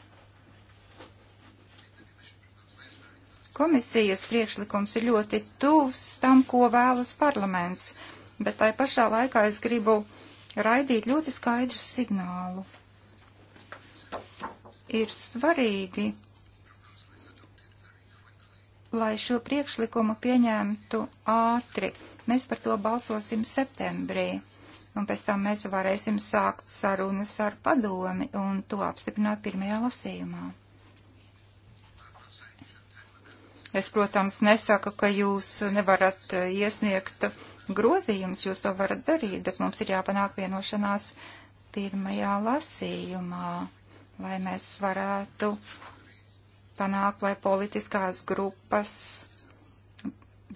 Speaker 3: Komisijas priekšlikums ir ļoti tuvs tam, ko vēlas parlaments, bet tai pašā laikā es gribu raidīt ļoti skaidru signālu. Ir svarīgi, lai šo priekšlikumu pieņemtu ātri. Mēs par to balsosim septembrī un pēc tam mēs varēsim sākt sarunas ar padomi un to apstiprināt pirmajā lasījumā. Es, protams, nesaku, ka jūs nevarat eh, iesniegt grozījumus, jūs to varat darīt, bet mums ir jāpanāk vienošanās pirmajā lasījumā, lai mēs varētu panākt, lai politiskās grupas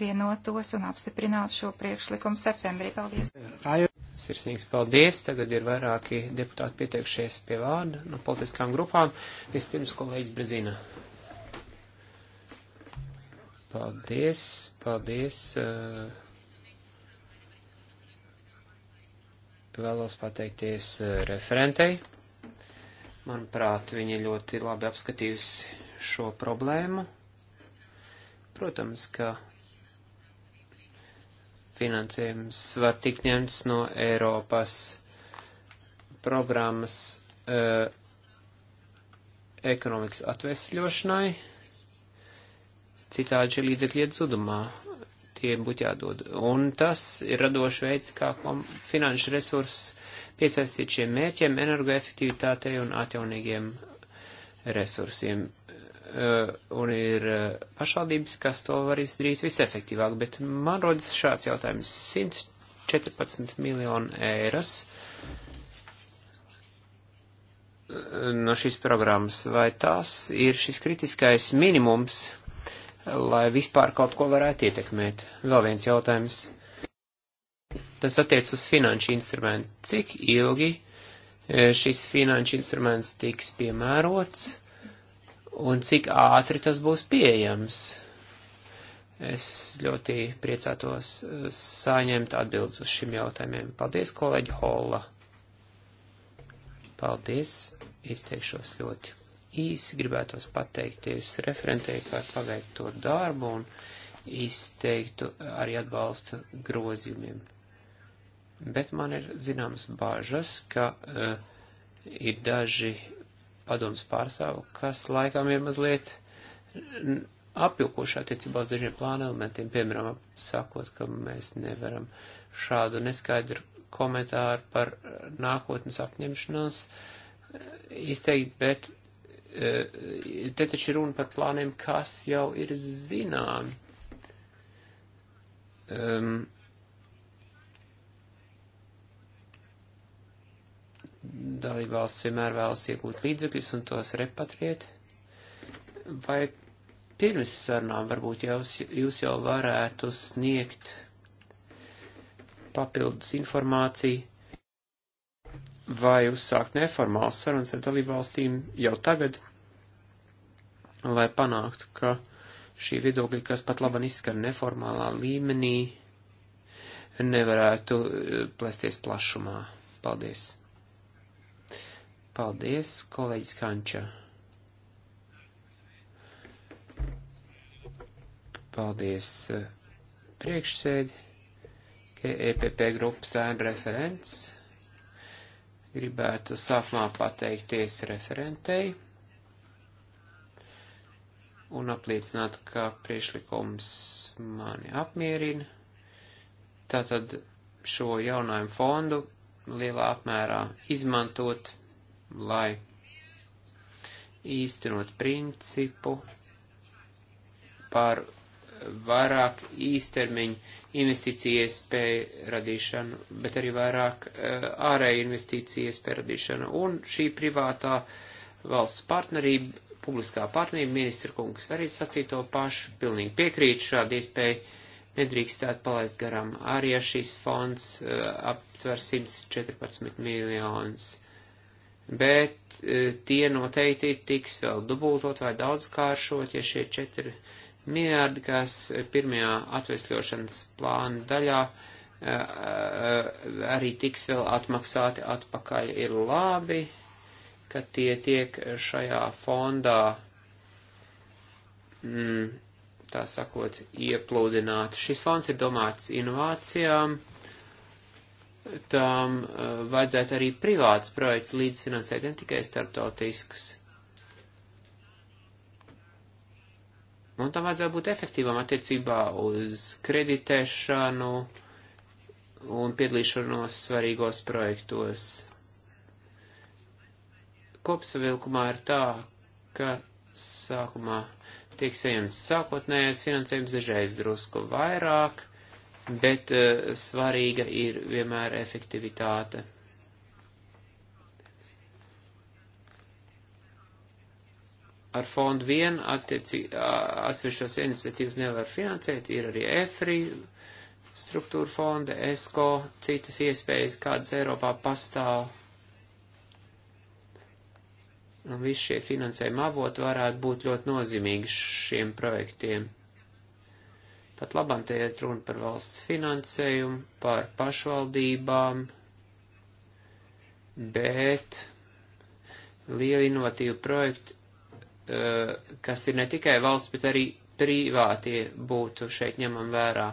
Speaker 3: vienotos un apstiprinātu šo priekšlikumu septembrī. Paldies!
Speaker 1: Sirsnīgs paldies. Tagad ir vairāki deputāti pieteikšies pie vārda no politiskām grupām. Vispirms kolēģis Brezina. Paldies, paldies. Eh, vēlos pateikties eh, referentei. Manuprāt, viņa ļoti labi apskatījusi šo problēmu. Protams, ka finansējums var tikt ņemts no Eiropas programmas uh, ekonomikas atvesļošanai, citādi šie līdzekļi iet zudumā, tie būtu jādod. Un tas ir radošs veids, kā finanšu resursus piesaistīt šiem mērķiem, energoefektivitātei un atjaunīgiem resursiem. Eh, un ir eh, pašvaldības, kas to var izdarīt visefektīvāk, bet man rodas šāds jautājums. 114 miljonu eiras eh, no šīs programmas, vai tās ir šis kritiskais minimums, lai vispār kaut ko varētu ietekmēt? Vēl viens jautājums. Tas attiec uz finanšu instrumentu. Cik ilgi šis finanšu instruments tiks piemērots? un cik ātri tas būs pieejams. Es ļoti priecātos uh, saņemt atbildes uz šiem jautājumiem. Paldies, kolēģi Holla. Paldies, izteikšos ļoti īsi, gribētos pateikties referentei par paveikto darbu un izteiktu arī atbalsta grozījumiem. Bet man ir zināmas bāžas, ka uh, ir daži padomas pārstāvu, kas laikam ir mazliet apjukuši attiecībā uz dažiem plāna elementiem, piemēram, sakot, ka mēs nevaram šādu neskaidru komentāru par eh, nākotnes apņemšanās eh, izteikt, bet eh, te taču ir runa par plāniem, kas jau ir zināmi. Um, ehm, dalībvalsts vienmēr vēlas iegūt līdzekļus un tos repatriēt. Vai pirms sarunām varbūt jūs, jūs jau varētu sniegt papildus informāciju vai uzsākt neformāls sarunas ar dalībvalstīm jau tagad, lai panāktu, ka šī viedokļa, kas pat laban izskar neformālā līmenī, nevarētu eh, plēsties plašumā. Paldies! Paldies, kolēģis Kanča. Paldies, eh, priekšsēdi, ka EPP grupas ēna referents. Gribētu sākumā pateikties referentei un apliecināt, ka priešlikums mani apmierina. Tātad šo jaunājumu fondu lielā apmērā izmantot lai īstenot principu par vairāk īstermiņu investīciju iespēju radīšanu, bet arī vairāk uh, ārēju investīciju iespēju radīšanu. Un šī privātā valsts partnerība, publiskā partnerība, ministra kungs arī sacīja to pašu, pilnīgi piekrīt šādi iespēju nedrīkstētu palaist garām. Arī ja šīs fonds uh, aptver 114 miljonus bet e, tie noteikti tiks vēl dubultot vai daudzkāršot, ja šie 4 miljardi, kas pirmajā atvesļošanas plāna daļā e, e, arī tiks vēl atmaksāti atpakaļ, ir labi, ka tie tiek šajā fondā, mm, tā sakot, ieplūdināti. Šis fonds ir domāts inovācijām tām uh, vajadzētu arī privāts projekts līdzfinansēt, ne tikai starptautisks. Un tam vajadzētu būt efektīvam attiecībā uz kreditēšanu un piedalīšanos svarīgos projektos. Kopsavilkumā ir tā, ka sākumā tiek saņemts sākotnējais finansējums, dažreiz drusku vairāk bet eh, svarīga ir vienmēr efektivitāte. Ar fondu vien atsevišķos iniciatīvas nevar finansēt, ir arī EFRI, struktūra fonda, ESCO, citas iespējas, kādas Eiropā pastāv. Un visi šie finansējuma avoti varētu būt ļoti nozīmīgi šiem projektiem. Pat labam te iet runa par valsts finansējumu, par pašvaldībām, bet lieli inovatīvi projekti, e, kas ir ne tikai valsts, bet arī privātie būtu šeit ņemam vērā.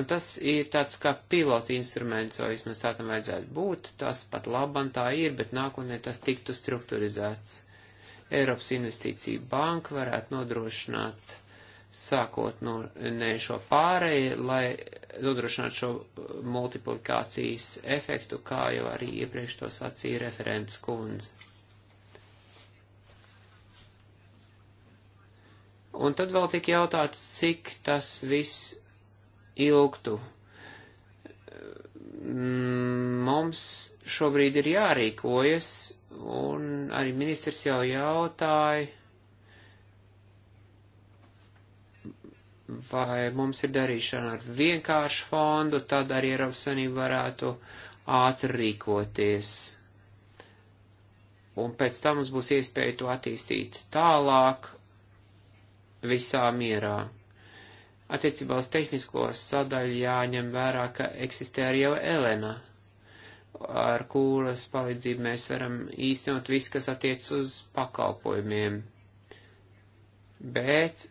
Speaker 1: Un tas ir tāds kā pilota instruments, vai vismaz tā tam vajadzētu būt, tas pat labam tā ir, bet nākotnē tas tiktu strukturizēts. Eiropas investīcija banka varētu nodrošināt sākot no šo pārēju, lai nodrošinātu šo multiplikācijas efektu, kā jau arī iepriekš to sacīja referents kundze. Un tad vēl tik jautāts, cik tas viss ilgtu. Mm, mums šobrīd ir jārīkojas, un arī ministrs jau jautāja, vai mums ir darīšana ar vienkāršu fondu, tad arī Eiropas Savienība varētu ātri rīkoties. Un pēc tam mums būs iespēja to attīstīt tālāk visā mierā. Attiecībā uz tehnisko sadaļu jāņem vērā, ka eksistē arī jau Elena, ar kuras palīdzību mēs varam īstenot visu, kas attiec uz pakalpojumiem. Bet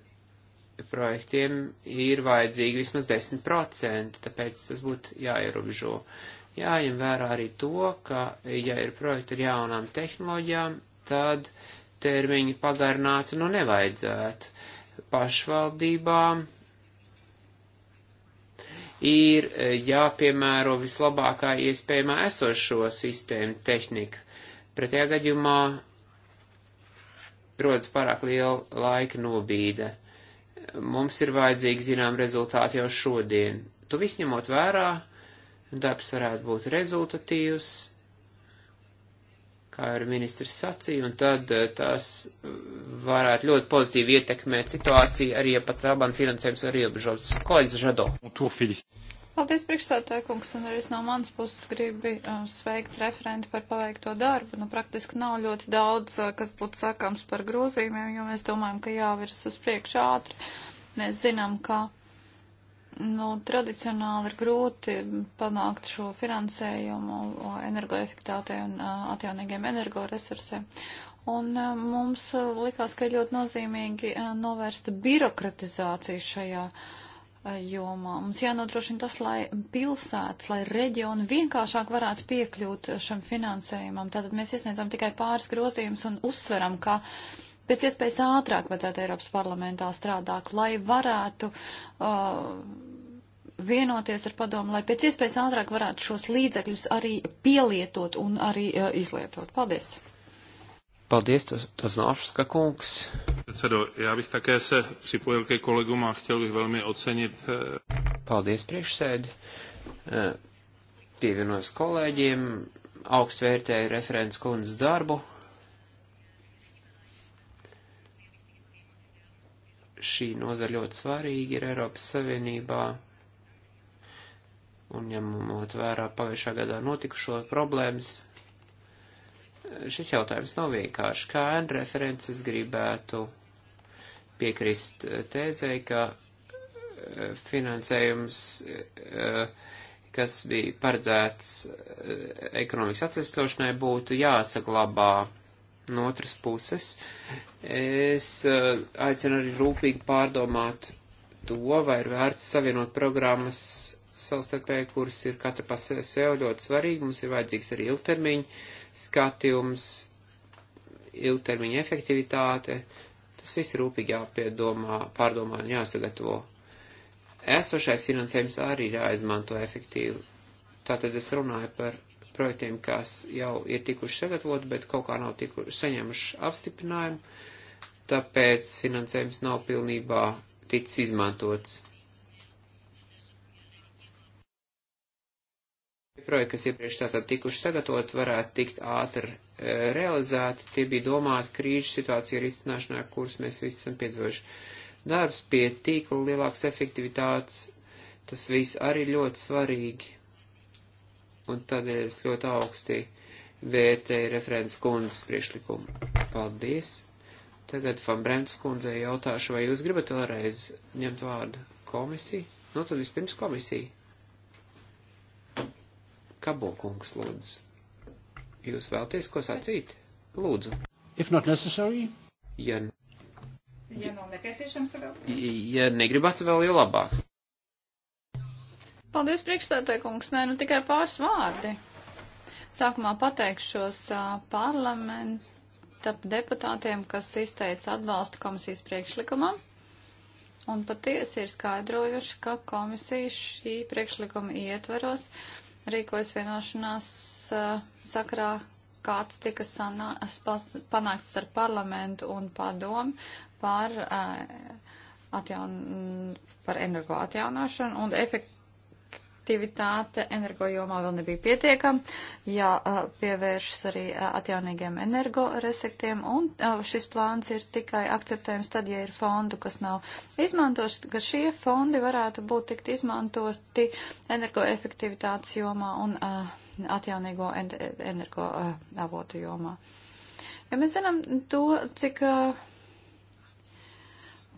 Speaker 1: projektiem ir vajadzīgi vismaz 10%, tāpēc tas būtu jāierobežo. Jāņem vērā arī to, ka, ja ir projekti ar jaunām tehnoloģijām, tad termiņu pagarnāt nu nevajadzētu. Pašvaldībām ir e, jāpiemēro vislabākā iespējamā esošo sistēmu tehnika. Pretējā gadījumā rodas pārāk liela laika nobīde mums ir vajadzīgi zinām rezultāti jau šodien. Tu viss ņemot vērā, darbs varētu būt rezultatīvs, kā ir ministrs sacīja, un tad eh, tās varētu ļoti pozitīvi ietekmēt situāciju, arī ja pat labam finansējums var ierobežots. Kolēģis Žado.
Speaker 2: Paldies, priekšstādāja kungs, un arī no manas puses gribi uh, sveikt referenti par paveikto darbu. Nu, praktiski nav ļoti daudz, uh, kas būtu sakāms par grozījumiem, jo mēs domājam, ka jāvirs uz priekšu ātri. Mēs zinām, ka nu, tradicionāli ir grūti panākt šo finansējumu uh, energoefektātei un uh, atjaunīgiem energoresursiem. Un uh, mums likās, ka ir ļoti nozīmīgi novērst birokratizāciju šajā uh, jomā. Mums jānodrošina tas, lai pilsētas, lai reģioni vienkāršāk varētu piekļūt šam finansējumam. Tātad mēs iesniedzam tikai pāris grozījumus un uzsveram, ka pēc iespējas ātrāk vajadzētu Eiropas parlamentā strādāt, lai varētu uh, vienoties ar padomu, lai pēc iespējas ātrāk varētu šos līdzekļus arī pielietot un arī uh, izlietot. Paldies!
Speaker 1: Paldies, tos, tos Nāfriska kungs. Cedo, já bych také se připojil ke kolegům a chtěl bych velmi ocenit. Eh, Paldies, priekšsēdi. Eh, Pievienojos kolēģiem, augstvērtēju referents kundzes darbu. Šī nozara ļoti svarīga ir Eiropas Savienībā, un ņemot vērā pagājušā gadā notikušo problēmas, šis jautājums nav vienkārši. Kā ēn references gribētu piekrist tēzei, ka eh, finansējums, eh, kas bija paredzēts eh, ekonomikas atsvestošanai, būtu jāsaglabā no otras puses. Es aicinu arī rūpīgi pārdomāt to, vai ir vērts savienot programmas savstarpēji, kuras ir katra pasē sev ļoti svarīgi. Mums ir vajadzīgs arī ilgtermiņa skatījums, ilgtermiņa efektivitāte, tas viss rūpīgi jāpiedomā, pārdomā un jāsagatavo. Esošais finansējums arī ir jāizmanto efektīvi. Tātad es runāju par projektiem, kas jau ir tikuši sagatavoti, bet kaut kā nav tikuši saņemuši apstiprinājumu, tāpēc finansējums nav pilnībā ticis izmantots. projekti, kas iepriekš tātad tikuši sagatavot, varētu tikt ātri e, realizēti. Tie bija domāti krīžu situācija risināšanā, kuras mēs visi esam piedzīvojuši. Darbs pie tīkla lielākas efektivitātes, tas viss arī ļoti svarīgi. Un tādēļ es ļoti augstī vērtēju referents kundzes priešlikumu. Paldies! Tagad Fambrents kundzei jautāšu, vai jūs gribat vēlreiz ņemt vārdu komisiju? Nu, tad vispirms komisija. Kabokungs lūdzu. Jūs vēlties ko sacīt? Lūdzu. If not necessary. Ja,
Speaker 3: ja nav nepieciešams, tad
Speaker 1: vēl. Ja negribat, vēl jau labāk.
Speaker 2: Paldies, priekšstādāja kungs. Nē, nu tikai pāris vārdi. Sākumā pateikšos parlamenta deputātiem, kas izteica atbalstu komisijas priekšlikumam. Un patiesi ir skaidrojuši, ka komisija šī priekšlikuma ietveros uh, rīkojas vienošanās eh, sakrā, kāds tika sanā, panākts ar parlamentu un padomu par, eh, atjaun, par energo atjaunošanu un efekt efektivitāte energojomā vēl nebija pietiekama, jā, pievēršas arī atjaunīgiem energoresektiem, un šis plāns ir tikai akceptējams tad, ja ir fondu, kas nav izmantots, ka šie fondi varētu būt tikt izmantoti energoefektivitātes jomā un atjaunīgo energo avotu jomā. Ja mēs zinām to, cik uh,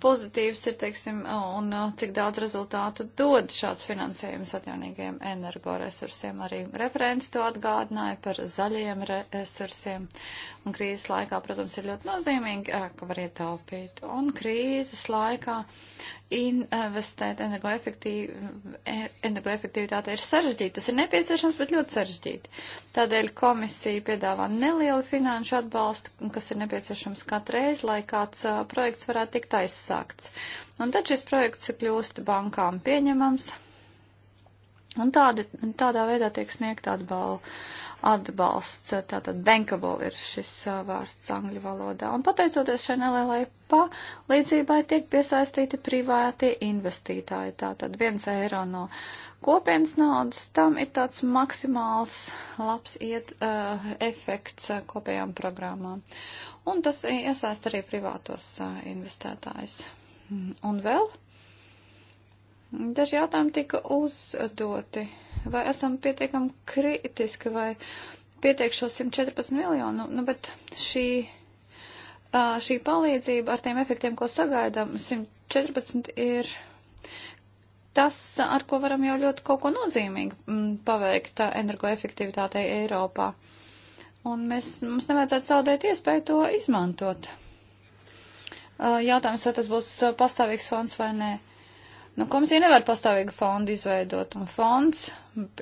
Speaker 2: pozitīvs ir, teiksim, un uh, cik daudz rezultātu dod šāds finansējums atjaunīgiem energoresursiem. Arī referenti to atgādināja par zaļiem resursiem. Un krīzes laikā, protams, ir ļoti nozīmīgi, ka var ietaupīt. Un krīzes laikā investēt energoefektivitātē ir sarežģīti. Tas ir nepieciešams, bet ļoti sarežģīti. Tādēļ komisija piedāvā nelielu finanšu atbalstu, kas ir nepieciešams katreiz, lai kāds uh, projekts varētu tikt aizsākts. Un tad šis projekts kļūst bankām pieņemams, un tādi, tādā veidā tiek sniegt atbalstu atbalsts. Tātad bankable ir šis vārds angļu valodā. Un pateicoties šai nelielai palīdzībai tiek piesaistīti privāti investītāji. Tātad viens eiro no kopienas naudas tam ir tāds maksimāls labs iet, uh, efekts uh, kopējām programmām. Un tas iesaist arī privātos uh, investētājus. Un vēl Daži jautājumi tika uzdoti. Vai esam pietiekami kritiski, vai pietiek šo 114 miljonu? Nu, bet šī, šī palīdzība ar tiem efektiem, ko sagaidām, 114 ir tas, ar ko varam jau ļoti kaut ko nozīmīgu mm, paveikt energoefektivitātei Eiropā. Un mēs, mums nevajadzētu zaudēt iespēju to izmantot. Jautājums, vai tas būs pastāvīgs fonds vai nē. Nu, komisija nevar pastāvīgu fondu izveidot, un fonds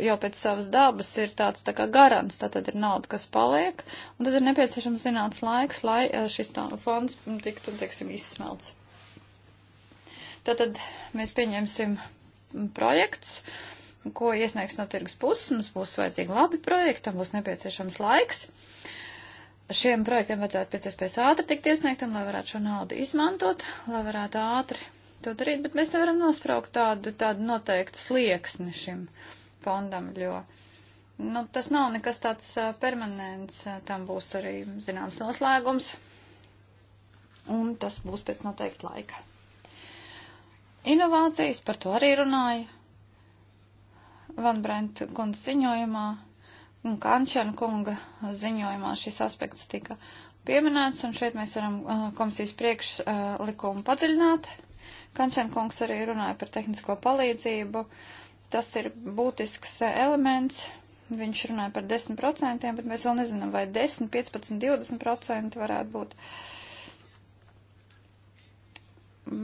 Speaker 2: jau pēc savas dabas ir tāds tā kā garants, tā tad ir nauda, kas paliek, un tad ir nepieciešams zināts laiks, lai eh, šis fonds mm, tiktu, teiksim, izsmelts. Tātad mēs pieņemsim mm, projekts, ko iesniegs no tirgus puses, mums būs vajadzīgi labi projekti, tam būs nepieciešams laiks. Šiem projektiem vajadzētu pēc iespējas ātri tikt iesniegtam, lai varētu šo naudu izmantot, lai varētu ātri to darīt, bet mēs nevaram nospraukt tādu, tādu noteiktu slieksni šim fondam, jo nu, tas nav nekas tāds permanents, tam būs arī zināms noslēgums, un tas būs pēc noteikta laika. Inovācijas par to arī runāja Van Brent kundas ziņojumā, un Kančana kunga ziņojumā šis aspekts tika pieminēts, un šeit mēs varam komisijas priekšlikumu padziļināt. Kančenkungs arī runāja par tehnisko palīdzību. Tas ir būtisks elements. Viņš runāja par 10%, bet mēs vēl nezinām, vai 10, 15, 20% varētu būt.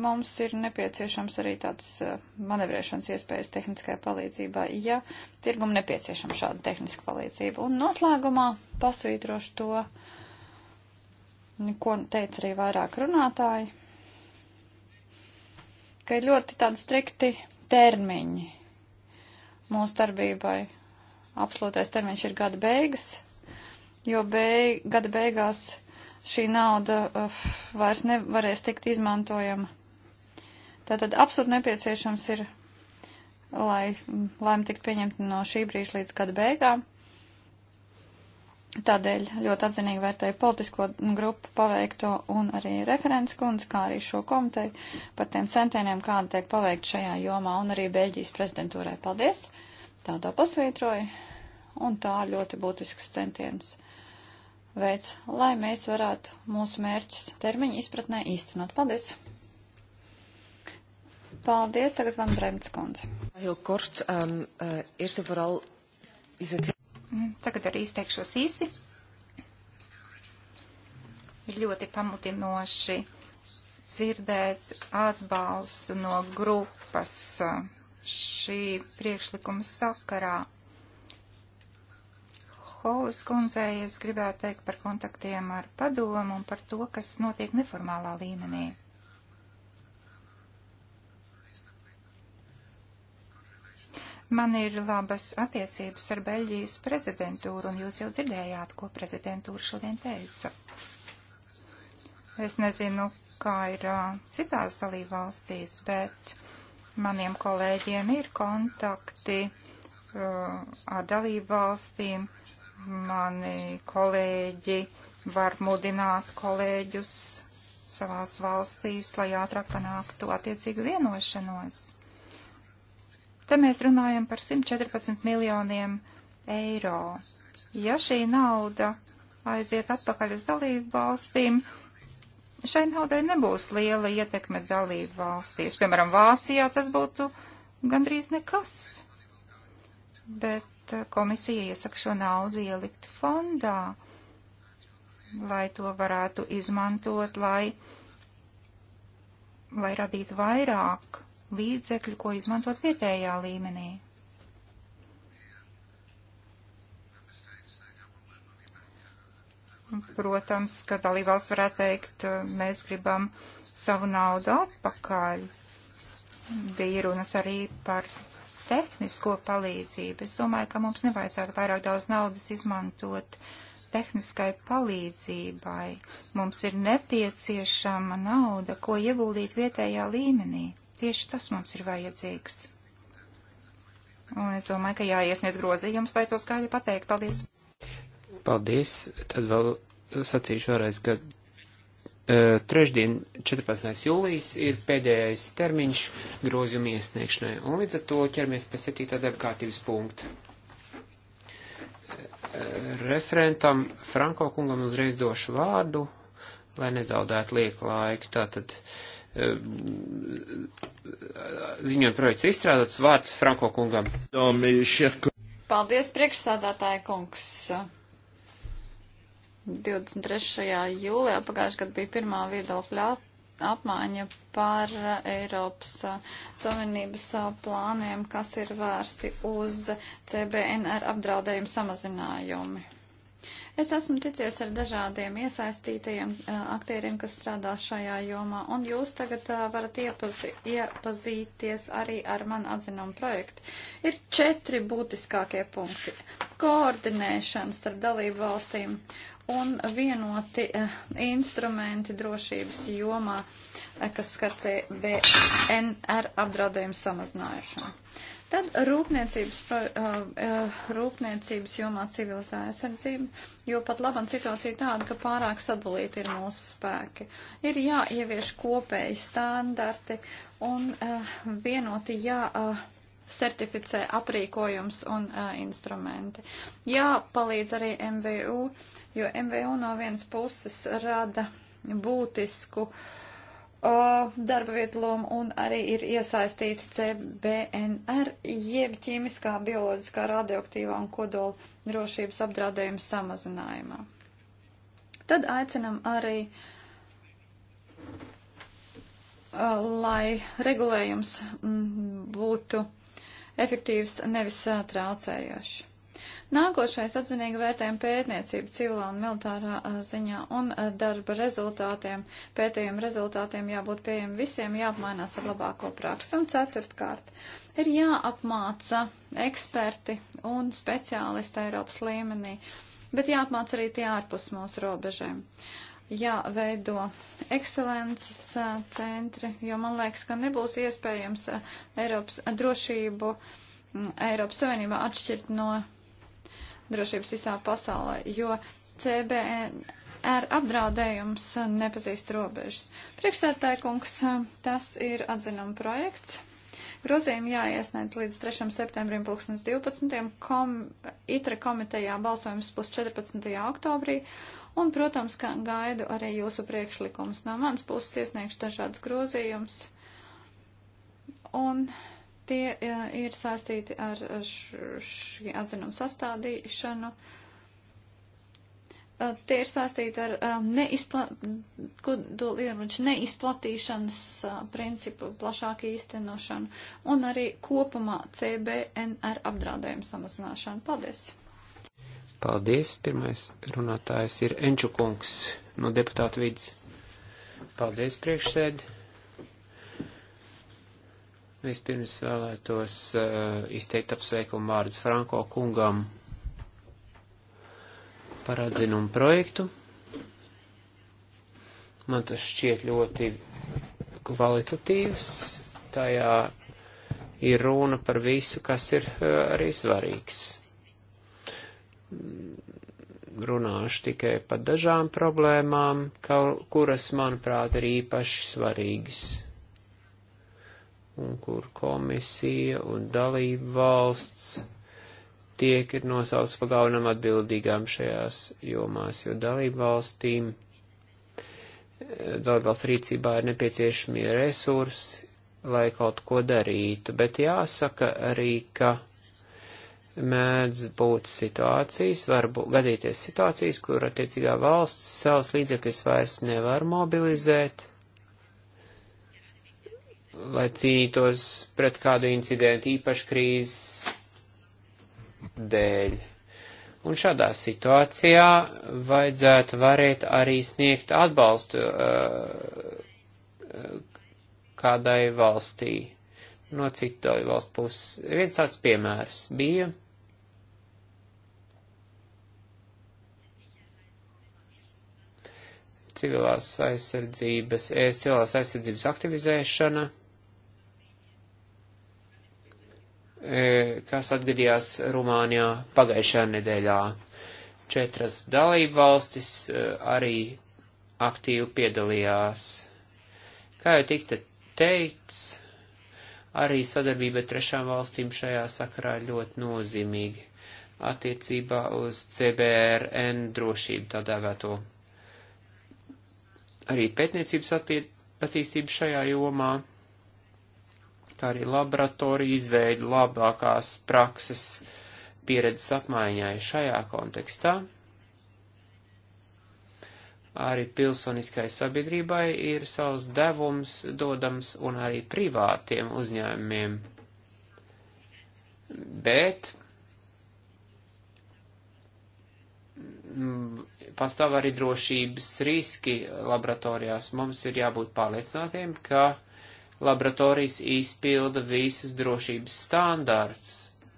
Speaker 2: Mums ir nepieciešams arī tāds eh, manevrēšanas iespējas tehniskai palīdzībai, ja tirgum nepieciešama šāda tehniska palīdzība. Un noslēgumā pasvītrošu to, ko teica arī vairāk runātāji ka ir ļoti tādi strikti termiņi mūsu darbībai. Absolūtais termiņš ir gada beigas, jo beig gada beigās šī nauda uh, vairs nevarēs tikt izmantojama. Tātad absolūti nepieciešams ir, lai lēma tiktu pieņemta no šī brīža līdz gada beigām. Tādēļ ļoti atzinīgi vērtēju politisko grupu paveikto un arī referents kundzi, kā arī šo komiteju par tiem centieniem, kāda tiek paveikt šajā jomā un arī Beļģijas prezidentūrai. Paldies! Tādā pasvītroju un tā ļoti būtisks centiens veids, lai mēs varētu mūsu mērķus termiņu izpratnē īstenot. Paldies! Paldies, tagad Van Bremts kundze.
Speaker 3: Heel kort, um, uh, eerst en vooral is het Tagad arī izteikšos īsi. Ir ļoti pamudinoši dzirdēt atbalstu no grupas šī priekšlikuma sakarā. Holas kundzei es gribētu teikt par kontaktiem ar padomu un par to, kas notiek neformālā līmenī. Man ir labas attiecības ar Beļģijas prezidentūru, un jūs jau dzirdējāt, ko prezidentūra šodien teica. Es nezinu, kā ir citās dalībvalstīs, bet maniem kolēģiem ir kontakti uh, ar dalībvalstīm. Mani kolēģi var mudināt kolēģus savās valstīs, lai ātrāk panāktu attiecīgu vienošanos. Te mēs runājam par 114 miljoniem eiro. Ja šī nauda aiziet atpakaļ uz dalību valstīm, šai naudai nebūs liela ietekme dalību valstīs. Piemēram, Vācijā tas būtu gandrīz nekas. Bet eh, komisija iesaka šo naudu ielikt fondā, lai to varētu izmantot, lai, lai radītu vairāk līdzekļu, ko izmantot vietējā līmenī. Protams, ka dalībvalsts varētu teikt, mēs gribam savu naudu atpakaļ. Bija runas arī par tehnisko palīdzību. Es domāju, ka mums nevajadzētu vairāk daudz naudas izmantot tehniskai palīdzībai. Mums ir nepieciešama nauda, ko ieguldīt vietējā līmenī. Tieši tas mums ir vajadzīgs. Un es domāju, ka jāiesniedz grozījums, lai to skaļi pateikt. Paldies!
Speaker 1: Paldies! Tad vēl sacīšu vēlreiz, ka uh, trešdien, 14. jūlijas, ir pēdējais termiņš grozījuma iesniegšanai. Un līdz ar to ķermies pie 7. darba kārtības punkta. Uh, referentam Franko kungam uzreiz došu vārdu, lai nezaudētu lieku laiku. Tātad. Uh, Ehm, ziņojuma projekts izstrādāts vārds Franko kungam.
Speaker 2: Paldies, priekšsādātāja kungs. 23. jūlijā pagājušajā gadā bija pirmā viedokļa apmaiņa par Eiropas Savienības plāniem, kas ir vērsti uz CBNR apdraudējumu samazinājumi. Es esmu ticies ar dažādiem iesaistītajiem eh, aktieriem, kas strādā šajā jomā, un jūs tagad eh, varat iepazi iepazīties arī ar man atzinumu projektu. Ir četri būtiskākie punkti - koordinēšana starp dalību valstīm un vienoti eh, instrumenti drošības jomā, kas skar CBNR apdraudējumu samazinājušanu. Tad rūpniecības, uh, uh, rūpniecības jomā civilizē aizsardzība, jo pat labam situācija tāda, ka pārāk sadalīti ir mūsu spēki. Ir jāievieš kopēji standarti un uh, vienoti jā. Uh, certificē aprīkojums un uh, instrumenti. Jā, palīdz arī MVU, jo MVU no vienas puses rada būtisku uh, Uh, darba vietu lomu un arī ir iesaistīti CBNR, jeb ķīmiskā, bioloģiskā, radioaktīvā un kodola drošības apdraudējuma samazinājumā. Tad aicinam arī, uh, lai regulējums mm, būtu efektīvs, nevis uh, traucējošs. Nākošais atzinīgi vērtējuma pētniecība civilā un militārā ziņā un darba rezultātiem, pētījuma rezultātiem jābūt pieejami visiem, jāapmainās ar labāko praksi. Un ceturtkārt, ir jāapmāca eksperti un speciālisti Eiropas līmenī, bet jāapmāca arī tie ārpus mūsu robežēm. Jāveido ekscelences centri, jo man liekas, ka nebūs iespējams Eiropas drošību Eiropas Savienībā atšķirt no drošības visā pasaulē, jo CBR apdraudējums uh, nepazīst robežas. Priekšsētāja kungs, uh, tas ir atzinuma projekts. Grozījumi jāiesniedz līdz 3. septembrim 2012. Kom, ITRA komitejā balsojums būs 14. oktobrī. Un, protams, ka gaidu arī jūsu priekšlikumus. No manas puses iesniegšu dažādas grozījumus. Un Tie uh, ir saistīti ar šī atzinuma sastādīšanu. Uh, tie ir saistīti ar uh, neizpla ieroču neizplatīšanas uh, principu plašāku īstenošanu un arī kopumā CBNR apdraudējumu samazināšanu. Paldies!
Speaker 1: Paldies! Pirmais runātājs ir Enču kungs no deputāta vidas. Paldies, priekšsēdi! Vispirms vēlētos uh, izteikt apsveikumu Mārdis Franko kungam par atzinumu projektu. Man tas šķiet ļoti kvalitatīvs. Tajā ir runa par visu, kas ir uh, arī svarīgs. Runāšu tikai par dažām problēmām, kuras, manuprāt, ir īpaši svarīgas un kur komisija un dalība valsts tiek ir nosaucts pa galvenam atbildīgām šajās jomās, jo dalība valstīm, eh, dalība valsts rīcībā ir nepieciešamie resursi, lai kaut ko darītu, bet jāsaka arī, ka mēdz būt situācijas, var būt, gadīties situācijas, kur attiecīgā valsts savus līdzekļus vairs nevar mobilizēt, lai cīnītos pret kādu incidentu īpaši krīzes dēļ. Un šādā situācijā vajadzētu varēt arī sniegt atbalstu uh, kādai valstī no citu valstu puses. Viens tāds piemērs bija. civilās aizsardzības, eh, civilās aizsardzības aktivizēšana. E, kas atgadījās Rumānijā pagājušajā nedēļā. Četras dalību valstis e, arī aktīvi piedalījās. Kā jau tikta teikts, arī sadarbība trešām valstīm šajā sakarā ļoti nozīmīga attiecībā uz CBRN drošību tādā vēto. Arī pētniecības attīstība šajā jomā kā arī laboratoriju izveidi labākās prakses pieredzes apmaiņai šajā kontekstā. Arī pilsoniskai sabiedrībai ir savs devums dodams un arī privātiem uzņēmumiem. Bet pastāv arī drošības riski laboratorijās. Mums ir jābūt pārliecinātiem, ka uh, laboratorijas izpilda visus drošības standārts,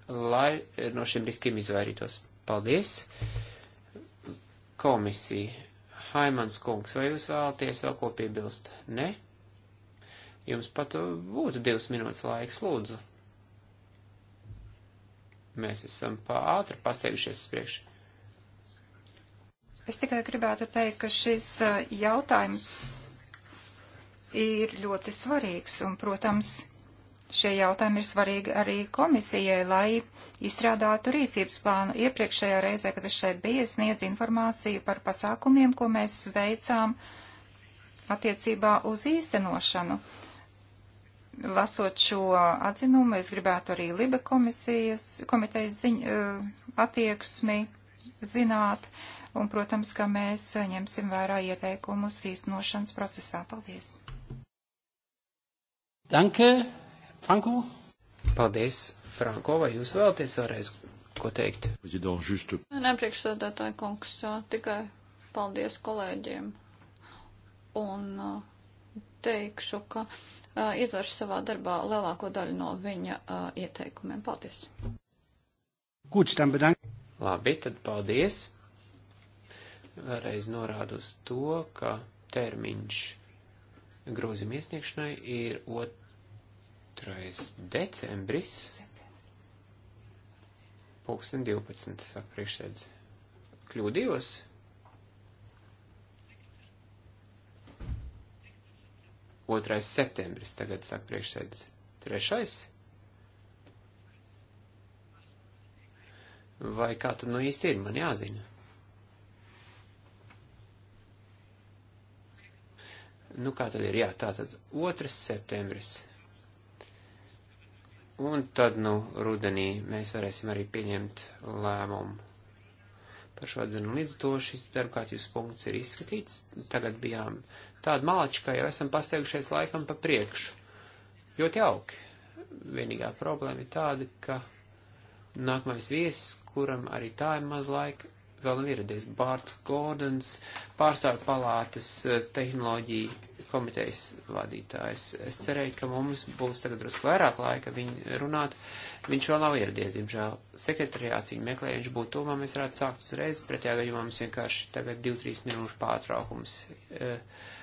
Speaker 1: lai no šiem riskiem izvairītos. Paldies! Komisija. Haimans kungs, vai jūs vēlaties vēl ko piebilst? Ne? Jums pat būtu divas minūtes laiks, lūdzu. Mēs esam pāri pasteigušies uz priekšu.
Speaker 3: Es tikai gribētu teikt, ka šis jautājums ir ļoti svarīgs. Un, protams, šie jautājumi ir svarīgi arī komisijai, lai izstrādātu rīcības plānu. Iepriekšējā reizē, kad es šeit biju, sniedz informāciju par pasākumiem, ko mēs veicām attiecībā uz īstenošanu. Lasot šo atzinumu, es gribētu arī Liba komisijas, komitejas ziņ, eh, attieksmi zināt. Un, protams, ka mēs ņemsim vērā ieteikumus īstenošanas procesā. Paldies!
Speaker 1: Danke, Franko. Paldies, Franko, vai jūs vēlaties vēlreiz ko teikt?
Speaker 3: Nē,
Speaker 2: nu, priekšsēdētāji kungs, tikai paldies kolēģiem. Un uh, teikšu, ka uh, ietveršu savā darbā lielāko daļu no viņa uh, ieteikumiem. Paldies!
Speaker 1: Gūts tam bedank. Labi, tad paldies. Vēlreiz norādu uz to, ka termiņš grozījuma iesniegšanai ir 2. decembris. Pūksteni 12. saka priekšsēdz. Kļūdījos? Otrais septembris tagad saka priekšsēdz. Trešais? Vai kā tu nu īsti ir, man jāzina. Nu, kā tad ir? Jā, tā tad 2. septembris. Un tad, nu, rudenī mēs varēsim arī pieņemt lēmumu par šo atzinu. Līdz to šis darbkārtības punkts ir izskatīts. Tagad bijām tāda malčka, jau esam pasteigušies laikam pa priekšu. Ļoti jauki. Vienīgā problēma ir tāda, ka nākamais viesis, kuram arī tā ir maz laika, vēl nav ieradies. Bārts Gordons, pārstāvju palātas eh, tehnoloģija komitejas vadītājs. Es cerēju, ka mums būs tagad drusku vairāk laika viņu runāt. Viņš vēl nav ieradies, diemžēl. Sekretariāts viņu meklē, viņš būtu tuvumā, mēs varētu sākt uzreiz, pretējā gadījumā mums vienkārši tagad 2-3 minūšu pārtraukums. Eh,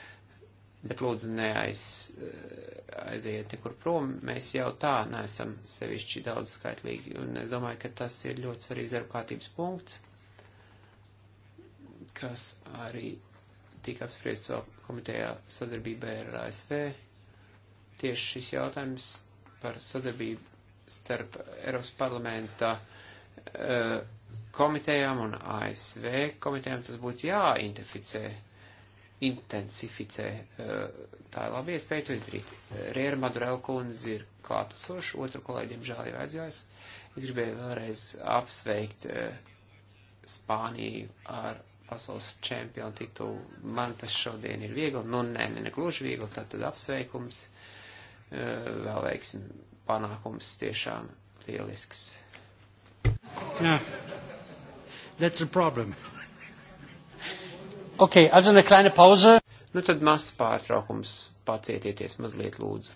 Speaker 1: bet lūdzu neaiz, eh, aiziet nekur prom, mēs jau tā neesam sevišķi daudz skaitlīgi, un es domāju, ka tas ir ļoti svarīgs darba kārtības punkts kas arī tika apspriests vēl komitejā sadarbībā ar ASV. Tieši šis jautājums par sadarbību starp Eiropas parlamenta eh, komitejām un ASV komitejām tas būtu jāintificē, intensificē. Eh, tā ir laba iespēja to izdarīt. Riera Madurel kundze ir klātesoša, otru kolēģiem žēl jau aizgājis. Es gribēju vēlreiz apsveikt eh, Spāniju ar pasaules čempionu titulu. Man tas šodien ir viegli, nu nē, ne, negluži viegli, tad, tad apsveikums, eh, vēl veiksim, panākums tiešām lielisks. Yeah. That's a problem. ok, also eine kleine Pause. Nu tad mazs pārtraukums, pacietieties mazliet lūdzu.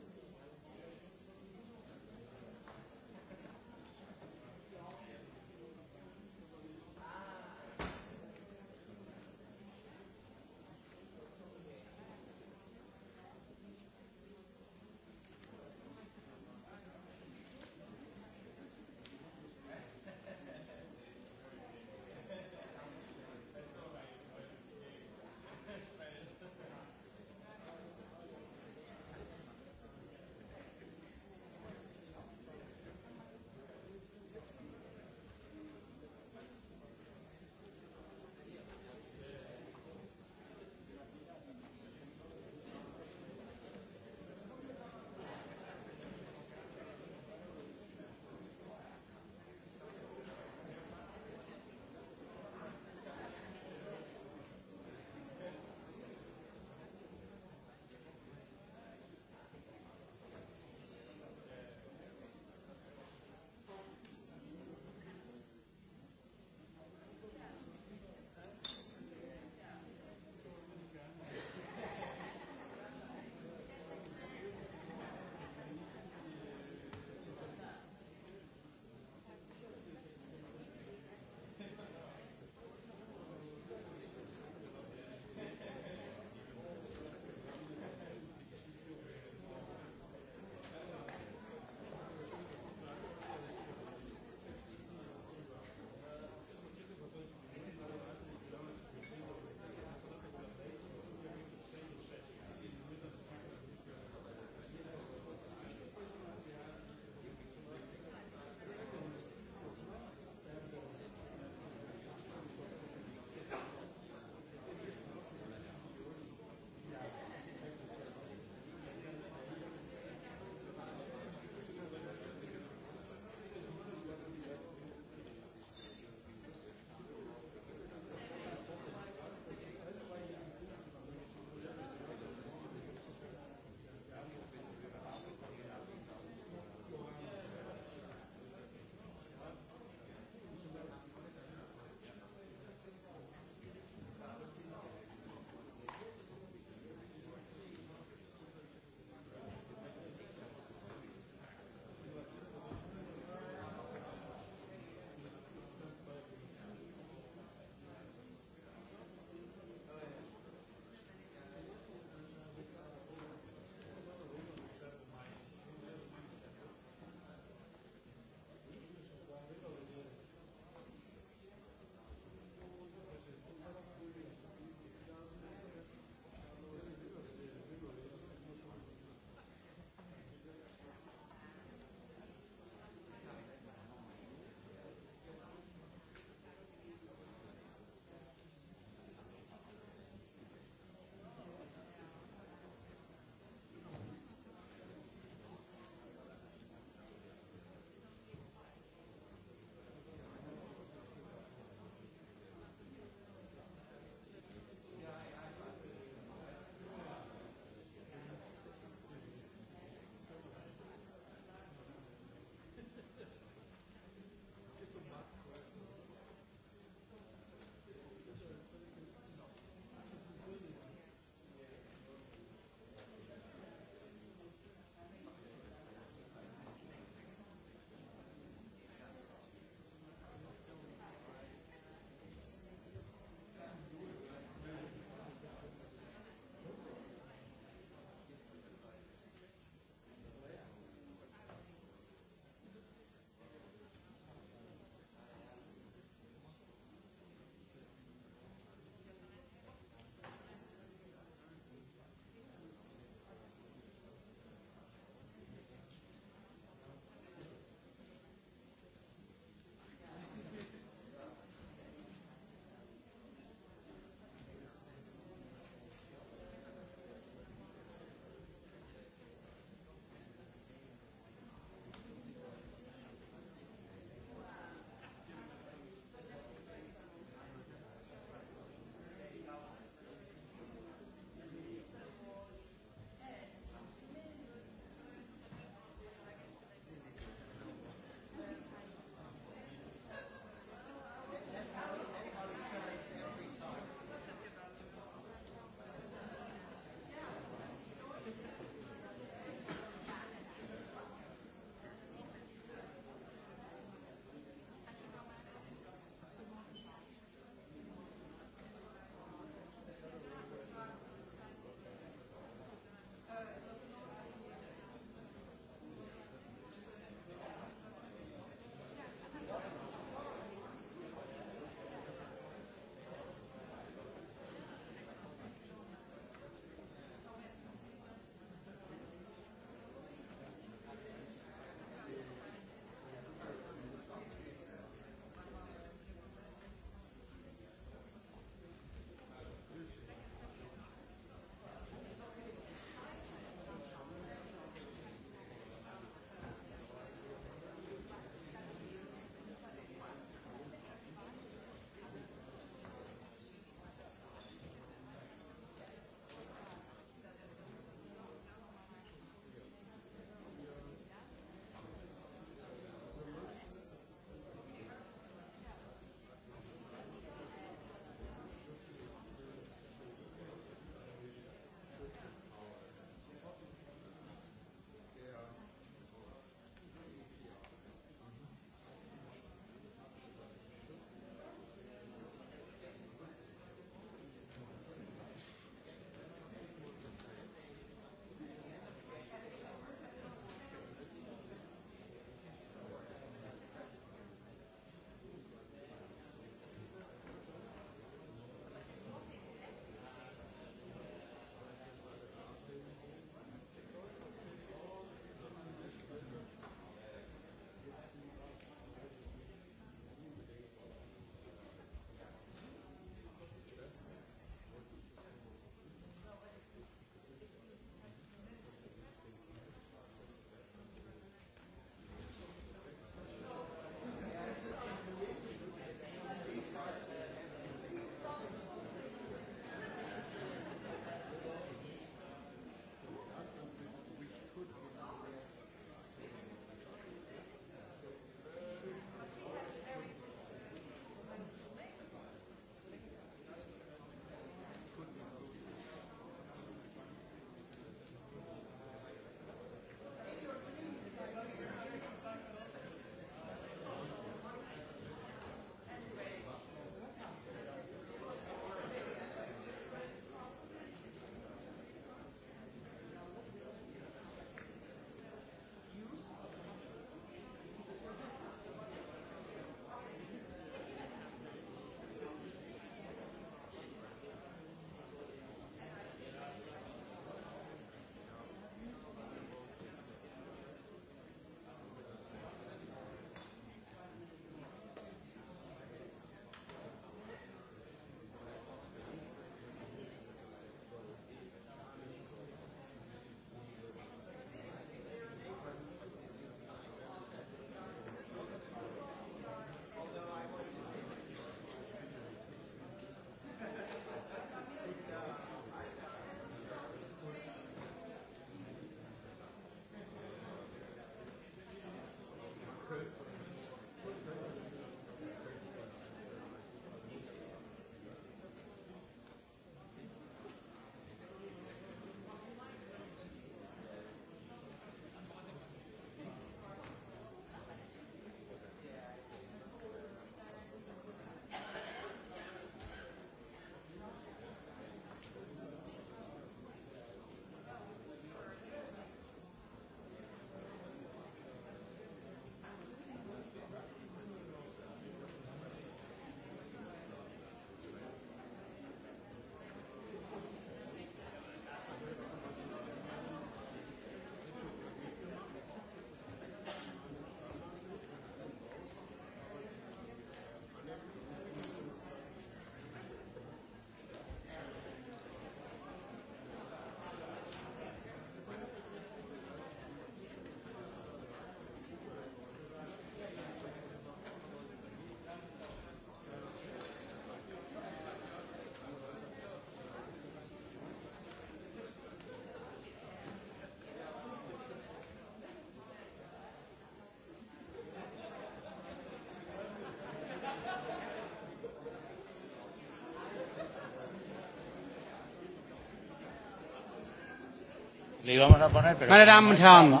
Speaker 3: Poner, Meine Damen un Herren,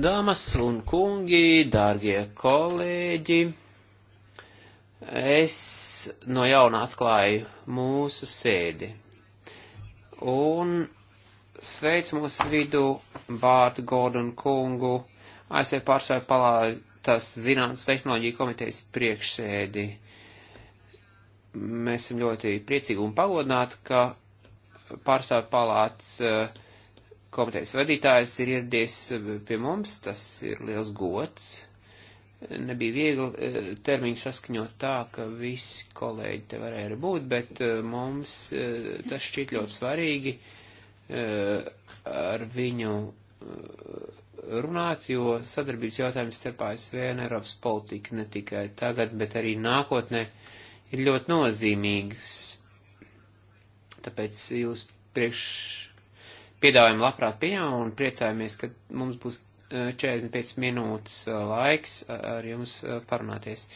Speaker 1: Dāmas un kungi, dārgie kolēģi, es no jauna atklāju mūsu sēdi. Un sveicu mūsu vidu Bārdu Gordonu kungu, ASV pārstāvju palātas zinātnes tehnoloģiju komitejas priekšsēdi. Mēs esam ļoti priecīgi un pagodināti, ka pārstāvju palāts uh, eh, komitejas vadītājs ir ieradies pie mums, tas ir liels gods. Nebija viegli eh, termiņu saskaņot tā, ka visi kolēģi te varēja būt, bet eh, mums eh, tas šķiet ļoti svarīgi ar viņu runāt, jo sadarbības jautājums starp ASV un Eiropas politiku ne tikai tagad, bet arī nākotnē ir ļoti nozīmīgs. Tāpēc jūs priekš piedāvājumu labprāt pieņemam un priecājamies, ka mums būs 45 eh, minūtes eh, laiks ar jums eh, parunāties.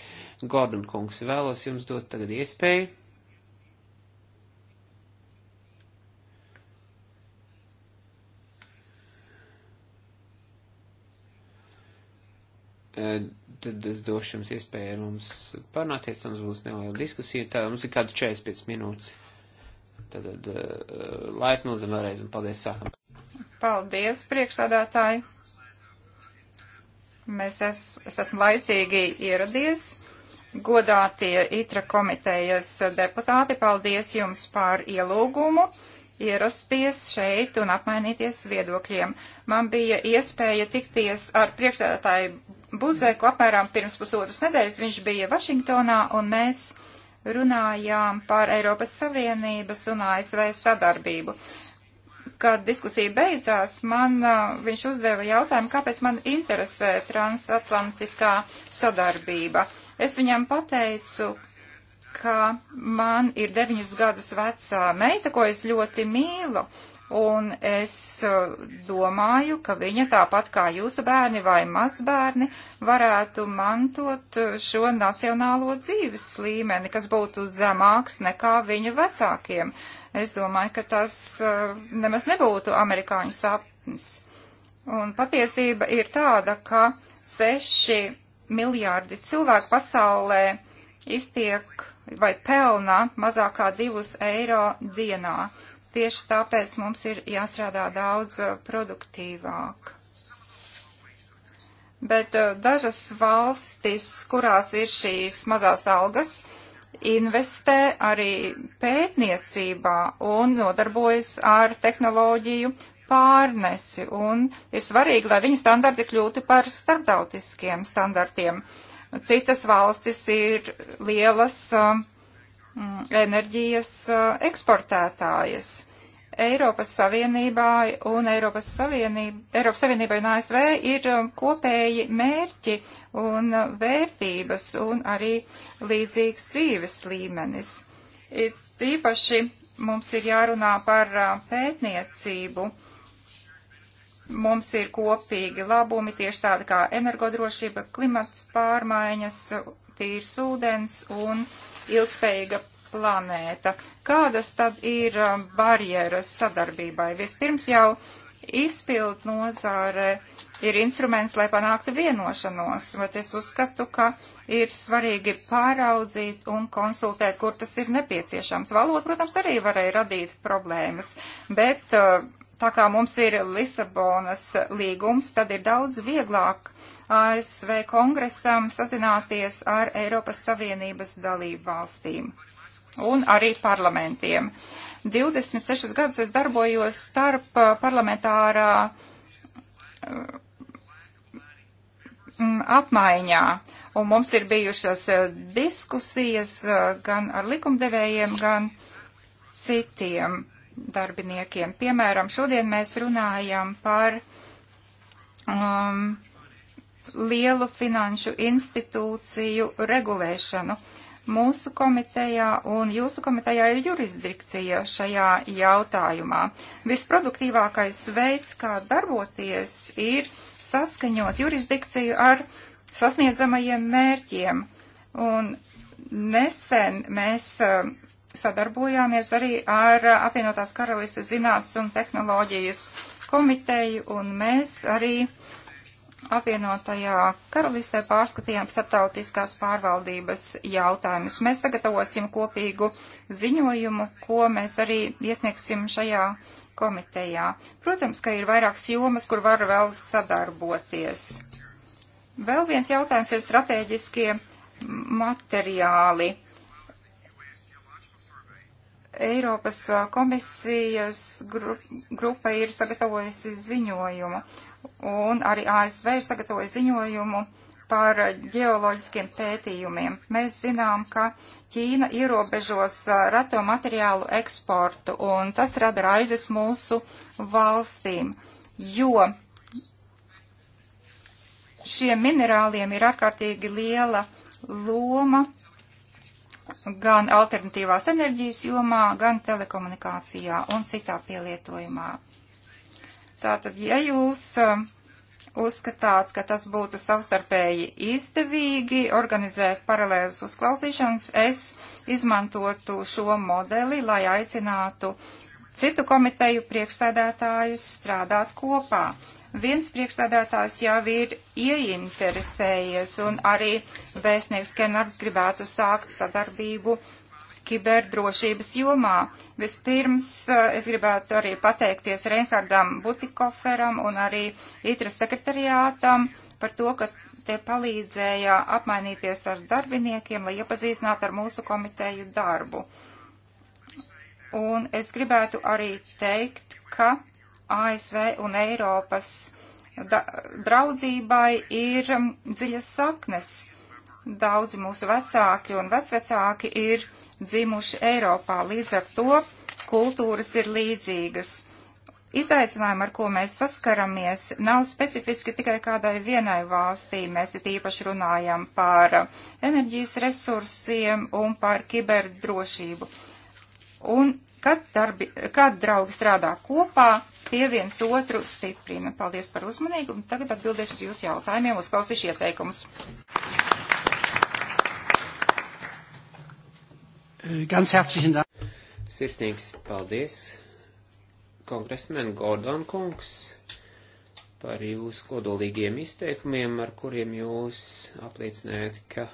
Speaker 1: Gordon kungs, vēlos jums dot tagad iespēju. tad es došu jums iespēju mums parunāties, tad mums būs neliela diskusija, tā mums ir kāda 45 minūtes. Tad eh, laipni lūdzam vēlreiz un paldies sākam.
Speaker 3: Paldies, priekšsādātāji. Mēs es, es esmu laicīgi ieradies. Godātie itra komitejas deputāti, paldies jums par ielūgumu ierasties šeit un apmainīties viedokļiem. Man bija iespēja tikties ar priekšsēdētāju Buzeku apmēram pirms pusotras nedēļas. Viņš bija Vašingtonā un mēs runājām par Eiropas Savienības un ASV sadarbību. Kad diskusija beidzās, man viņš uzdeva jautājumu, kāpēc man interesē transatlantiskā sadarbība. Es viņam pateicu, ka man ir deviņus gadus vecā meita, ko es ļoti mīlu, Un es uh, domāju, ka viņa tāpat kā jūsu bērni vai mazbērni varētu mantot uh, šo nacionālo dzīves līmeni, kas būtu zemāks nekā viņa vecākiem. Es domāju, ka tas uh, nemaz nebūtu amerikāņu sapnis. Un patiesība ir tāda, ka seši miljārdi cilvēku pasaulē iztiek vai pelna mazākā divus eiro dienā. Tieši tāpēc mums ir jāstrādā daudz uh, produktīvāk. Bet uh, dažas valstis, kurās ir šīs mazās algas, investē arī pētniecībā un nodarbojas ar tehnoloģiju pārnesi, un ir svarīgi, lai viņu standarti kļūtu par starptautiskiem standartiem. Citas valstis ir lielas um, Mm, enerģijas eh, eksportētājas. Eiropas Savienībai un Eiropas, Savienība, Eiropas Savienībai un ASV ir eh, kopēji mērķi un eh, vērtības un arī līdzīgs dzīves līmenis. Ir tīpaši mums ir jārunā par pētniecību. Mums ir kopīgi labumi tieši tādi kā energodrošība, klimats pārmaiņas, tīrs ūdens un uh, ilgspējīga planēta. Kādas tad ir um, barjeras sadarbībai? Vispirms jau izpild nozāre ir instruments, lai panāktu vienošanos, bet es uzskatu, ka ir svarīgi pāraudzīt un konsultēt, kur tas ir nepieciešams. Valoda, protams, arī varēja radīt problēmas, bet uh, tā kā mums ir Lisabonas līgums, tad ir daudz vieglāk ASV kongresam sazināties ar Eiropas Savienības dalību valstīm un arī parlamentiem. 26 gadus es darbojos starp uh, parlamentārā uh, apmaiņā, un mums ir bijušas uh, diskusijas gan ar likumdevējiem, gan citiem darbiniekiem. Piemēram, šodien mēs runājam par um, lielu finanšu institūciju regulēšanu. Mūsu komitejā un jūsu komitejā ir jurisdikcija šajā jautājumā. Visproduktīvākais veids, kā darboties, ir saskaņot jurisdikciju ar sasniedzamajiem mērķiem. Un nesen mēs eh, sadarbojāmies arī ar eh, apvienotās karalistes zinātnes un tehnoloģijas komiteju, un mēs arī uh, apvienotajā karalistē pārskatījām starptautiskās pārvaldības jautājumus. Mēs sagatavosim kopīgu ziņojumu, ko mēs arī iesniegsim šajā komitejā. Protams, ka ir vairākas jomas, kur var vēl sadarboties. Vēl viens jautājums ir strateģiskie materiāli. Eiropas komisijas grupa ir sagatavojusi ziņojumu un arī ASV ir sagatavoja ziņojumu par ģeoloģiskiem pētījumiem. Mēs zinām, ka Ķīna ierobežos reto materiālu eksportu, un tas rada raizes mūsu valstīm, jo šiem minerāliem ir ārkārtīgi liela loma gan alternatīvās enerģijas jomā, gan telekomunikācijā un citā pielietojumā. Tātad, ja jūs um, uzskatāt, ka tas būtu savstarpēji izdevīgi organizēt paralēlas uzklausīšanas, es izmantotu šo modeli, lai aicinātu citu komiteju priekšstādātājus strādāt kopā. Viens priekšstādātājs jau ir ieinteresējies, un arī vēstnieks Kenards gribētu sākt sadarbību kiberdrošības jomā. Vispirms eh, es gribētu arī pateikties Reinhardam Butikoferam un arī ITRA sekretariātam par to, ka te palīdzēja apmainīties ar darbiniekiem, lai iepazīstinātu ar mūsu komiteju darbu. Un es gribētu arī teikt, ka ASV un Eiropas da, draudzībai ir mm, dziļas saknes. Daudzi mūsu vecāki un vecvecāki ir dzimuši Eiropā. Līdz ar to kultūras ir līdzīgas. Izaicinājumi, ar ko mēs saskaramies, nav specifiski tikai kādai vienai valstī. Mēs it īpaši runājam par enerģijas resursiem un par kiberdrošību. Un kad, darbi, kad draugi strādā kopā, tie viens otru stiprina. Paldies par uzmanību un tagad atbildēšu uz jūsu jautājumiem, uzklausīšu ieteikumus.
Speaker 1: Eh, ganz herzlichen Dank. Sirsnīgs paldies, kongresmen Gordon kungs, par jūsu kodolīgiem izteikumiem, ar kuriem jūs apliecinājat, ka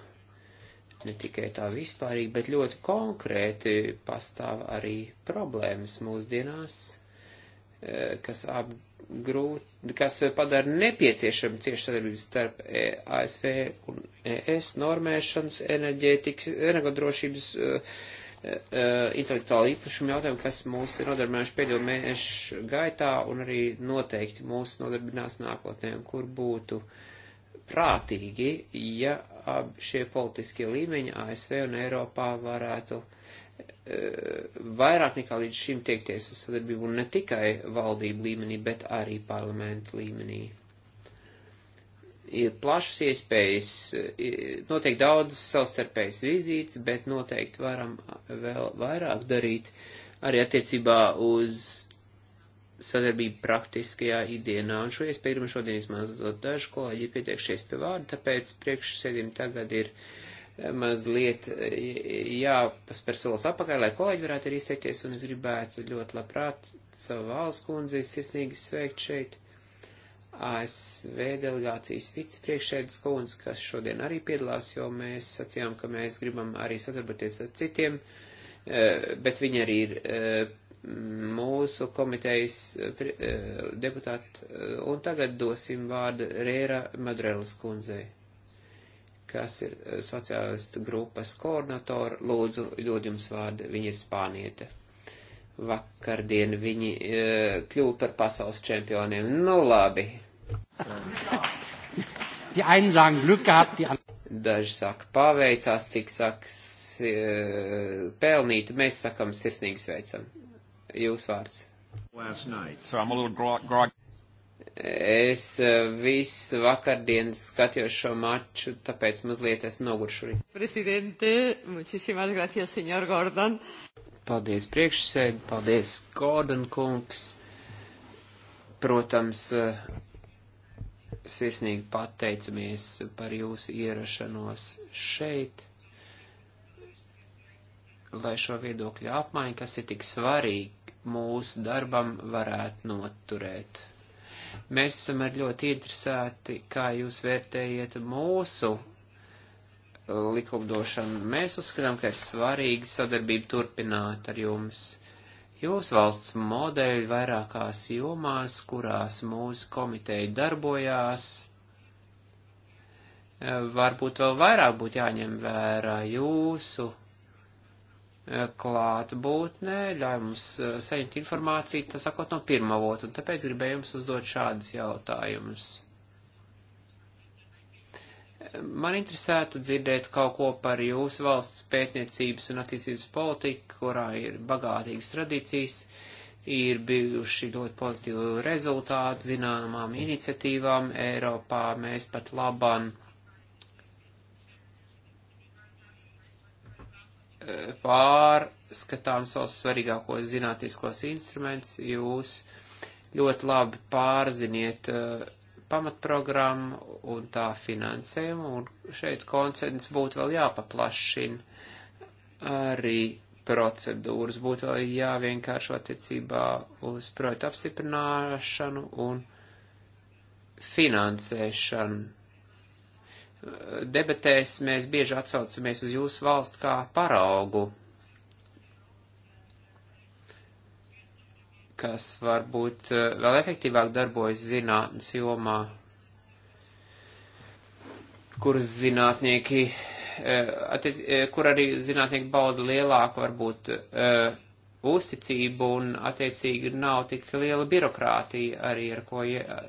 Speaker 1: ne tikai tā vispārīgi, bet ļoti konkrēti pastāv arī problēmas mūsdienās, eh, kas ap, grūti, kas padara nepieciešamu ciešu sadarbību starp e, ASV un ES normēšanas, enerģētikas, energodrošības, e, e, intelektuāla īpašuma jautājumu, kas mūs ir nodarbinājuši pēdējo mēnešu gaitā un arī noteikti mūs nodarbinās nākotnē, kur būtu prātīgi, ja šie politiskie līmeņi ASV un Eiropā varētu uh, Eh, vairāk nekā līdz šim tiekties uz sadarbību ne tikai valdību līmenī, bet arī parlamentu līmenī. Ir plašas iespējas, eh, noteikti daudz savstarpējas vizītes, bet noteikti varam vēl vairāk darīt arī attiecībā uz sadarbību praktiskajā ikdienā. Un šo iespēju gribam šodien izmantot dažu kolēģi pieteikšies pie vārdu, tāpēc priekšsēdim tagad ir. Uh, mazliet eh, jāpaspēr solis apakaļ, lai kolēģi varētu arī izteikties, un es gribētu ļoti labprāt savu valsts kundzi sirsnīgi sveikt šeit. ASV delegācijas vicepriekšēdas kundze, kas šodien arī piedalās, jo mēs sacījām, ka mēs gribam arī sadarboties ar citiem, eh, bet viņa arī ir eh, mūsu komitejas deputāti, un tagad dosim vārdu Rēra Madrelas kundzei kas ir eh, sociālistu grupas koordinatora, lūdzu, dod jums vārdu, viņa ir spāniete. Vakardien viņi e, eh, kļūva par pasaules čempioniem. Nu labi. Daži saka, paveicās, cik saks, e, eh, pelnīt, mēs sakam, sirsnīgi sveicam. Jūs vārds. Last night, so I'm a little grog. grog Es eh, visu vakardien skatījos šo maču, tāpēc mazliet esmu noguršuri.
Speaker 2: Presidente, muchísimas gracias, senor Gordon.
Speaker 1: Paldies priekšsēd, paldies Gordon kungs. Protams, eh, sirsnīgi pateicamies par jūsu ierašanos šeit, lai šo viedokļu apmaiņu, kas ir tik svarīgi mūsu darbam, varētu noturēt. Mēs esam ar ļoti interesēti, kā jūs vērtējiet mūsu likumdošanu. Mēs uzskatām, ka ir svarīgi sadarbību turpināt ar jums. Jūs valsts modeļi vairākās jomās, kurās mūsu komiteja darbojās, varbūt vēl vairāk būtu jāņem vērā jūsu Eh, klātbūtnē, ļauj mums eh, saņemt informāciju, tā sakot, no pirmā vota, un tāpēc gribēju jums uzdot šādus jautājumus. Man interesētu dzirdēt kaut ko par jūsu valsts pētniecības un attīstības politiku, kurā ir bagātīgas tradīcijas, ir bijuši ļoti pozitīvi rezultāti zināmām iniciatīvām Eiropā, mēs pat labam uh, pārskatām savus svarīgākos zinātniskos instrumentus, jūs ļoti labi pārziniet uh, pamatprogrammu un tā finansējumu, un šeit koncents būtu vēl jāpaplašina arī procedūras, būtu vēl jāvienkāršo attiecībā uz projektu apstiprināšanu un finansēšanu debatēs mēs bieži atsaucamies uz jūsu valstu kā paraugu, kas varbūt eh, vēl efektīvāk darbojas zinātnes jomā, kuras zinātnieki, eh, eh, kur arī zinātnieki bauda lielāku varbūt uzticību un, attiecīgi, nav tik liela birokrātija arī, ar ko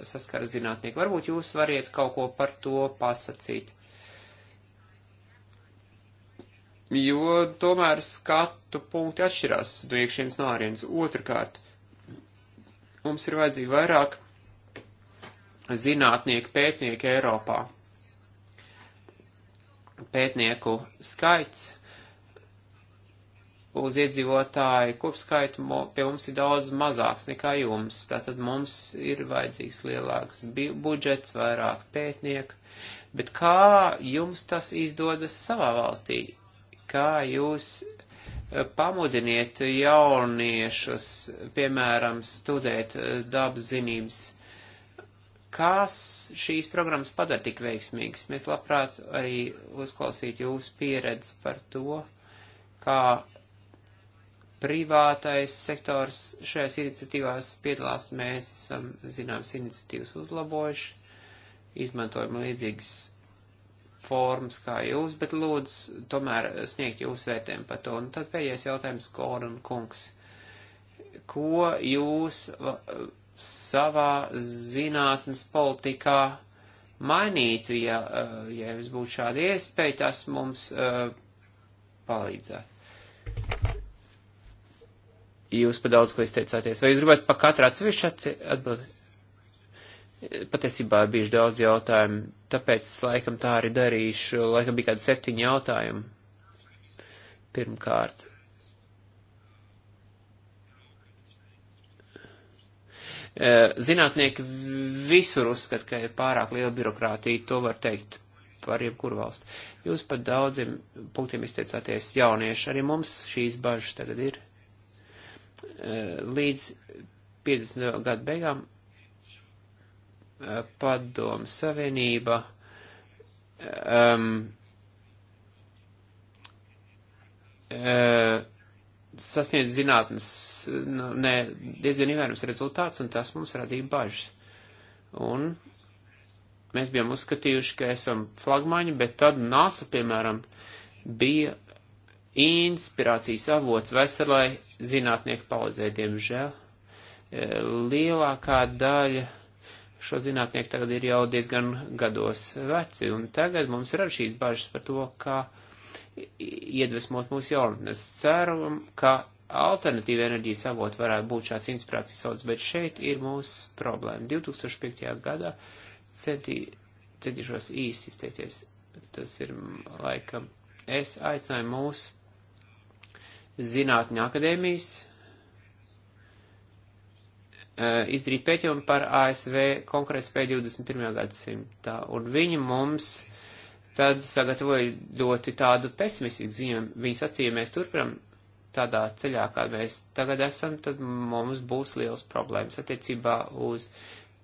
Speaker 1: saskaras zinātnieki. Varbūt jūs variet kaut ko par to pasacīt. Jo tomēr skatu punkti atšķirās no iekšienes nārienes. Otrakārt, mums ir vajadzīgi vairāk zinātnieku pētnieku Eiropā. Pētnieku skaits Lūdzu, iedzīvotāji, kopskaitu pie mums ir daudz mazāks nekā jums, tātad mums ir vajadzīgs lielāks budžets, vairāk pētnieku, bet kā jums tas izdodas savā valstī? Kā jūs eh, pamudiniet jauniešus, piemēram, studēt eh, dabas zinības? Kas šīs programmas padara tik veiksmīgas? Mēs labprāt arī uzklausītu jūsu pieredzi par to, kā privātais sektors šajās iniciatīvās piedalās. Mēs esam zināmas iniciatīvas uzlabojuši, izmantojam līdzīgas formas kā jūs, bet lūdzu tomēr sniegt jūs vērtējumu par to. Un tad pēdējais jautājums, Gordon Kungs. Ko jūs savā zinātnes politikā mainītu, ja, eh, ja jums būtu šāda iespēja, tas mums eh, palīdzētu? jūs pa daudz ko izteicāties. Vai jūs gribat pa katru atsevišķu atbildēt? Patiesībā bija daudz jautājumu, tāpēc es laikam tā arī darīšu. Laikam bija kādi septiņi jautājumi. Pirmkārt. E, zinātnieki visur uzskata, ka ir pārāk liela birokrātija, to var teikt par jebkuru valstu. Jūs pat daudziem punktiem izteicāties jaunieši, arī mums šīs bažas tagad ir Eh, līdz 50. gadu beigām eh, padomu savienība um, uh, sasniedz zinātnes, nu, ne, diezgan ievērums rezultāts, un tas mums radīja bažas. Un mēs bijām uzskatījuši, ka esam flagmaņi, bet tad NASA, piemēram, bija inspirācijas avots veselai zinātnieku paudzē, diemžēl. E, lielākā daļa šo zinātnieku tagad ir jau diezgan gados veci, un tagad mums ir arī šīs bažas par to, kā iedvesmot mūsu jaunatnes. Ceram, ka alternatīva enerģijas avot varētu būt šāds inspirācijas avots, bet šeit ir mūsu problēma. 2005. gadā centī, centīšos īsi izteikties, tas ir laikam. Es aicināju mūsu zinātņu akadēmijas eh, izdarīja pētījumu par ASV konkrēti spēju 21. gadsimtā, un viņi mums tad sagatavoja ļoti tādu pesimistisku ziņu. Viņi sacīja, mēs turpinam tādā ceļā, kā mēs tagad esam, tad mums būs liels problēmas attiecībā uz uh,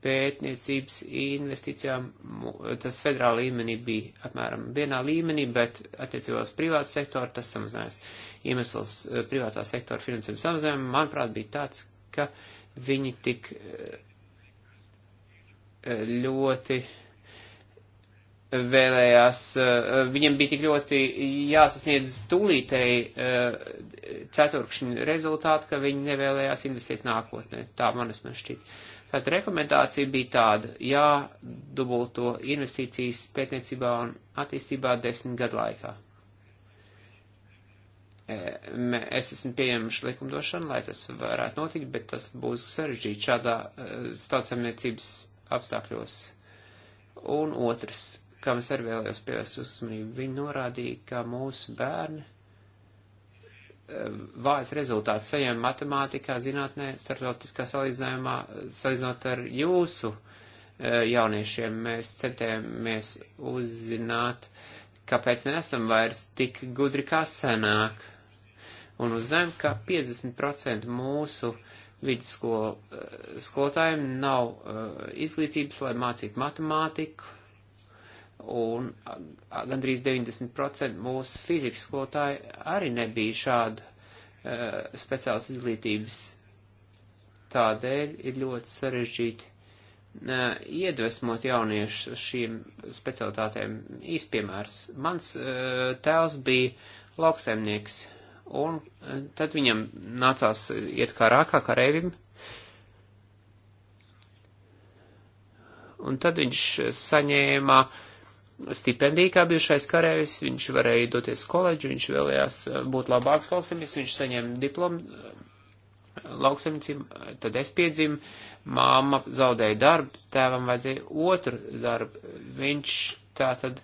Speaker 1: pētniecības investīcijām, tas federāla līmenī bija apmēram vienā līmenī, bet attiecībā uz privātu sektoru tas samazinājās. Iemesls eh, privātā sektora finansējuma samazinājuma, manuprāt, bija tāds, ka viņi tik eh, ļoti vēlējās, eh, viņiem bija tik ļoti jāsasniedz tūlītēji ceturkšņu rezultātu, ka viņi nevēlējās investēt nākotnē. Tā manis man šķiet. Uh, Tad rekomendācija bija tāda, jādubulto investīcijas pētniecībā un attīstībā desmit gadu laikā. E, es esmu pieņemuši likumdošanu, lai tas varētu notikt, bet tas būs sarežģīti šādā e, stautsamniecības apstākļos. Un otrs, kam es arī vēlējos pievērst uzmanību, viņi norādīja, ka mūsu bērni vājas rezultāts saņem matemātikā, zinātnē, starptautiskā salīdzinājumā, salīdzinot ar jūsu e, jauniešiem, mēs centāmies uzzināt, kāpēc nesam vairs tik gudri kā senāk. Un uzzinājām, ka 50% mūsu vidusskolu e, skolotājiem nav e, izglītības, lai mācītu matemātiku, un gandrīz 90% mūsu fizikas skolotāji arī nebija šādu uh, speciālas izglītības. Tādēļ ir ļoti sarežģīti uh, iedvesmot jauniešu šīm specialitātēm. Īs piemērs. Mans uh, tēls bija lauksaimnieks, un uh, tad viņam nācās iet kā rākā karēvim. Un tad viņš saņēma uh, stipendiju kā bijušais karējs, viņš varēja doties koledžu, viņš vēlējās eh, būt labāks lauksemnieks, viņš saņēma diplomu eh, lauksemniecību, tad es piedzimu, māma zaudēja darbu, tēvam vajadzēja otru darbu, viņš tā tad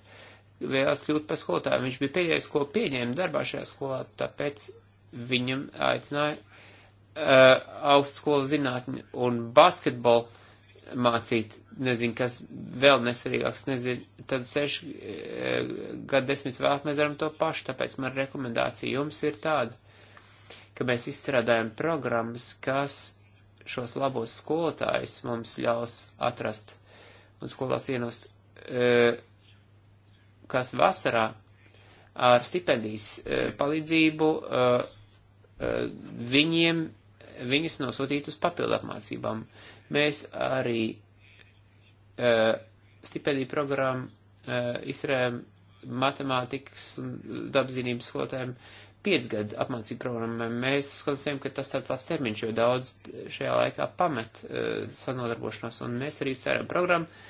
Speaker 1: vēlās kļūt par skolotāju, viņš bija pēdējais, ko pieņēma darbā šajā skolā, tāpēc viņam aicināja uh, augstskolas zinātņu un basketbolu mācīt, nezinu, kas vēl nesvarīgāks, nezinu, tad sešu e, eh, gadu desmit vēlāk mēs darām to pašu, tāpēc man rekomendācija jums ir tāda, ka mēs izstrādājam programmas, kas šos labos skolotājus mums ļaus atrast un skolās ienost, e, kas vasarā ar stipendijas e, palīdzību viņiem, viņus nosūtīt uz papildu apmācībām Mēs arī uh, stipendiju programmu uh, izstrādājam matemātikas un dabzinības skolotājiem piecgadu apmācību programmai. Mēs konstatējam, ka tas tāds labs termiņš, jo daudz šajā laikā pamet uh, savu nodarbošanos, un mēs arī izstrādājam programmu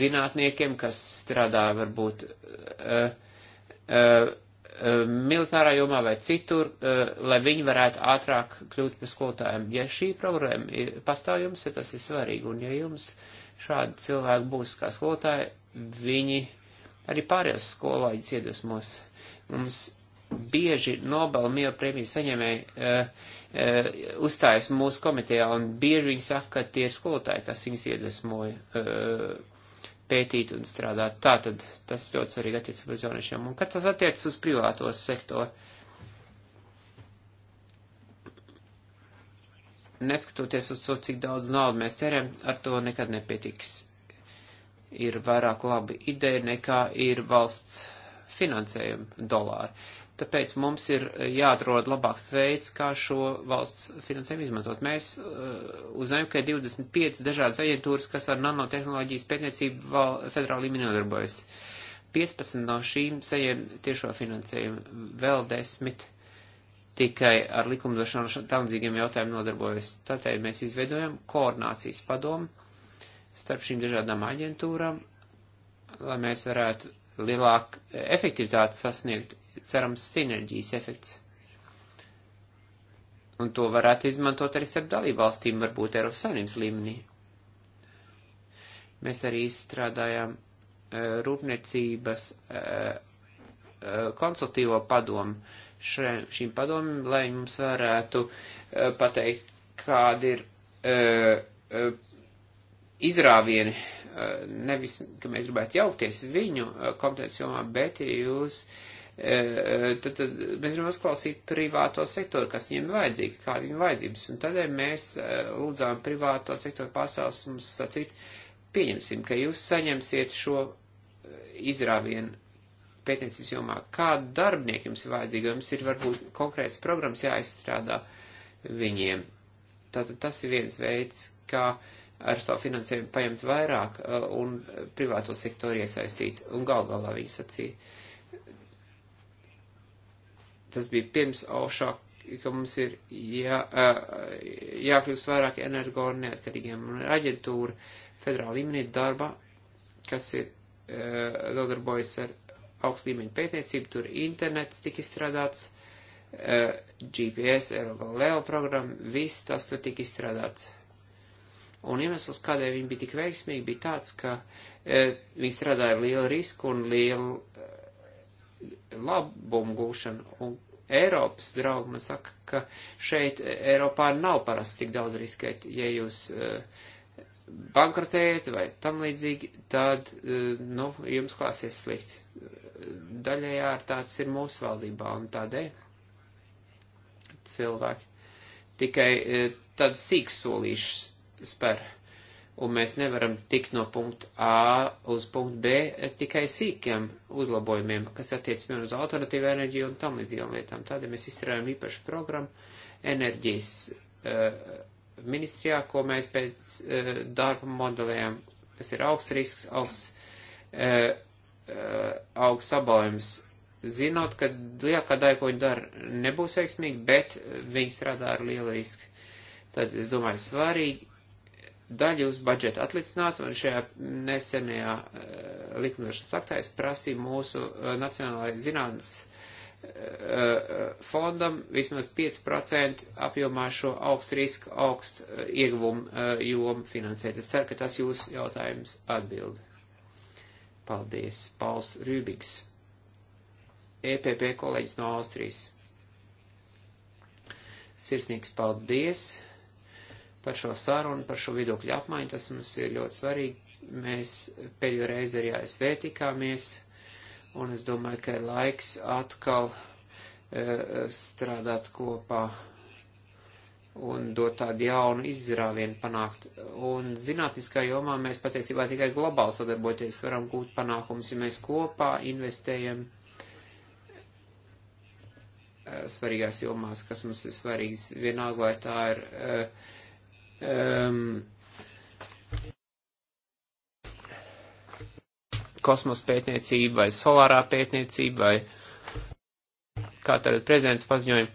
Speaker 1: zinātniekiem, kas strādā varbūt uh, uh, Eh, militārā jomā vai citur, eh, lai viņi varētu ātrāk kļūt par skolotājiem. Ja šī problēma ir, pastāv jums, ja tas ir svarīgi, un ja jums šādi cilvēki būs kā skolotāji, viņi arī pārējās skolāģis iedvesmos. Mums bieži Nobel miera prēmijas saņēmēji uh, uh, uzstājas mūsu komitejā, un bieži viņi saka, ka tie ir skolotāji, kas viņus iedvesmoja. Uh, pētīt un strādāt. Tātad tas ļoti svarīgi attiecībā uz jauniešiem. Un kad tas attiecas uz privāto sektoru, neskatoties uz to, cik daudz naudu mēs tērējam, ar to nekad nepietiks. Ir vairāk labi ideja nekā ir valsts finansējuma dolāri. Tāpēc mums ir eh, jāatrod labāks veids, kā šo valsts finansējumu izmantot. Mēs uh, eh, uzzinājām, ka ir 25 dažādas aģentūras, kas ar nanotehnoloģijas pētniecību federāli līmenī nodarbojas. 15 no šīm saņem tiešo finansējumu, vēl 10 tikai ar likumdošanu tādzīgiem jautājumiem nodarbojas. Tātad mēs izveidojam koordinācijas padomu starp šīm dažādām aģentūrām, lai mēs varētu lielāku efektivitāti sasniegt cerams sinerģijas efekts. Un to varētu izmantot arī starp dalībvalstīm, varbūt Eiropas Savienības līmenī. Mēs arī izstrādājām e, rūpniecības e, e, konsultīvo padomu šīm padomiem, lai mums varētu pateikt, kādi ir izrāvieni, nevis, ka mēs gribētu jaukties viņu kompetenci jomā, bet ja jūs uh, E, e, tad, tad mēs varam uzklausīt privāto sektoru, kas viņiem vajadzīgs, kā viņiem vajadzības. Un tādēļ mēs e, lūdzām privāto sektoru pārstāvus mums sacīt, pieņemsim, ka jūs saņemsiet šo izrāvienu pētniecības jomā. Kādu darbinieku jums ir vajadzīga, jums ir varbūt konkrēts programmas jāizstrādā viņiem. Tātad tas ir viens veids, kā ar savu finansējumu paņemt vairāk un privāto sektoru iesaistīt. Un gal galā viņi sacīja tas bija pirms OŠA, ka mums ir jā, jākļūst vairāk energo un neatkarīgiem. Un aģentūra federāla līmenī darba, kas ir nodarbojas ar augstu līmeņu pētniecību, tur internets tika izstrādāts, GPS, Eurogalileo programma, viss tas tur tika izstrādāts. Un iemesls, kādēļ viņi bija tik veiksmīgi, bija tāds, ka e, viņi strādāja ar lielu risku un lielu labumu gūšanu. Un Eiropas draugi man saka, ka šeit Eiropā nav parasti tik daudz riskēt. Ja jūs eh, bankrotējat vai tam līdzīgi, tad, eh, nu, jums klāsies slikti. Daļējā ar tāds ir mūsu valdībā un tādēļ cilvēki tikai eh, tāds sīks solīšs spēr un mēs nevaram tikt no punktu A uz punktu B tikai sīkiem uzlabojumiem, kas attiec piemēram uz alternatīvu enerģiju un tam līdzīgām lietām. Tādēļ mēs izstrādājam īpašu programmu enerģijas uh, ministrijā, ko mēs pēc uh, darba modelējam, kas ir augsts risks, augsts, uh, eh, augsts apbalvojums. Zinot, ka lielākā daļa, ko viņi dara, nebūs veiksmīgi, bet viņi strādā ar lielu risku. Tad es domāju, svarīgi daļa uz budžetu atlicināta, un šajā nesenajā eh, likumdošanas aktā es prasīju mūsu eh, Nacionālajai zinātnes eh, fondam vismaz 5% apjomā šo augstu risku, augstu ieguvumu jomu finansēt. Es ceru, ka tas jūs jautājums atbild. Paldies. Pauls Rūbigs, EPP kolēģis no Austrijas. Sirsnīgs paldies par šo sarunu, par šo viedokļu apmaiņu, tas mums ir ļoti svarīgi. Mēs pēdējo reizi arī ASV tikāmies, un es domāju, ka ir laiks atkal e, strādāt kopā un dot tādu jaunu izrāvienu panākt. Un zinātniskā jomā mēs patiesībā tikai globāli sadarboties varam gūt panākumus, ja mēs kopā investējam e, svarīgās jomās, kas mums ir svarīgs. Vienalga, vai tā ir uh, um, ehm, kosmosa pētniecība vai solārā pētniecība vai kā tagad prezidents paziņoja.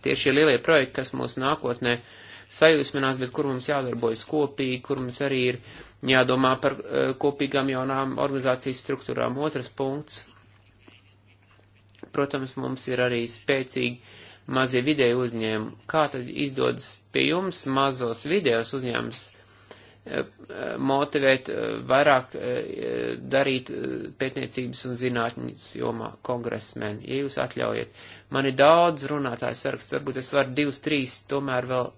Speaker 1: Tieši šie lielie projekti, kas mūsu nākotnē sajūsminās, bet kur mums jādarbojas kopīgi, kur mums arī ir jādomā par uh, kopīgām jaunām organizācijas struktūrām. Otrs punkts. Protams, mums ir arī spēcīgi mazie vidēji uzņēmumi. Kā tad izdodas pie jums mazos vidējos uzņēmums eh, eh, motivēt eh, vairāk darīt pētniecības un zinātnes jomā kongresmeni, ja jūs atļaujat. Man ir daudz runātāju saraksts, varbūt es varu divus, trīs tomēr vēl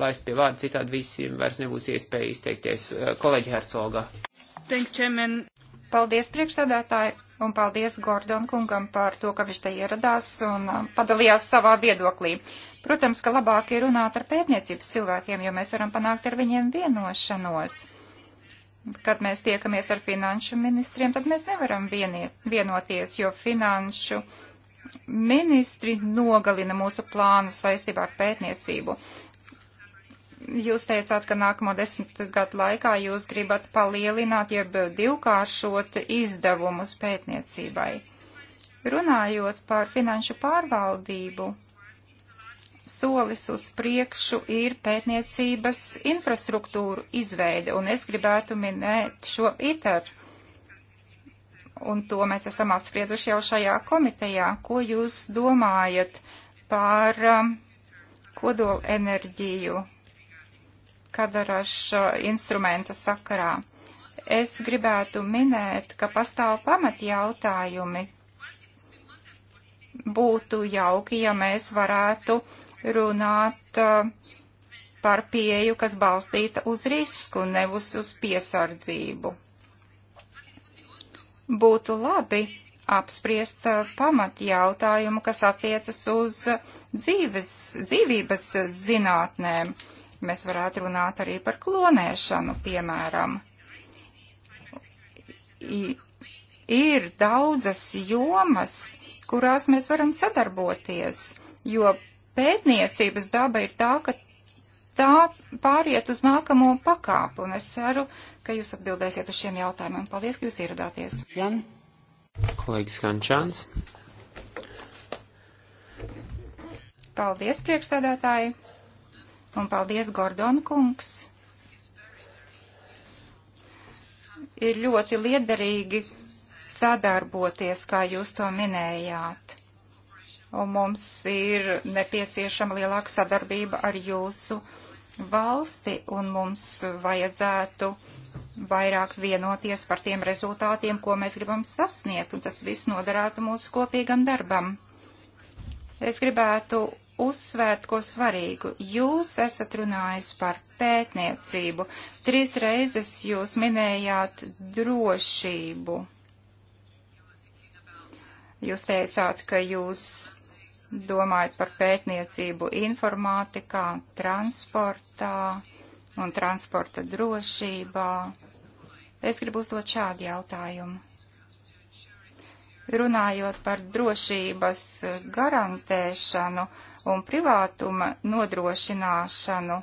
Speaker 1: laist pie vārda, citādi visiem vairs nebūs iespēja izteikties. Kolēģi Hercoga.
Speaker 3: Thanks, Chairman. Paldies, priekšsādātāji un paldies Gordon kungam par to, ka viņš te ieradās un um, padalījās savā viedoklī. Protams, ka labāk ir runāt ar pētniecības cilvēkiem, jo mēs varam panākt ar viņiem vienošanos. Kad mēs tiekamies ar finanšu ministriem, tad mēs nevaram vieniet, vienoties, jo finanšu ministri nogalina mūsu plānu saistībā ar pētniecību. Uh, Jūs teicāt, ka nākamo desmit gadu laikā jūs gribat palielināt jeb divkāršot izdevumus pētniecībai. Runājot par finanšu pārvaldību, solis uz priekšu ir pētniecības infrastruktūru izveide, un es gribētu minēt šo ITER. Un to mēs esam apsprieduši jau šajā komitejā. Ko jūs domājat par um, kodolenerģiju kadaraša instrumenta sakarā. Es gribētu minēt, ka pastāv pamatjautājumi. Būtu jauki, ja mēs varētu runāt uh, par pieju, kas balstīta uz risku, nevis uz piesardzību. Būtu labi apspriest uh, pamatjautājumu, kas attiecas uz dzīves, dzīvības zinātnēm Mēs varētu runāt arī par klonēšanu, piemēram. I, ir daudzas jomas, kurās mēs varam sadarboties, jo pētniecības daba ir tā, ka tā pāriet uz nākamo pakāpu, un es ceru, ka jūs atbildēsiet uz šiem jautājumiem. Paldies, ka jūs ieradāties. Jan.
Speaker 1: Kolēģis Hančāns.
Speaker 3: Paldies, priekšstādātāji. Un paldies, Gordon kungs. Ir ļoti liederīgi sadarboties, kā jūs to minējāt. Un mums ir nepieciešama lielāka sadarbība ar jūsu valsti, un mums vajadzētu vairāk vienoties par tiem rezultātiem, ko mēs gribam sasniegt, un tas viss noderētu mūsu kopīgam darbam. Es gribētu uzsvērt ko svarīgu. Jūs esat runājis par pētniecību. Trīs reizes jūs minējāt drošību. Jūs teicāt, ka jūs domājat par pētniecību informātikā, transportā un transporta drošībā. Es gribu uzdot šādu jautājumu. Runājot par drošības garantēšanu, uh, un privātuma nodrošināšanu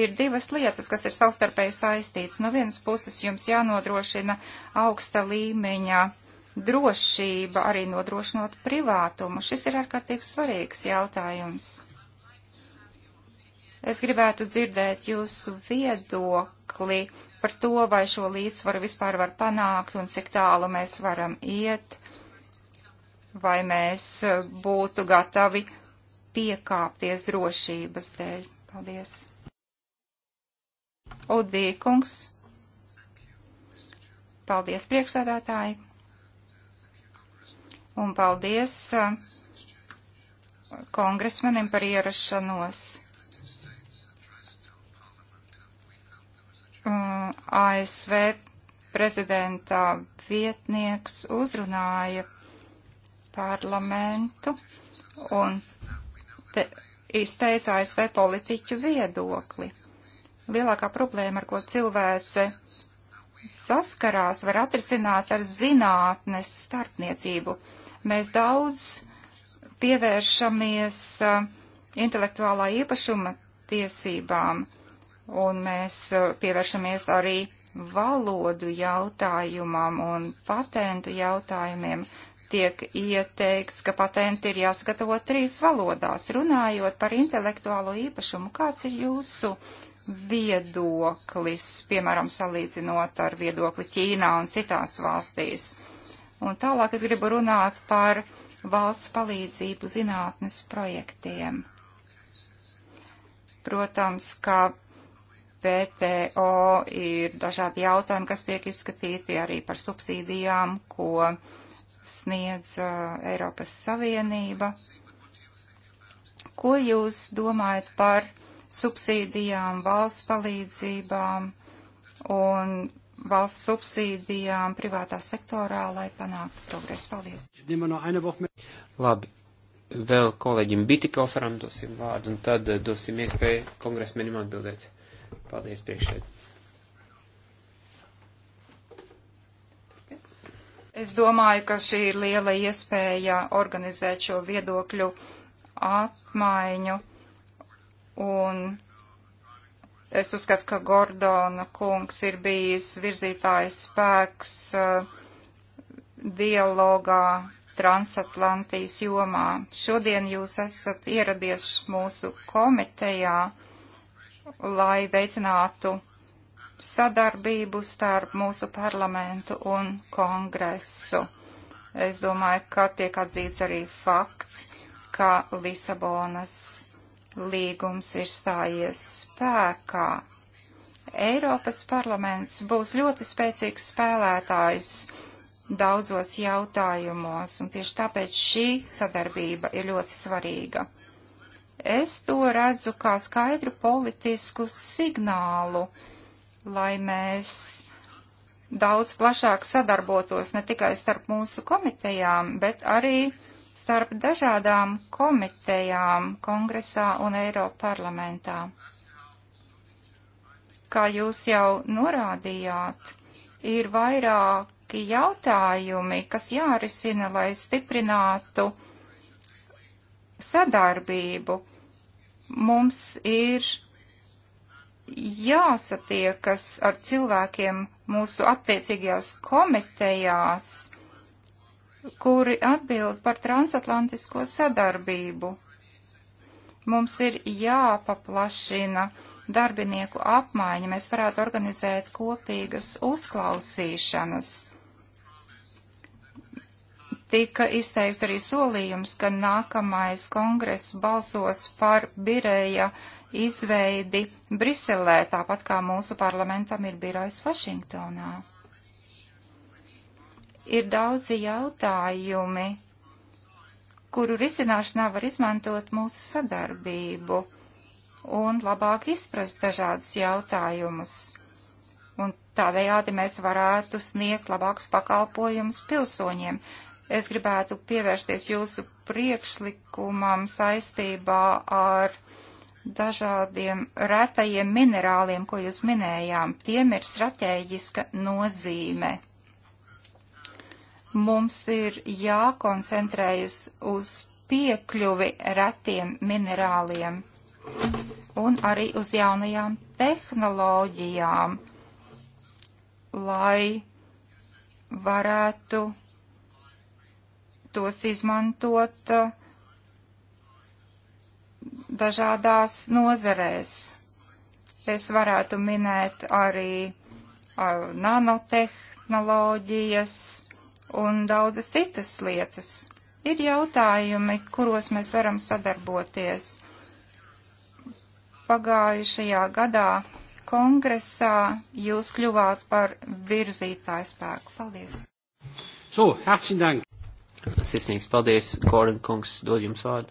Speaker 3: ir divas lietas, kas ir savstarpēji saistītas. No vienas puses jums jānodrošina augsta līmeņa drošība, arī nodrošinot privātumu. Šis ir ārkārtīgi svarīgs jautājums. Es gribētu dzirdēt jūsu viedokli par to, vai šo līdzsvaru vispār var panākt un cik tālu mēs varam iet vai mēs eh, būtu gatavi piekāpties drošības dēļ. Paldies. Udīkungs. Paldies, priekšsēdētāji. Un paldies eh, kongresmenim par ierašanos. Mm, ASV prezidenta vietnieks uzrunāja parlamentu un te izteica ASV politiķu viedokli. Lielākā problēma, ar ko cilvēce saskarās, var atrisināt ar zinātnes starpniecību. Mēs daudz pievēršamies uh, intelektuālā īpašuma tiesībām, un mēs uh, pievēršamies arī valodu jautājumam un patentu jautājumiem, tiek ieteikts, ka patenti ir jāsagatavo trīs valodās. Runājot par intelektuālo īpašumu, kāds ir jūsu viedoklis, piemēram, salīdzinot ar viedokli Ķīnā un citās valstīs? Un tālāk es gribu runāt par valsts palīdzību zinātnes projektiem. Protams, ka PTO ir dažādi jautājumi, kas tiek izskatīti arī par subsīdijām, ko sniedz uh, Eiropas Savienība. Ko jūs domājat par subsīdijām, valsts palīdzībām un valsts subsīdijām privātā sektorā, lai panāktu progresu?
Speaker 1: Paldies! Labi, vēl kolēģim Bitikoferam dosim vārdu un tad dosim iespēju kongresmenim atbildēt. Paldies priekšēd!
Speaker 3: Es domāju, ka šī ir liela iespēja organizēt šo viedokļu apmaiņu. Un es uzskatu, ka Gordona kungs ir bijis virzītājs spēks uh, dialogā transatlantijas jomā. Šodien jūs esat ieradies mūsu komitejā, lai veicinātu sadarbību starp mūsu parlamentu un kongresu. Es domāju, ka tiek atzīts arī fakts, ka Lisabonas līgums ir stājies spēkā. Eiropas parlaments būs ļoti spēcīgs spēlētājs daudzos jautājumos, un tieši tāpēc šī sadarbība ir ļoti svarīga. Es to redzu kā skaidru politisku signālu, uh, lai mēs daudz plašāk sadarbotos ne tikai starp mūsu komitejām, bet arī starp dažādām komitejām kongresā un Eiropa parlamentā. Kā jūs jau norādījāt, ir vairāki jautājumi, kas jārisina, lai stiprinātu sadarbību. Mums ir jāsatiekas ar cilvēkiem mūsu attiecīgajās komitejās, kuri atbild par transatlantisko sadarbību. Mums ir jāpaplašina darbinieku apmaiņa, mēs varētu organizēt kopīgas uzklausīšanas. Tika izteikts arī solījums, ka nākamais kongress balsos par birēja uh, izveidi Briselē, tāpat kā mūsu parlamentam ir birojs Vašingtonā. Ir daudzi jautājumi, kuru risināšanā var izmantot mūsu sadarbību un labāk izprast dažādus jautājumus. Un tādējādi mēs varētu sniegt labākus pakalpojumus pilsoņiem. Es gribētu pievērsties jūsu priekšlikumam saistībā ar dažādiem retajiem minerāliem, ko jūs minējām, tiem ir strateģiska nozīme. Mums ir jākoncentrējas uz piekļuvi retiem minerāliem un arī uz jaunajām tehnoloģijām, lai varētu tos izmantot uh, dažādās nozerēs. Es varētu minēt arī uh, nanotehnoloģijas un daudzas citas lietas. Ir jautājumi, kuros mēs varam sadarboties. Pagājušajā gadā kongresā jūs kļuvāt par virzītāju spēku. Paldies!
Speaker 1: So, herzlichen Dank! Sirsnīgs paldies, Gordon kungs, dod jums vārdu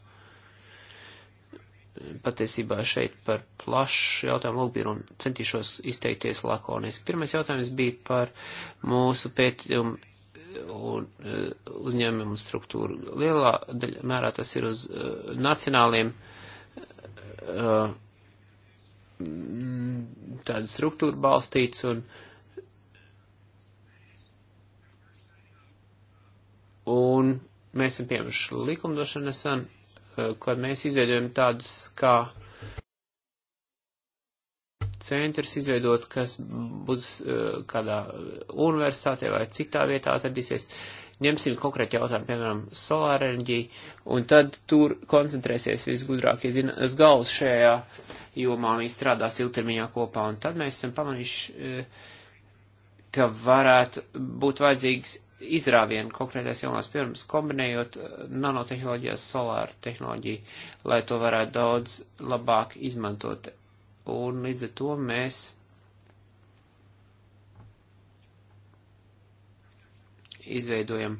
Speaker 1: patiesībā šeit par plašu jautājumu lūgbīru un centīšos izteikties lakoniski. Pirmais jautājums bija par mūsu pētījumu un eh, uzņēmumu struktūru. Lielā daļa mērā tas ir uz uh, nacionāliem uh, eh, tādu struktūru balstīts un un mēs esam pieņemši likumdošanu nesen. Uh, kad mēs izveidojam tādus kā centrs izveidot, kas būs e, kādā universitātē vai citā vietā atradīsies. Ņemsim konkrēti jautājumu, piemēram, solārenerģiju, un tad tur koncentrēsies visgudrākie zinas galvas šajā jomā, viņi strādās ilgtermiņā kopā, un tad mēs esam pamanījuši, e, ka varētu būt vajadzīgs izrāvienu konkrētais jomās pirms, kombinējot eh, nanotehnoloģijas solāru tehnoloģiju, lai to varētu daudz labāk izmantot. Un līdz ar to mēs izveidojam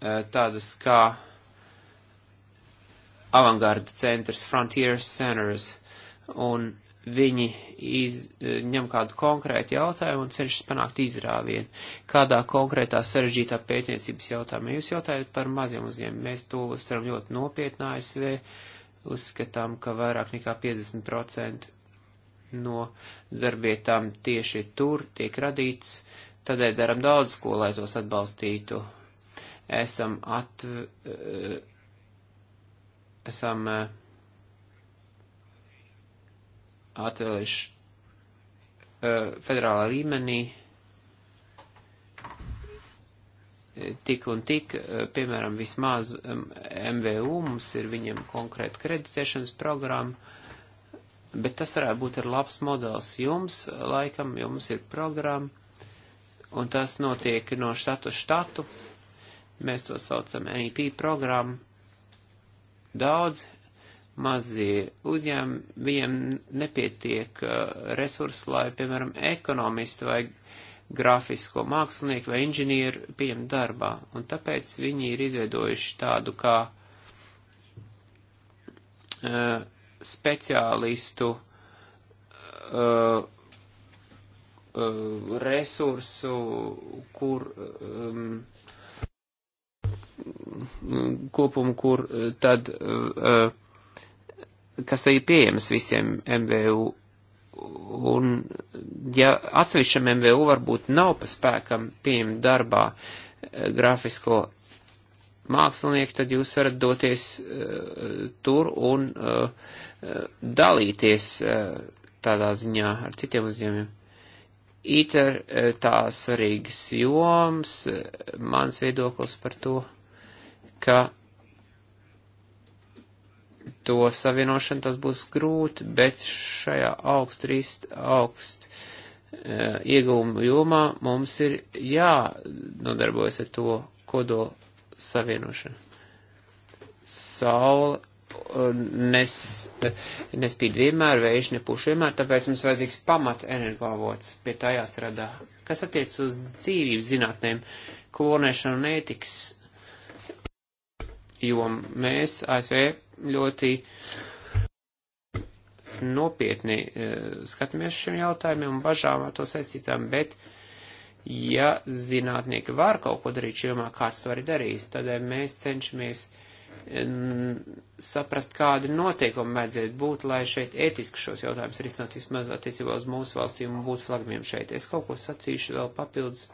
Speaker 1: eh, tādas kā avangarda centrs, frontier centers, un viņi iz, ņem kādu konkrētu jautājumu un cenšas panākt izrāvienu. Kādā konkrētā sarežģītā pētniecības jautājumā jūs jautājat par maziem uzņēmumiem? Mēs to uztveram ļoti nopietnā ASV, uzskatām, ka vairāk nekā 50% no darbietām tieši tur tiek radīts, tādēļ daram daudz ko, lai tos atbalstītu. Esam atv... Eh, esam uh, atvēlēš uh, federālā līmenī tik un tik, uh, piemēram, vismaz um, MVU mums ir viņiem konkrēta kreditēšanas programma, bet tas varētu būt ir labs modelis jums, laikam, jo mums ir programma, un tas notiek no štatu štatu. Mēs to saucam NEP programmu. Daudz mazie uzņēmumi, viņiem nepietiek uh, resursi, lai, piemēram, ekonomisti vai grafisko mākslinieku vai inženieru pieņem darbā. Un tāpēc viņi ir izveidojuši tādu kā uh, speciālistu uh, uh, resursu, kur. Um, kopumu, kur uh, tad uh, uh kas ir pieejamas visiem MVU. Un, ja atsevišķam MVU varbūt nav pa spēkam pieņemt darbā eh, grafisko mākslinieku, tad jūs varat doties uh, tur un uh, dalīties uh, tādā ziņā ar citiem uzņēmumiem. ITER uh, tā svarīgs joms, uh, mans viedoklis par to, ka to savienošanu tas būs grūti, bet šajā augst, rīst, augst uh, e, ieguvuma jomā mums ir jānodarbojas ar to kodolu savienošanu. Saula e, nes, nespīd vienmēr, vējš nepuš vienmēr, tāpēc mums vajadzīgs pamat energoavots, pie tā jāstrādā. Kas attiec uz dzīvības zinātnēm, klonēšanu un ētikas, jo mēs ASV ļoti nopietni e, skatāmies šiem jautājumiem un bažām ar to saistītām, bet ja zinātnieki var kaut ko darīt šajā jomā, kāds to arī darīs, tad e, mēs cenšamies e, saprast, kādi noteikumi vajadzētu būt, lai šeit ētiski šos jautājumus risināt vismaz attiecībā uz mūsu valstīm un būtu flagmiem šeit. Es kaut ko sacīšu vēl papildus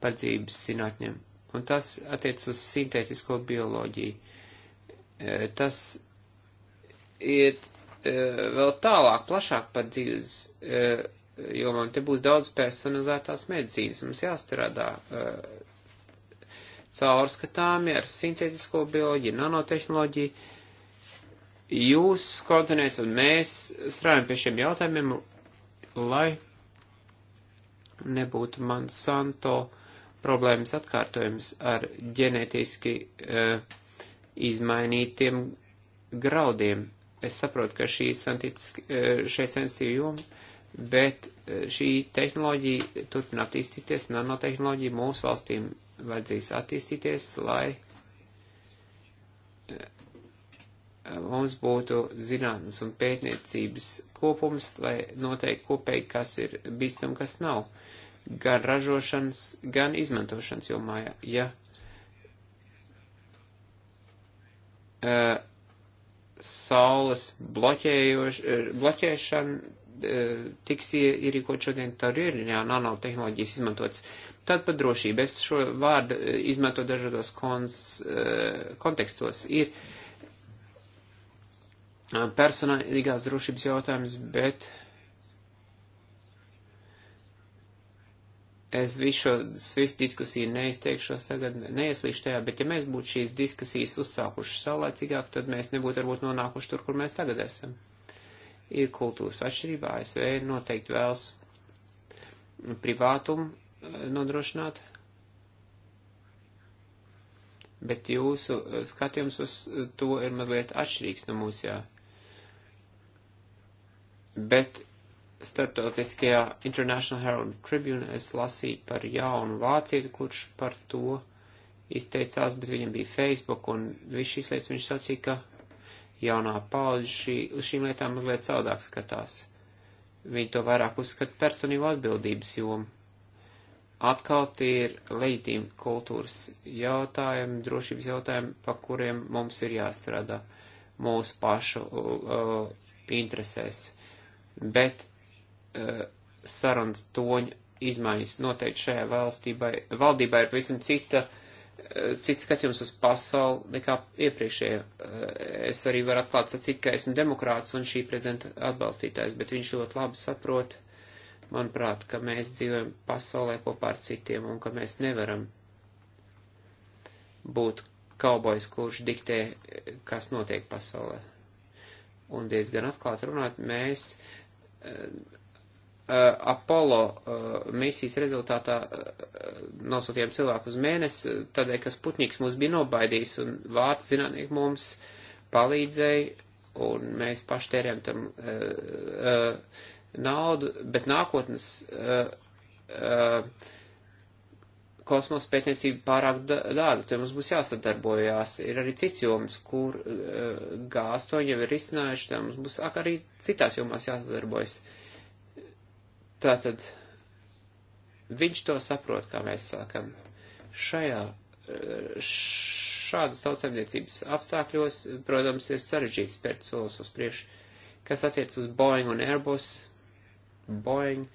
Speaker 1: par dzīves zinātņiem. Un tas attiec uz sintētisko bioloģiju. E, tas iet e, vēl tālāk, plašāk par dzīves e, jomām. Te būs daudz personalizētās medicīnas. Mums jāstrādā caurskatāmi ar sintētisko bioloģiju, nanotehnoloģiju. Jūs koordinējat un mēs strādājam pie šiem jautājumiem, lai nebūtu Monsanto problēmas atkārtojums ar ģenētiski uh, izmainītiem graudiem. Es saprotu, ka šī šeit e, sensitīva joma, bet e, šī tehnoloģija turpina attīstīties, nanotehnoloģija mūsu valstīm vajadzīs attīstīties, lai e, mums būtu zinātnes un pētniecības kopums, lai noteikti kopēji, kas ir bīstam, kas nav, gan ražošanas, gan izmantošanas jomā, ja E, saules e, bloķēšana e, tiks ierīkot šodien Tarīrinā nanotehnoloģijas izmantots. Tad par drošību. Es šo vārdu izmantoju dažādos kons, kontekstos. Ir personīgās drošības jautājums, bet Es visu šo SWIFT diskusiju neizteikšos tagad, neieslīšu tajā, bet ja mēs būtu šīs diskusijas uzsākuši saulēcīgāk, tad mēs nebūtu varbūt nonākuši tur, kur mēs tagad esam. Ir kultūras atšķirība, ASV noteikti vēlas privātumu eh, nodrošināt, bet jūsu eh, skatījums uz to ir mazliet atšķirīgs no mūsu, jā. Bet starptautiskajā International Herald Tribune es lasīju par jaunu vācieti, kurš par to izteicās, bet viņam bija Facebook un viss šīs lietas viņš sacīja, ka jaunā paudze šī, uz šīm lietām mazliet saudāk skatās. Viņi to vairāk uzskata personību atbildības jomu. Atkal tie ir leģitīmi kultūras jautājumi, drošības jautājumi, pa kuriem mums ir jāstrādā mūsu pašu uh, interesēs. Bet Eh, sarunas toņa izmaiņas noteikti šajā valstībai, valdībā ir pavisam cita, eh, cits skatījums uz pasauli nekā iepriekšējā. Eh, es arī varu atklāt sacīt, ka esmu demokrāts un šī prezidenta atbalstītājs, bet viņš ļoti labi saprot, manuprāt, ka mēs dzīvojam pasaulē kopā ar citiem un ka mēs nevaram būt kaubojs, kurš diktē, kas notiek pasaulē. Un diezgan atklāti runāt, mēs Eh, Apollo eh, misijas rezultātā eh, nosūtījām cilvēku uz mēnesi, tādēļ, ka Sputniks mūs bija nobaidījis un vācu zinātnieki mums palīdzēja un mēs paši tērējam tam naudu, bet nākotnes kosmosa pētniecība pārāk dārga, tur mums būs jāsadarbojās. Ir arī cits joms, kur G8 jau ir izcinājuši, tad mums būs arī citās jomās jāsadarbojas. Uh, Tātad viņš to saprot, kā mēs sākam. Šajā, eh, šādas tautsaimniecības apstākļos, protams, ir sarežģīts spērt solis uz priekšu, kas attiec uz Boeing un Airbus. Boeing,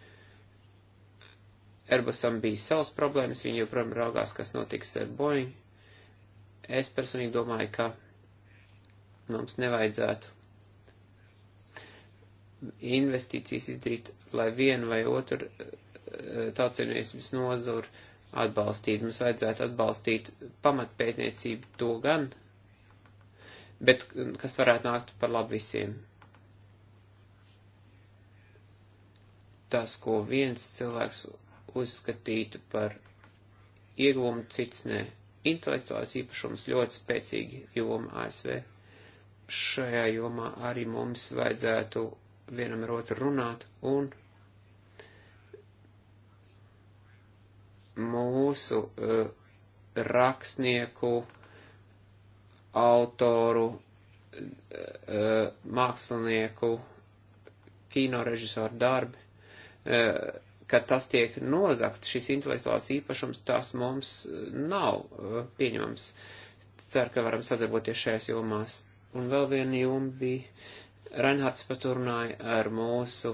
Speaker 1: Airbusam bija savas problēmas, viņi joprojām raugās, kas notiks ar Boeing. Es personīgi domāju, ka mums nevajadzētu investīcijas izdarīt lai vienu vai otru eh, tautsēmniecības nozaru atbalstītu. Mums vajadzētu atbalstīt pamatpētniecību to gan, bet kas varētu nākt par labu visiem. Tas, ko viens cilvēks uzskatītu par iegūmu, cits nē. Intelektuālais īpašums ļoti spēcīgi joma ASV. Šajā jomā arī mums vajadzētu vienam ar otru runāt un mūsu uh, rakstnieku, autoru, uh, mākslinieku, kinorežisoru darbi, uh, eh, ka tas tiek nozakt, šis intelektuāls īpašums, tas mums nav uh, pieņemams. Ceru, ka varam sadarboties šajās jomās. Un vēl viena joma bija, Reinhards paturnāja ar mūsu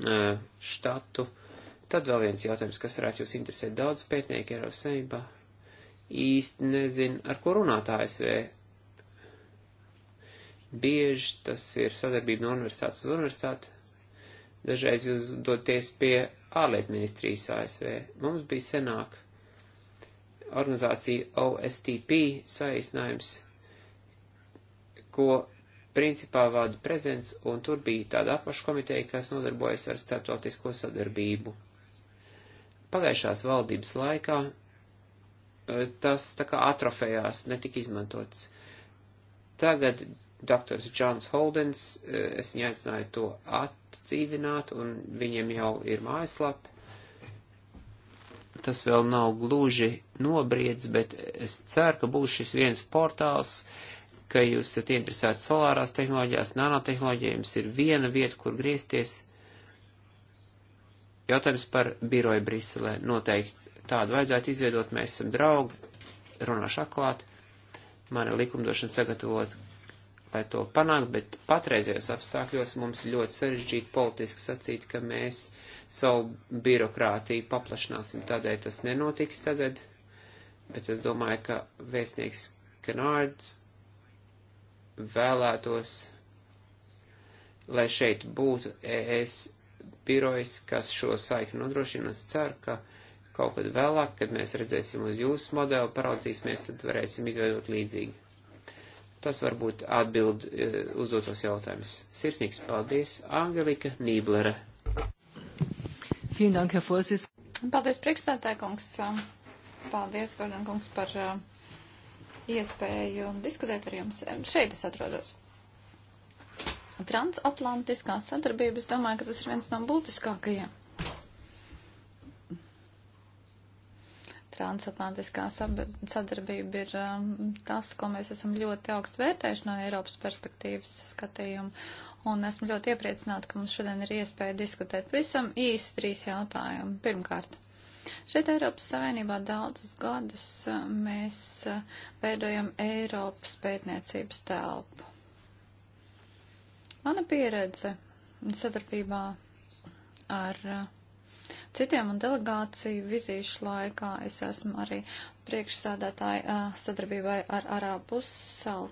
Speaker 1: uh, štatu uh, Tad vēl viens jautājums, kas varētu jūs interesēt daudz pētnieku Eiropas Savienībā. Īsti nezinu, ar ko runāt ASV. Bieži tas ir sadarbība no universitātes uz universitāti. Dažreiz jūs doties pie ārlietu ministrijas ASV. Mums bija senāk organizācija OSTP saīsinājums, ko principā vada prezidents, un tur bija tāda apakškomiteja, kas nodarbojas ar starptautisko sadarbību. Pagājušās valdības laikā eh, tas tā kā atrofējās, netika izmantots. Tagad doktors Džons Holdens, eh, es viņu aicināju to atdzīvināt, un viņiem jau ir mājaslapa. Tas vēl nav gluži nobriedz, bet es ceru, ka būs šis viens portāls, ka jūs esat interesēti solārās tehnoloģijās, nanotehnoloģijā, jums ir viena vieta, kur griezties Jautājums par biroju Briselē noteikti tādu vajadzētu izveidot. Mēs esam draugi, runāšu atklāt. Man ir likumdošana sagatavot, lai to panākt, bet patreizējos apstākļos mums ļoti sarežģīti politiski sacīt, ka mēs savu birokrātiju paplašināsim. Tādēļ tas nenotiks tagad, bet es domāju, ka vēstnieks Kanārds vēlētos, lai šeit būtu ES birojs, kas šo saikni nodrošina. Es ceru, ka kaut kad vēlāk, kad mēs redzēsim uz jūsu modeli, paraudzīsimies, tad varēsim izveidot līdzīgi. Tas varbūt atbild e, uzdotos jautājumus. Sirsnīgs paldies, Angelika Nīblere.
Speaker 2: Paldies, priekšstādāja kungs. Paldies, Gordon kungs, par e, iespēju diskutēt ar jums. E, šeit es atrodos transatlantiskā sadarbība, es domāju, ka tas ir viens no būtiskākajiem. Transatlantiskā sadarbība ir um, tas, ko mēs esam ļoti augstu vērtējuši no Eiropas perspektīvas skatījuma, un esmu ļoti iepriecināta, ka mums šodien ir iespēja diskutēt visam īsi trīs jautājumu. Pirmkārt. Šeit Eiropas Savienībā daudzus gadus uh, mēs uh, veidojam Eiropas pētniecības telpu Mana pieredze sadarbībā ar uh, citiem un delegāciju vizīšu laikā es esmu arī priekšsādātāja uh, sadarbībai ar Arābu salu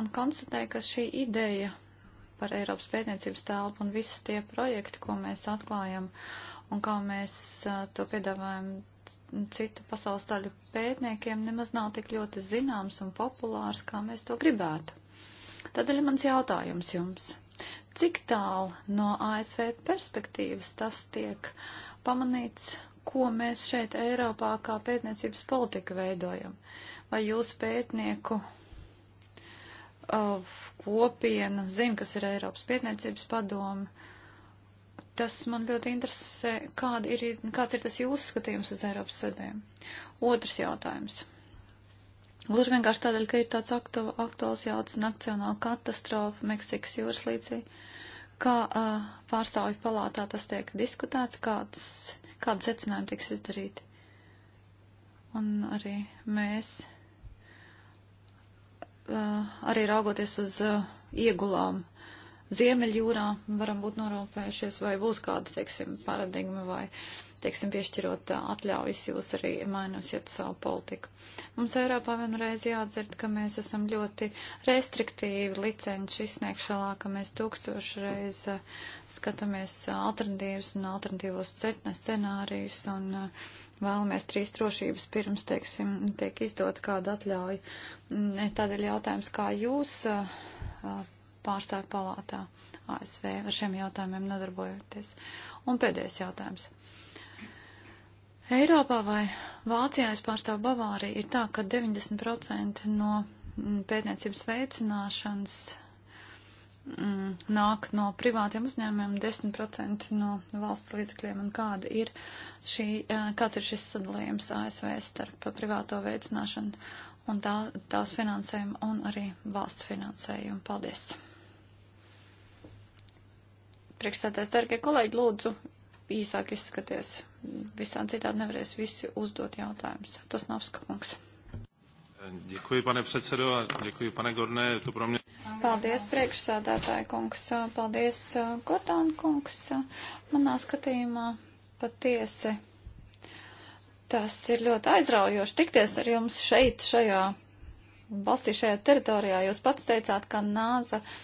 Speaker 2: un konstatēju, ka šī ideja par Eiropas pētniecības telpu un visas tie projekti, ko mēs atklājam un kā mēs uh, to piedāvājam citu pasaules daļu pētniekiem, nemaz nav tik ļoti zināms un populārs, kā mēs to gribētu. Tādēļ mans jautājums jums. Cik tālu no ASV perspektīvas tas tiek pamanīts, ko mēs šeit Eiropā kā pētniecības politiku veidojam? Vai jūsu pētnieku uh, kopiena zina, kas ir Eiropas pētniecības padome? Tas man ļoti interesē, kāda ir, kāds ir tas jūsu skatījums uz Eiropas sadēm. Otrs jautājums. Gluži vienkārši tādēļ, ka ir tāds aktu, aktuāls jauts nacionāla katastrofa Meksikas jūras līcī, kā uh, pārstāvju palātā tas tiek diskutēts, kāds, kādi secinājumi tiks izdarīti. Un arī mēs, uh, arī raugoties uz uh, iegulām Ziemeļjūrā, varam būt norūpējušies, vai būs kāda, teiksim, paradigma vai. Uh, teiksim, piešķirot atļaujas, jūs arī mainosiet savu politiku. Mums Eiropā vienreiz jāatdzird, ka mēs esam ļoti restriktīvi licenču izsniegšanā, ka mēs tūkstošreiz skatāmies alternatīvas un alternatīvos scenārijus un vēlamies trīs drošības pirms, teiksim, tiek izdot kāda atļauja. Mm, e, Tādēļ jautājums, kā jūs pārstāvju palātā ASV ar šiem jautājumiem nodarbojoties. Un pēdējais jautājums. Eiropā vai Vācijā, es pārstāvu Bavāriju, ir tā, ka 90% no mm, pētniecības veicināšanas mm, nāk no privātiem uzņēmumiem, 10% no valsts līdzekļiem un kāda ir šī, kāds ir šis sadalījums ASV starp privāto veicināšanu un tā, tās finansējumu un arī valsts finansējumu. Paldies! Priekšstādājs, darbie kolēģi, lūdzu, īsāk izskaties. Visām citādi nevarēs visi uzdot jautājumus. Tas nav skakungs. Děkuji, pane předsedo, a děkuji, pane Gorné, je to pro mě. Paldies, priekšsādātāji kungs, paldies, Gordon kungs. Manā skatījumā patiesi tas ir ļoti aizraujoši tikties ar jums šeit, šajā valstī, šajā teritorijā. Jūs pats teicāt, ka nāza. Uh,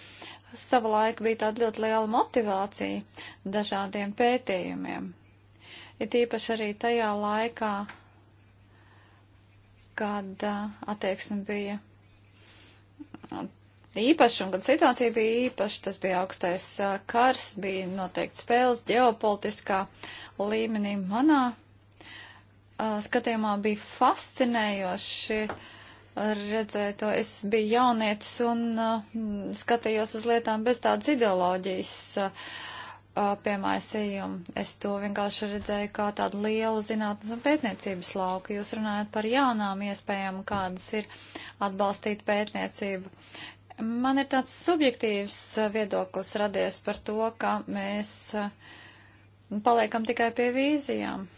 Speaker 2: sava laika bija tāda ļoti liela motivācija dažādiem pētījumiem. Ir tīpaši arī tajā laikā, kad attieksme bija īpaša un kad situācija bija īpaša, tas bija augstais kars, bija noteikti spēles ģeopolitiskā līmenī manā skatījumā bija fascinējoši. Uh, redzēto. Es biju jaunietis un uh, skatījos uz lietām bez tādas ideoloģijas uh, uh piemaisījuma. Es to vienkārši redzēju kā tādu lielu zinātnes un pētniecības lauku. Jūs runājat par jaunām iespējām, kādas ir atbalstīt pētniecību. Man ir tāds subjektīvs uh, viedoklis radies par to, ka mēs uh, paliekam tikai pie vīzijām.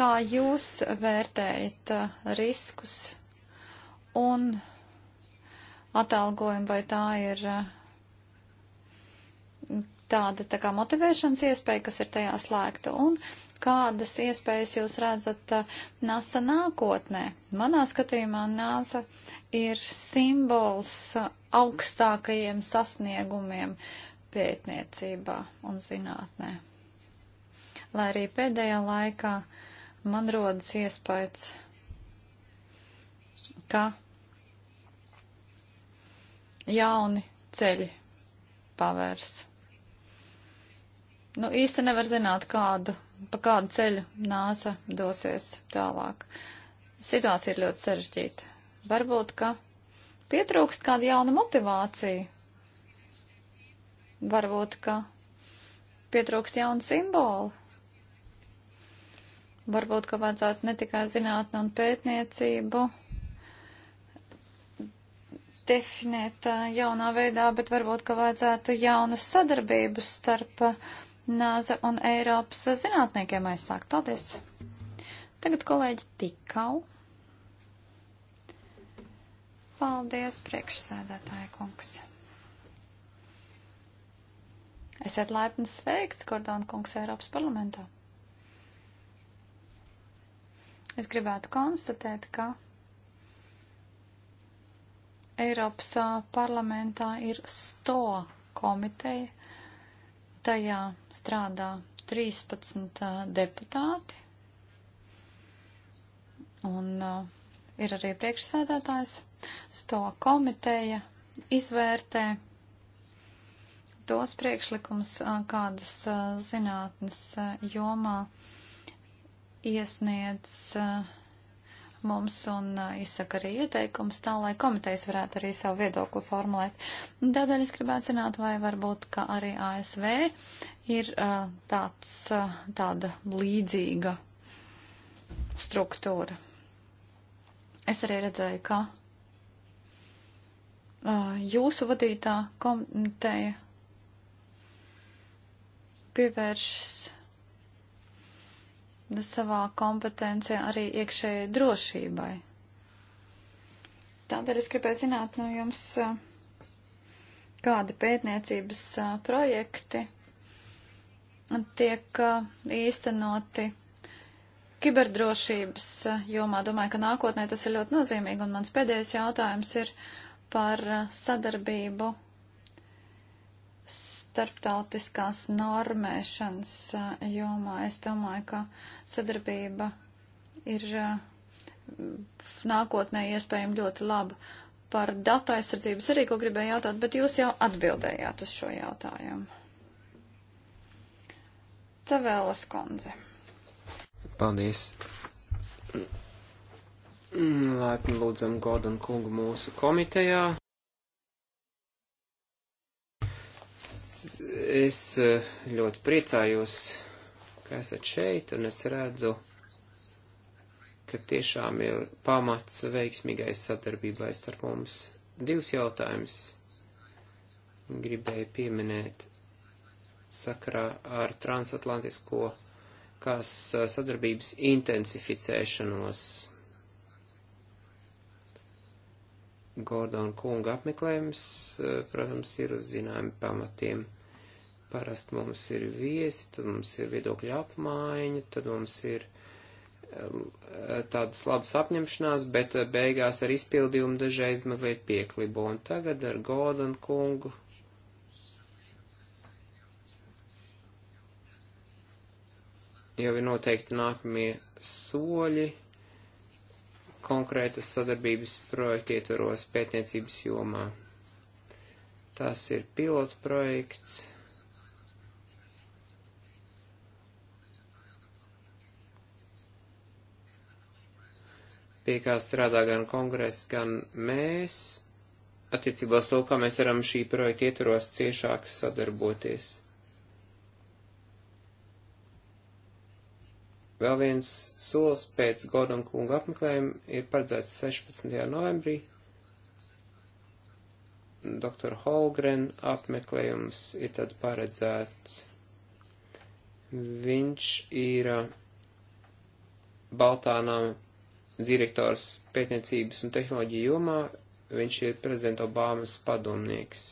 Speaker 2: Kā jūs vērtējat uh, riskus un atalgojumu, vai tā ir uh, tāda tā kā motivēšanas iespēja, kas ir tajā slēgta, un kādas iespējas jūs redzat uh, NASA nākotnē? Manā skatījumā NASA ir simbols augstākajiem sasniegumiem pētniecībā un zinātnē. Lai arī pēdējā laikā uh, man rodas iespējas, ka jauni ceļi pavērs. Nu, īsti nevar zināt, kādu, pa kādu ceļu nāsa dosies tālāk. Situācija ir ļoti sarežģīta. Varbūt, ka pietrūkst kāda jauna motivācija. Varbūt, ka pietrūkst jauna simbola. Varbūt, ka vajadzētu ne tikai zinātni un pētniecību definēt uh, jaunā veidā, bet varbūt, ka vajadzētu jaunas sadarbības starp uh, NASA un Eiropas zinātniekiem aizsākt. Paldies! Tagad kolēģi Tikau. Paldies, priekšsēdētāja kungs. Esiet laipni sveikts, Gordon kungs, Eiropas parlamentā. Es gribētu konstatēt, ka Eiropas parlamentā ir STO komiteja. Tajā strādā 13 deputāti. Un uh, ir arī priekšsēdētājs. STO komiteja izvērtē tos priekšlikumus, kādus zinātnes jomā uh, iesniedz eh, mums un eh, izsaka arī ieteikums tā, lai komitejas varētu arī savu viedokli formulēt. Tādēļ es gribētu zināt, vai varbūt, ka arī ASV ir eh, tāds, tāda līdzīga struktūra. Es arī redzēju, ka jūsu vadītā komiteja pievēršas savā kompetencijā arī iekšējai drošībai. Tādēļ es gribēju zināt no jums, eh, kādi pētniecības eh, projekti tiek eh, īstenoti kiberdrošības jomā. Domāju, ka nākotnē tas ir ļoti nozīmīgi, un mans pēdējais jautājums ir par sadarbību starptautiskās normēšanas uh, jomā. Es domāju, ka sadarbība ir uh, nākotnē iespējami ļoti laba. Par datu aizsardzības arī, ko gribēju jautāt, bet jūs jau atbildējāt uz šo jautājumu. Cavēlas kundze.
Speaker 1: Paldies. Laipni lūdzam godu un kungu mūsu komitejā. es eh, ļoti priecājos, ka esat šeit, un es redzu, ka tiešām ir pamats veiksmīgai sadarbībai starp mums. Divs jautājums gribēju pieminēt sakarā ar transatlantisko kās eh, sadarbības intensificēšanos. Gordona kunga apmeklējums, eh, protams, ir uz zināmi pamatiem. Parasti mums ir viesi, tad mums ir viedokļa apmaiņa, tad mums ir um, tādas labas apņemšanās, bet uh, beigās ar izpildījumu dažreiz mazliet pieklibo. Un tagad ar Godan kungu. Jau ir noteikti nākamie soļi konkrētas sadarbības projekta ietvaros pētniecības jomā. Tas ir pilotprojekts. projekts pie kā strādā gan kongress, gan mēs, attiecībā uz to, kā mēs varam šī projekta ietvaros ciešāk sadarboties. Vēl viens solis pēc Gordon kunga apmeklējuma ir paredzēts 16. novembrī. Dr. Holgren apmeklējums ir tad paredzēts. Viņš ir uh, Baltānām direktors pētniecības un tehnoloģiju jomā, viņš ir prezidenta Obamas padomnieks.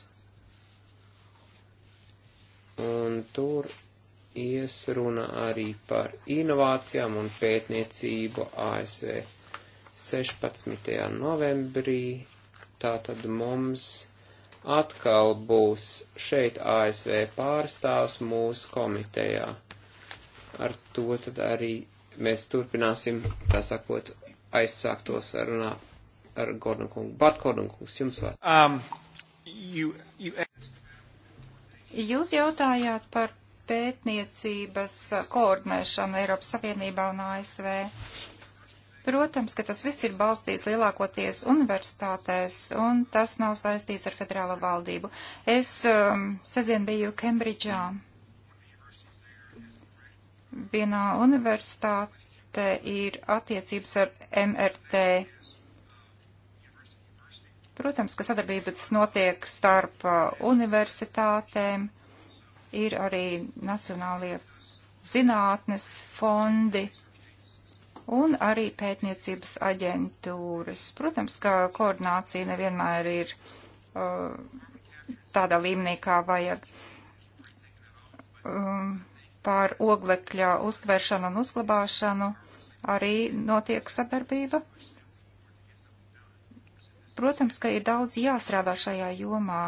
Speaker 1: Un tur ies runa arī par inovācijām un pētniecību ASV 16. novembrī. Tātad mums atkal būs šeit ASV pārstāvs mūsu komitejā. Ar to tad arī mēs turpināsim, tā sakot, aizsākto sarunā ar Gordon kungu. Bart Gordon kungs, jums vārds. Um, you, you...
Speaker 3: Jūs jautājāt par pētniecības koordinēšanu Eiropas Savienībā un ASV. Protams, ka tas viss ir balstīts lielākoties universitātēs, un tas nav saistīts ar federālo valdību. Es um, sezien biju Kembridžā. Vienā universitāte ir attiecības ar MRT. Protams, ka sadarbības notiek starp uh, universitātēm, ir arī nacionālie zinātnes fondi un arī pētniecības aģentūras. Protams, ka koordinācija nevienmēr ir uh, tādā līmenī, kā vajag. Um, pār oglekļa uztvēršanu un uzglabāšanu arī notiek sadarbība. Protams, ka ir daudz jāstrādā šajā jomā.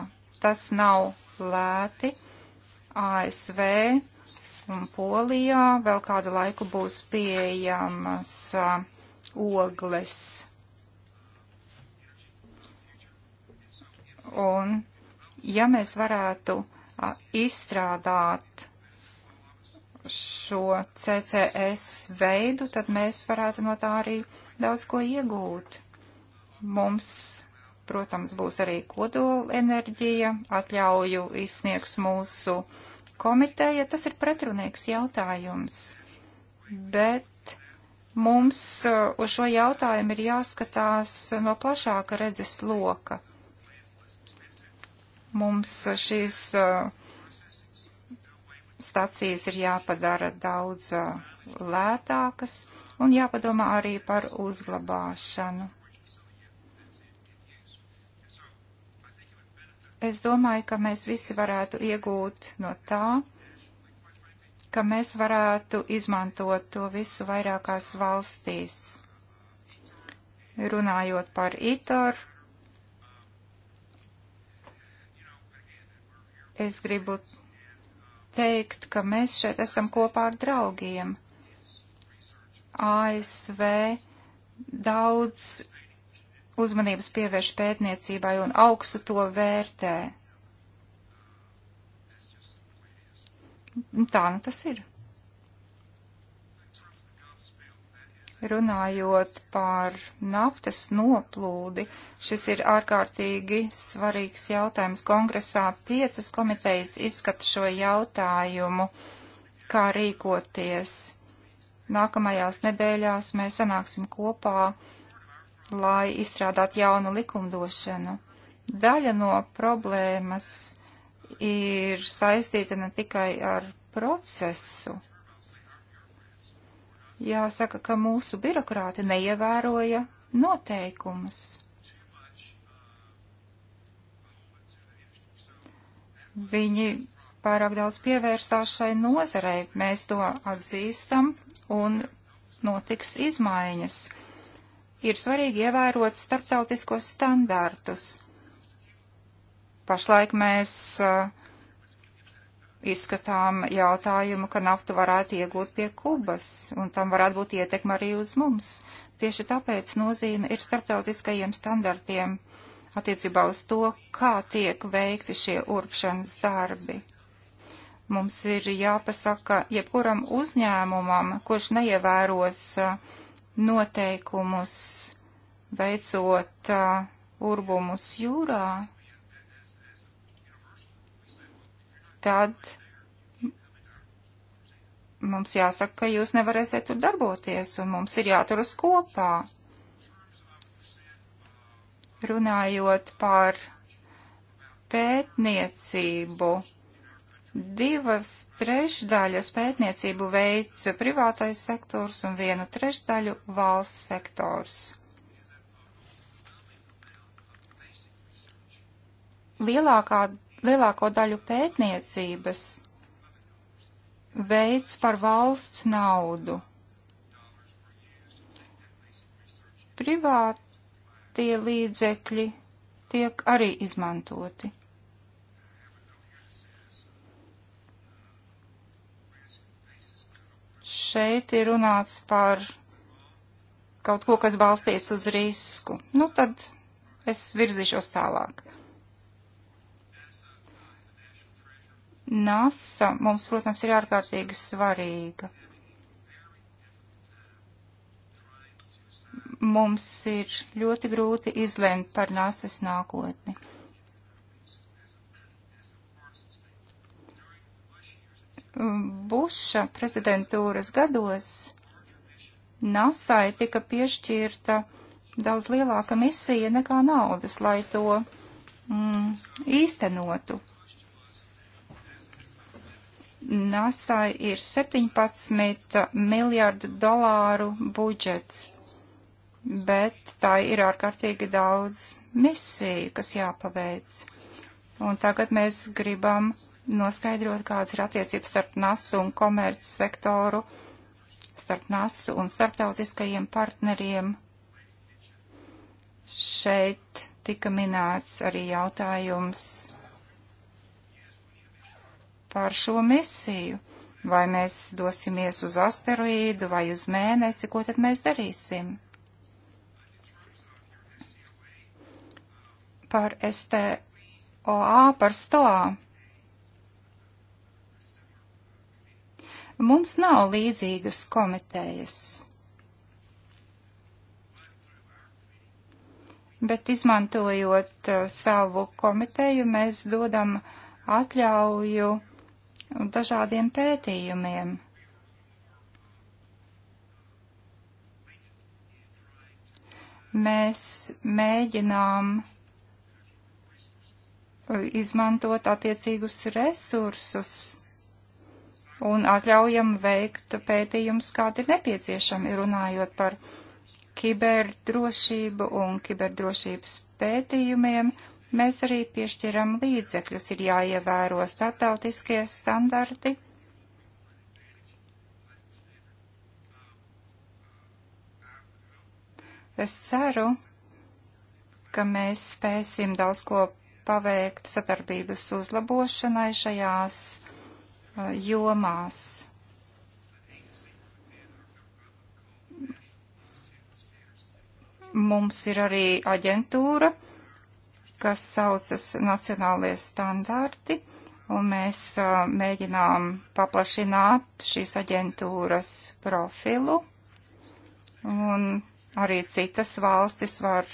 Speaker 3: Tas nav lēti. ASV un Polijā vēl kādu laiku būs pieejamas uh, ogles. Un ja mēs varētu uh, izstrādāt šo CCS veidu, tad mēs varētu no tā arī daudz ko iegūt. Mums, protams, būs arī kodola enerģija, atļauju izsniegs mūsu komiteja. Tas ir pretrunīgs jautājums, bet mums uh, uz šo jautājumu ir jāskatās no plašāka redzes loka. Mums šīs uh, stacijas ir jāpadara daudz lētākas un jāpadomā arī par uzglabāšanu. Es domāju, ka mēs visi varētu iegūt no tā, ka mēs varētu izmantot to visu vairākās valstīs. Runājot par ITOR, es gribu teikt, ka mēs šeit esam kopā ar draugiem. ASV daudz uzmanības pievērš pētniecībai un augstu to vērtē. Tā nu tas ir. Runājot par naftas noplūdi, šis ir ārkārtīgi svarīgs jautājums. Kongresā piecas komitejas izskata šo jautājumu, kā rīkoties. Nākamajās nedēļās mēs sanāksim kopā, lai izstrādātu jaunu likumdošanu. Daļa no problēmas ir saistīta ne tikai ar procesu, Jāsaka, ka mūsu birokrāti neievēroja noteikumus. Viņi pārāk daudz pievērsās šai nozarei, mēs to atzīstam un notiks izmaiņas. Ir svarīgi ievērot starptautiskos standārtus. Pašlaik mēs uh, izskatām jautājumu, ka naftu varētu iegūt pie Kubas, un tam varētu būt ietekma arī uz mums. Tieši tāpēc nozīme ir starptautiskajiem standartiem attiecībā uz to, kā tiek veikti šie urpšanas darbi. Mums ir jāpasaka jebkuram uzņēmumam, kurš neievēros noteikumus veicot urbumus jūrā, tad mums jāsaka, ka jūs nevarēsiet tur darboties, un mums ir jāturas kopā. Runājot par pētniecību, divas trešdaļas pētniecību veids privātais sektors un vienu trešdaļu valsts sektors. Lielākā lielāko daļu pētniecības veids par valsts naudu. Privātie līdzekļi tiek arī izmantoti. Šeit ir runāts par kaut ko, kas balstīts uz risku. Nu, tad es virzīšos tālāk. NASA mums, protams, ir ārkārtīgi svarīga. Mums ir ļoti grūti izlemt par NASA's nākotni. Buša prezidentūras gados NASAI tika piešķirta daudz lielāka misija nekā naudas, lai to mm, īstenotu. NASA ir 17 miljārdu dolāru budžets, bet tā ir ārkārtīgi daudz misiju, kas jāpaveic. Un tagad mēs gribam noskaidrot, kādas ir attiecības starp NASA un komerc sektoru, starp NASA un starptautiskajiem partneriem. Šeit tika minēts arī jautājums par šo misiju. Vai mēs dosimies uz asteroīdu vai uz mēnesi, ko tad mēs darīsim? Par STOA, par STOA. Mums nav līdzīgas komitejas. bet izmantojot uh, savu komiteju, mēs dodam atļauju un dažādiem pētījumiem. Mēs mēģinām izmantot attiecīgus resursus un atļaujam veikt pētījumus, kādi ir nepieciešami, runājot par kiberdrošību un kiberdrošības pētījumiem. Uh, Mēs arī piešķiram līdzekļus, ir jāievēro startautiskie standarti. Es ceru, ka mēs spēsim daudz ko paveikt sadarbības uzlabošanai šajās uh, jomās. Mums ir arī aģentūra kas saucas nacionālie standarti, un mēs uh, mēģinām paplašināt šīs aģentūras profilu, un arī citas valstis var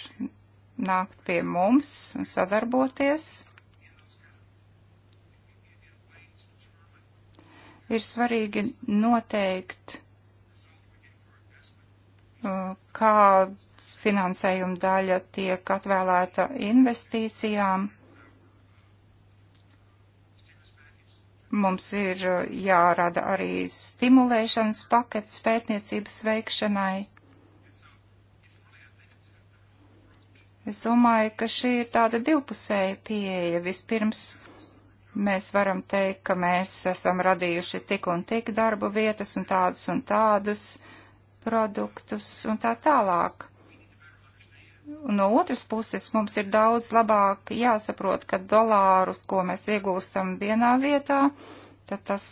Speaker 3: nākt pie mums un sadarboties. Ir svarīgi noteikt kāds finansējuma daļa tiek atvēlēta investīcijām. Mums ir uh, jārada arī stimulēšanas pakets pētniecības veikšanai. Es domāju, ka šī ir tāda divpusēja pieeja. Vispirms mēs varam teikt, ka mēs esam radījuši tik un tik darbu vietas un tādas un tādas. Uh, produktus un tā tālāk. Un no otras puses mums ir daudz labāk jāsaprot, ka dolārus, ko mēs iegūstam vienā vietā, tad tas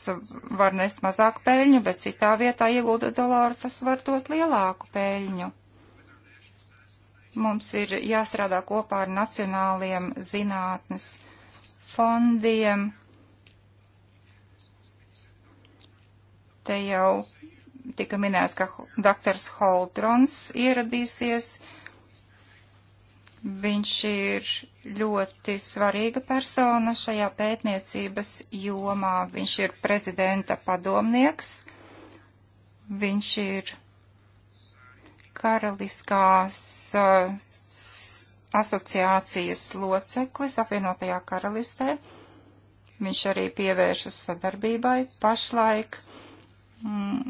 Speaker 3: var nest mazāku peļņu, bet citā vietā iegūdot dolāru, tas var dot lielāku peļņu. Mums ir jāstrādā kopā ar nacionāliem zinātnes fondiem. Te jau tika minēts, ka doktors Holtrons ieradīsies. Viņš ir ļoti svarīga persona šajā pētniecības jomā. Viņš ir prezidenta padomnieks. Viņš ir karaliskās uh, asociācijas loceklis apvienotajā karalistē. Viņš arī pievēršas sadarbībai pašlaik. Mm,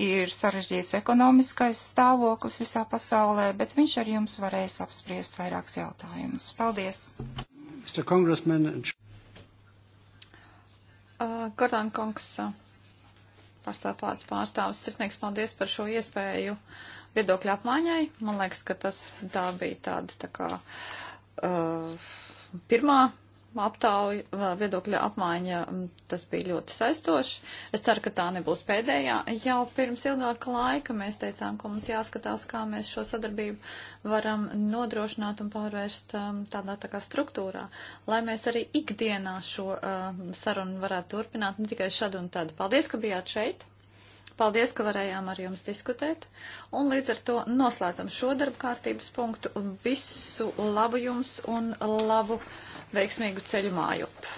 Speaker 3: ir sarežģīts ekonomiskais stāvoklis visā pasaulē, bet viņš ar jums varēs apspriest vairākus jautājumus. Paldies! Uh, Gordon Kongs, uh, pārstāvplāts
Speaker 2: pārstāvis, sirsnīgs paldies par šo iespēju viedokļu apmaiņai. Man liekas, ka tas tā bija tāda tā kā uh, pirmā aptauja viedokļa apmaiņa, tas bija ļoti saistoši. Es ceru, ka tā nebūs pēdējā. Jau pirms ilgāka laika mēs teicām, ka mums jāskatās, kā mēs šo sadarbību varam nodrošināt un pārvērst tādā tā kā struktūrā, lai mēs arī ikdienā šo uh, sarunu varētu turpināt, ne tikai šad un tad. Paldies, ka bijāt šeit! Paldies, ka varējām ar jums diskutēt. Un līdz ar to noslēdzam šo darba kārtības punktu. Visu labu jums un labu veiksmīgu ceļu mājup.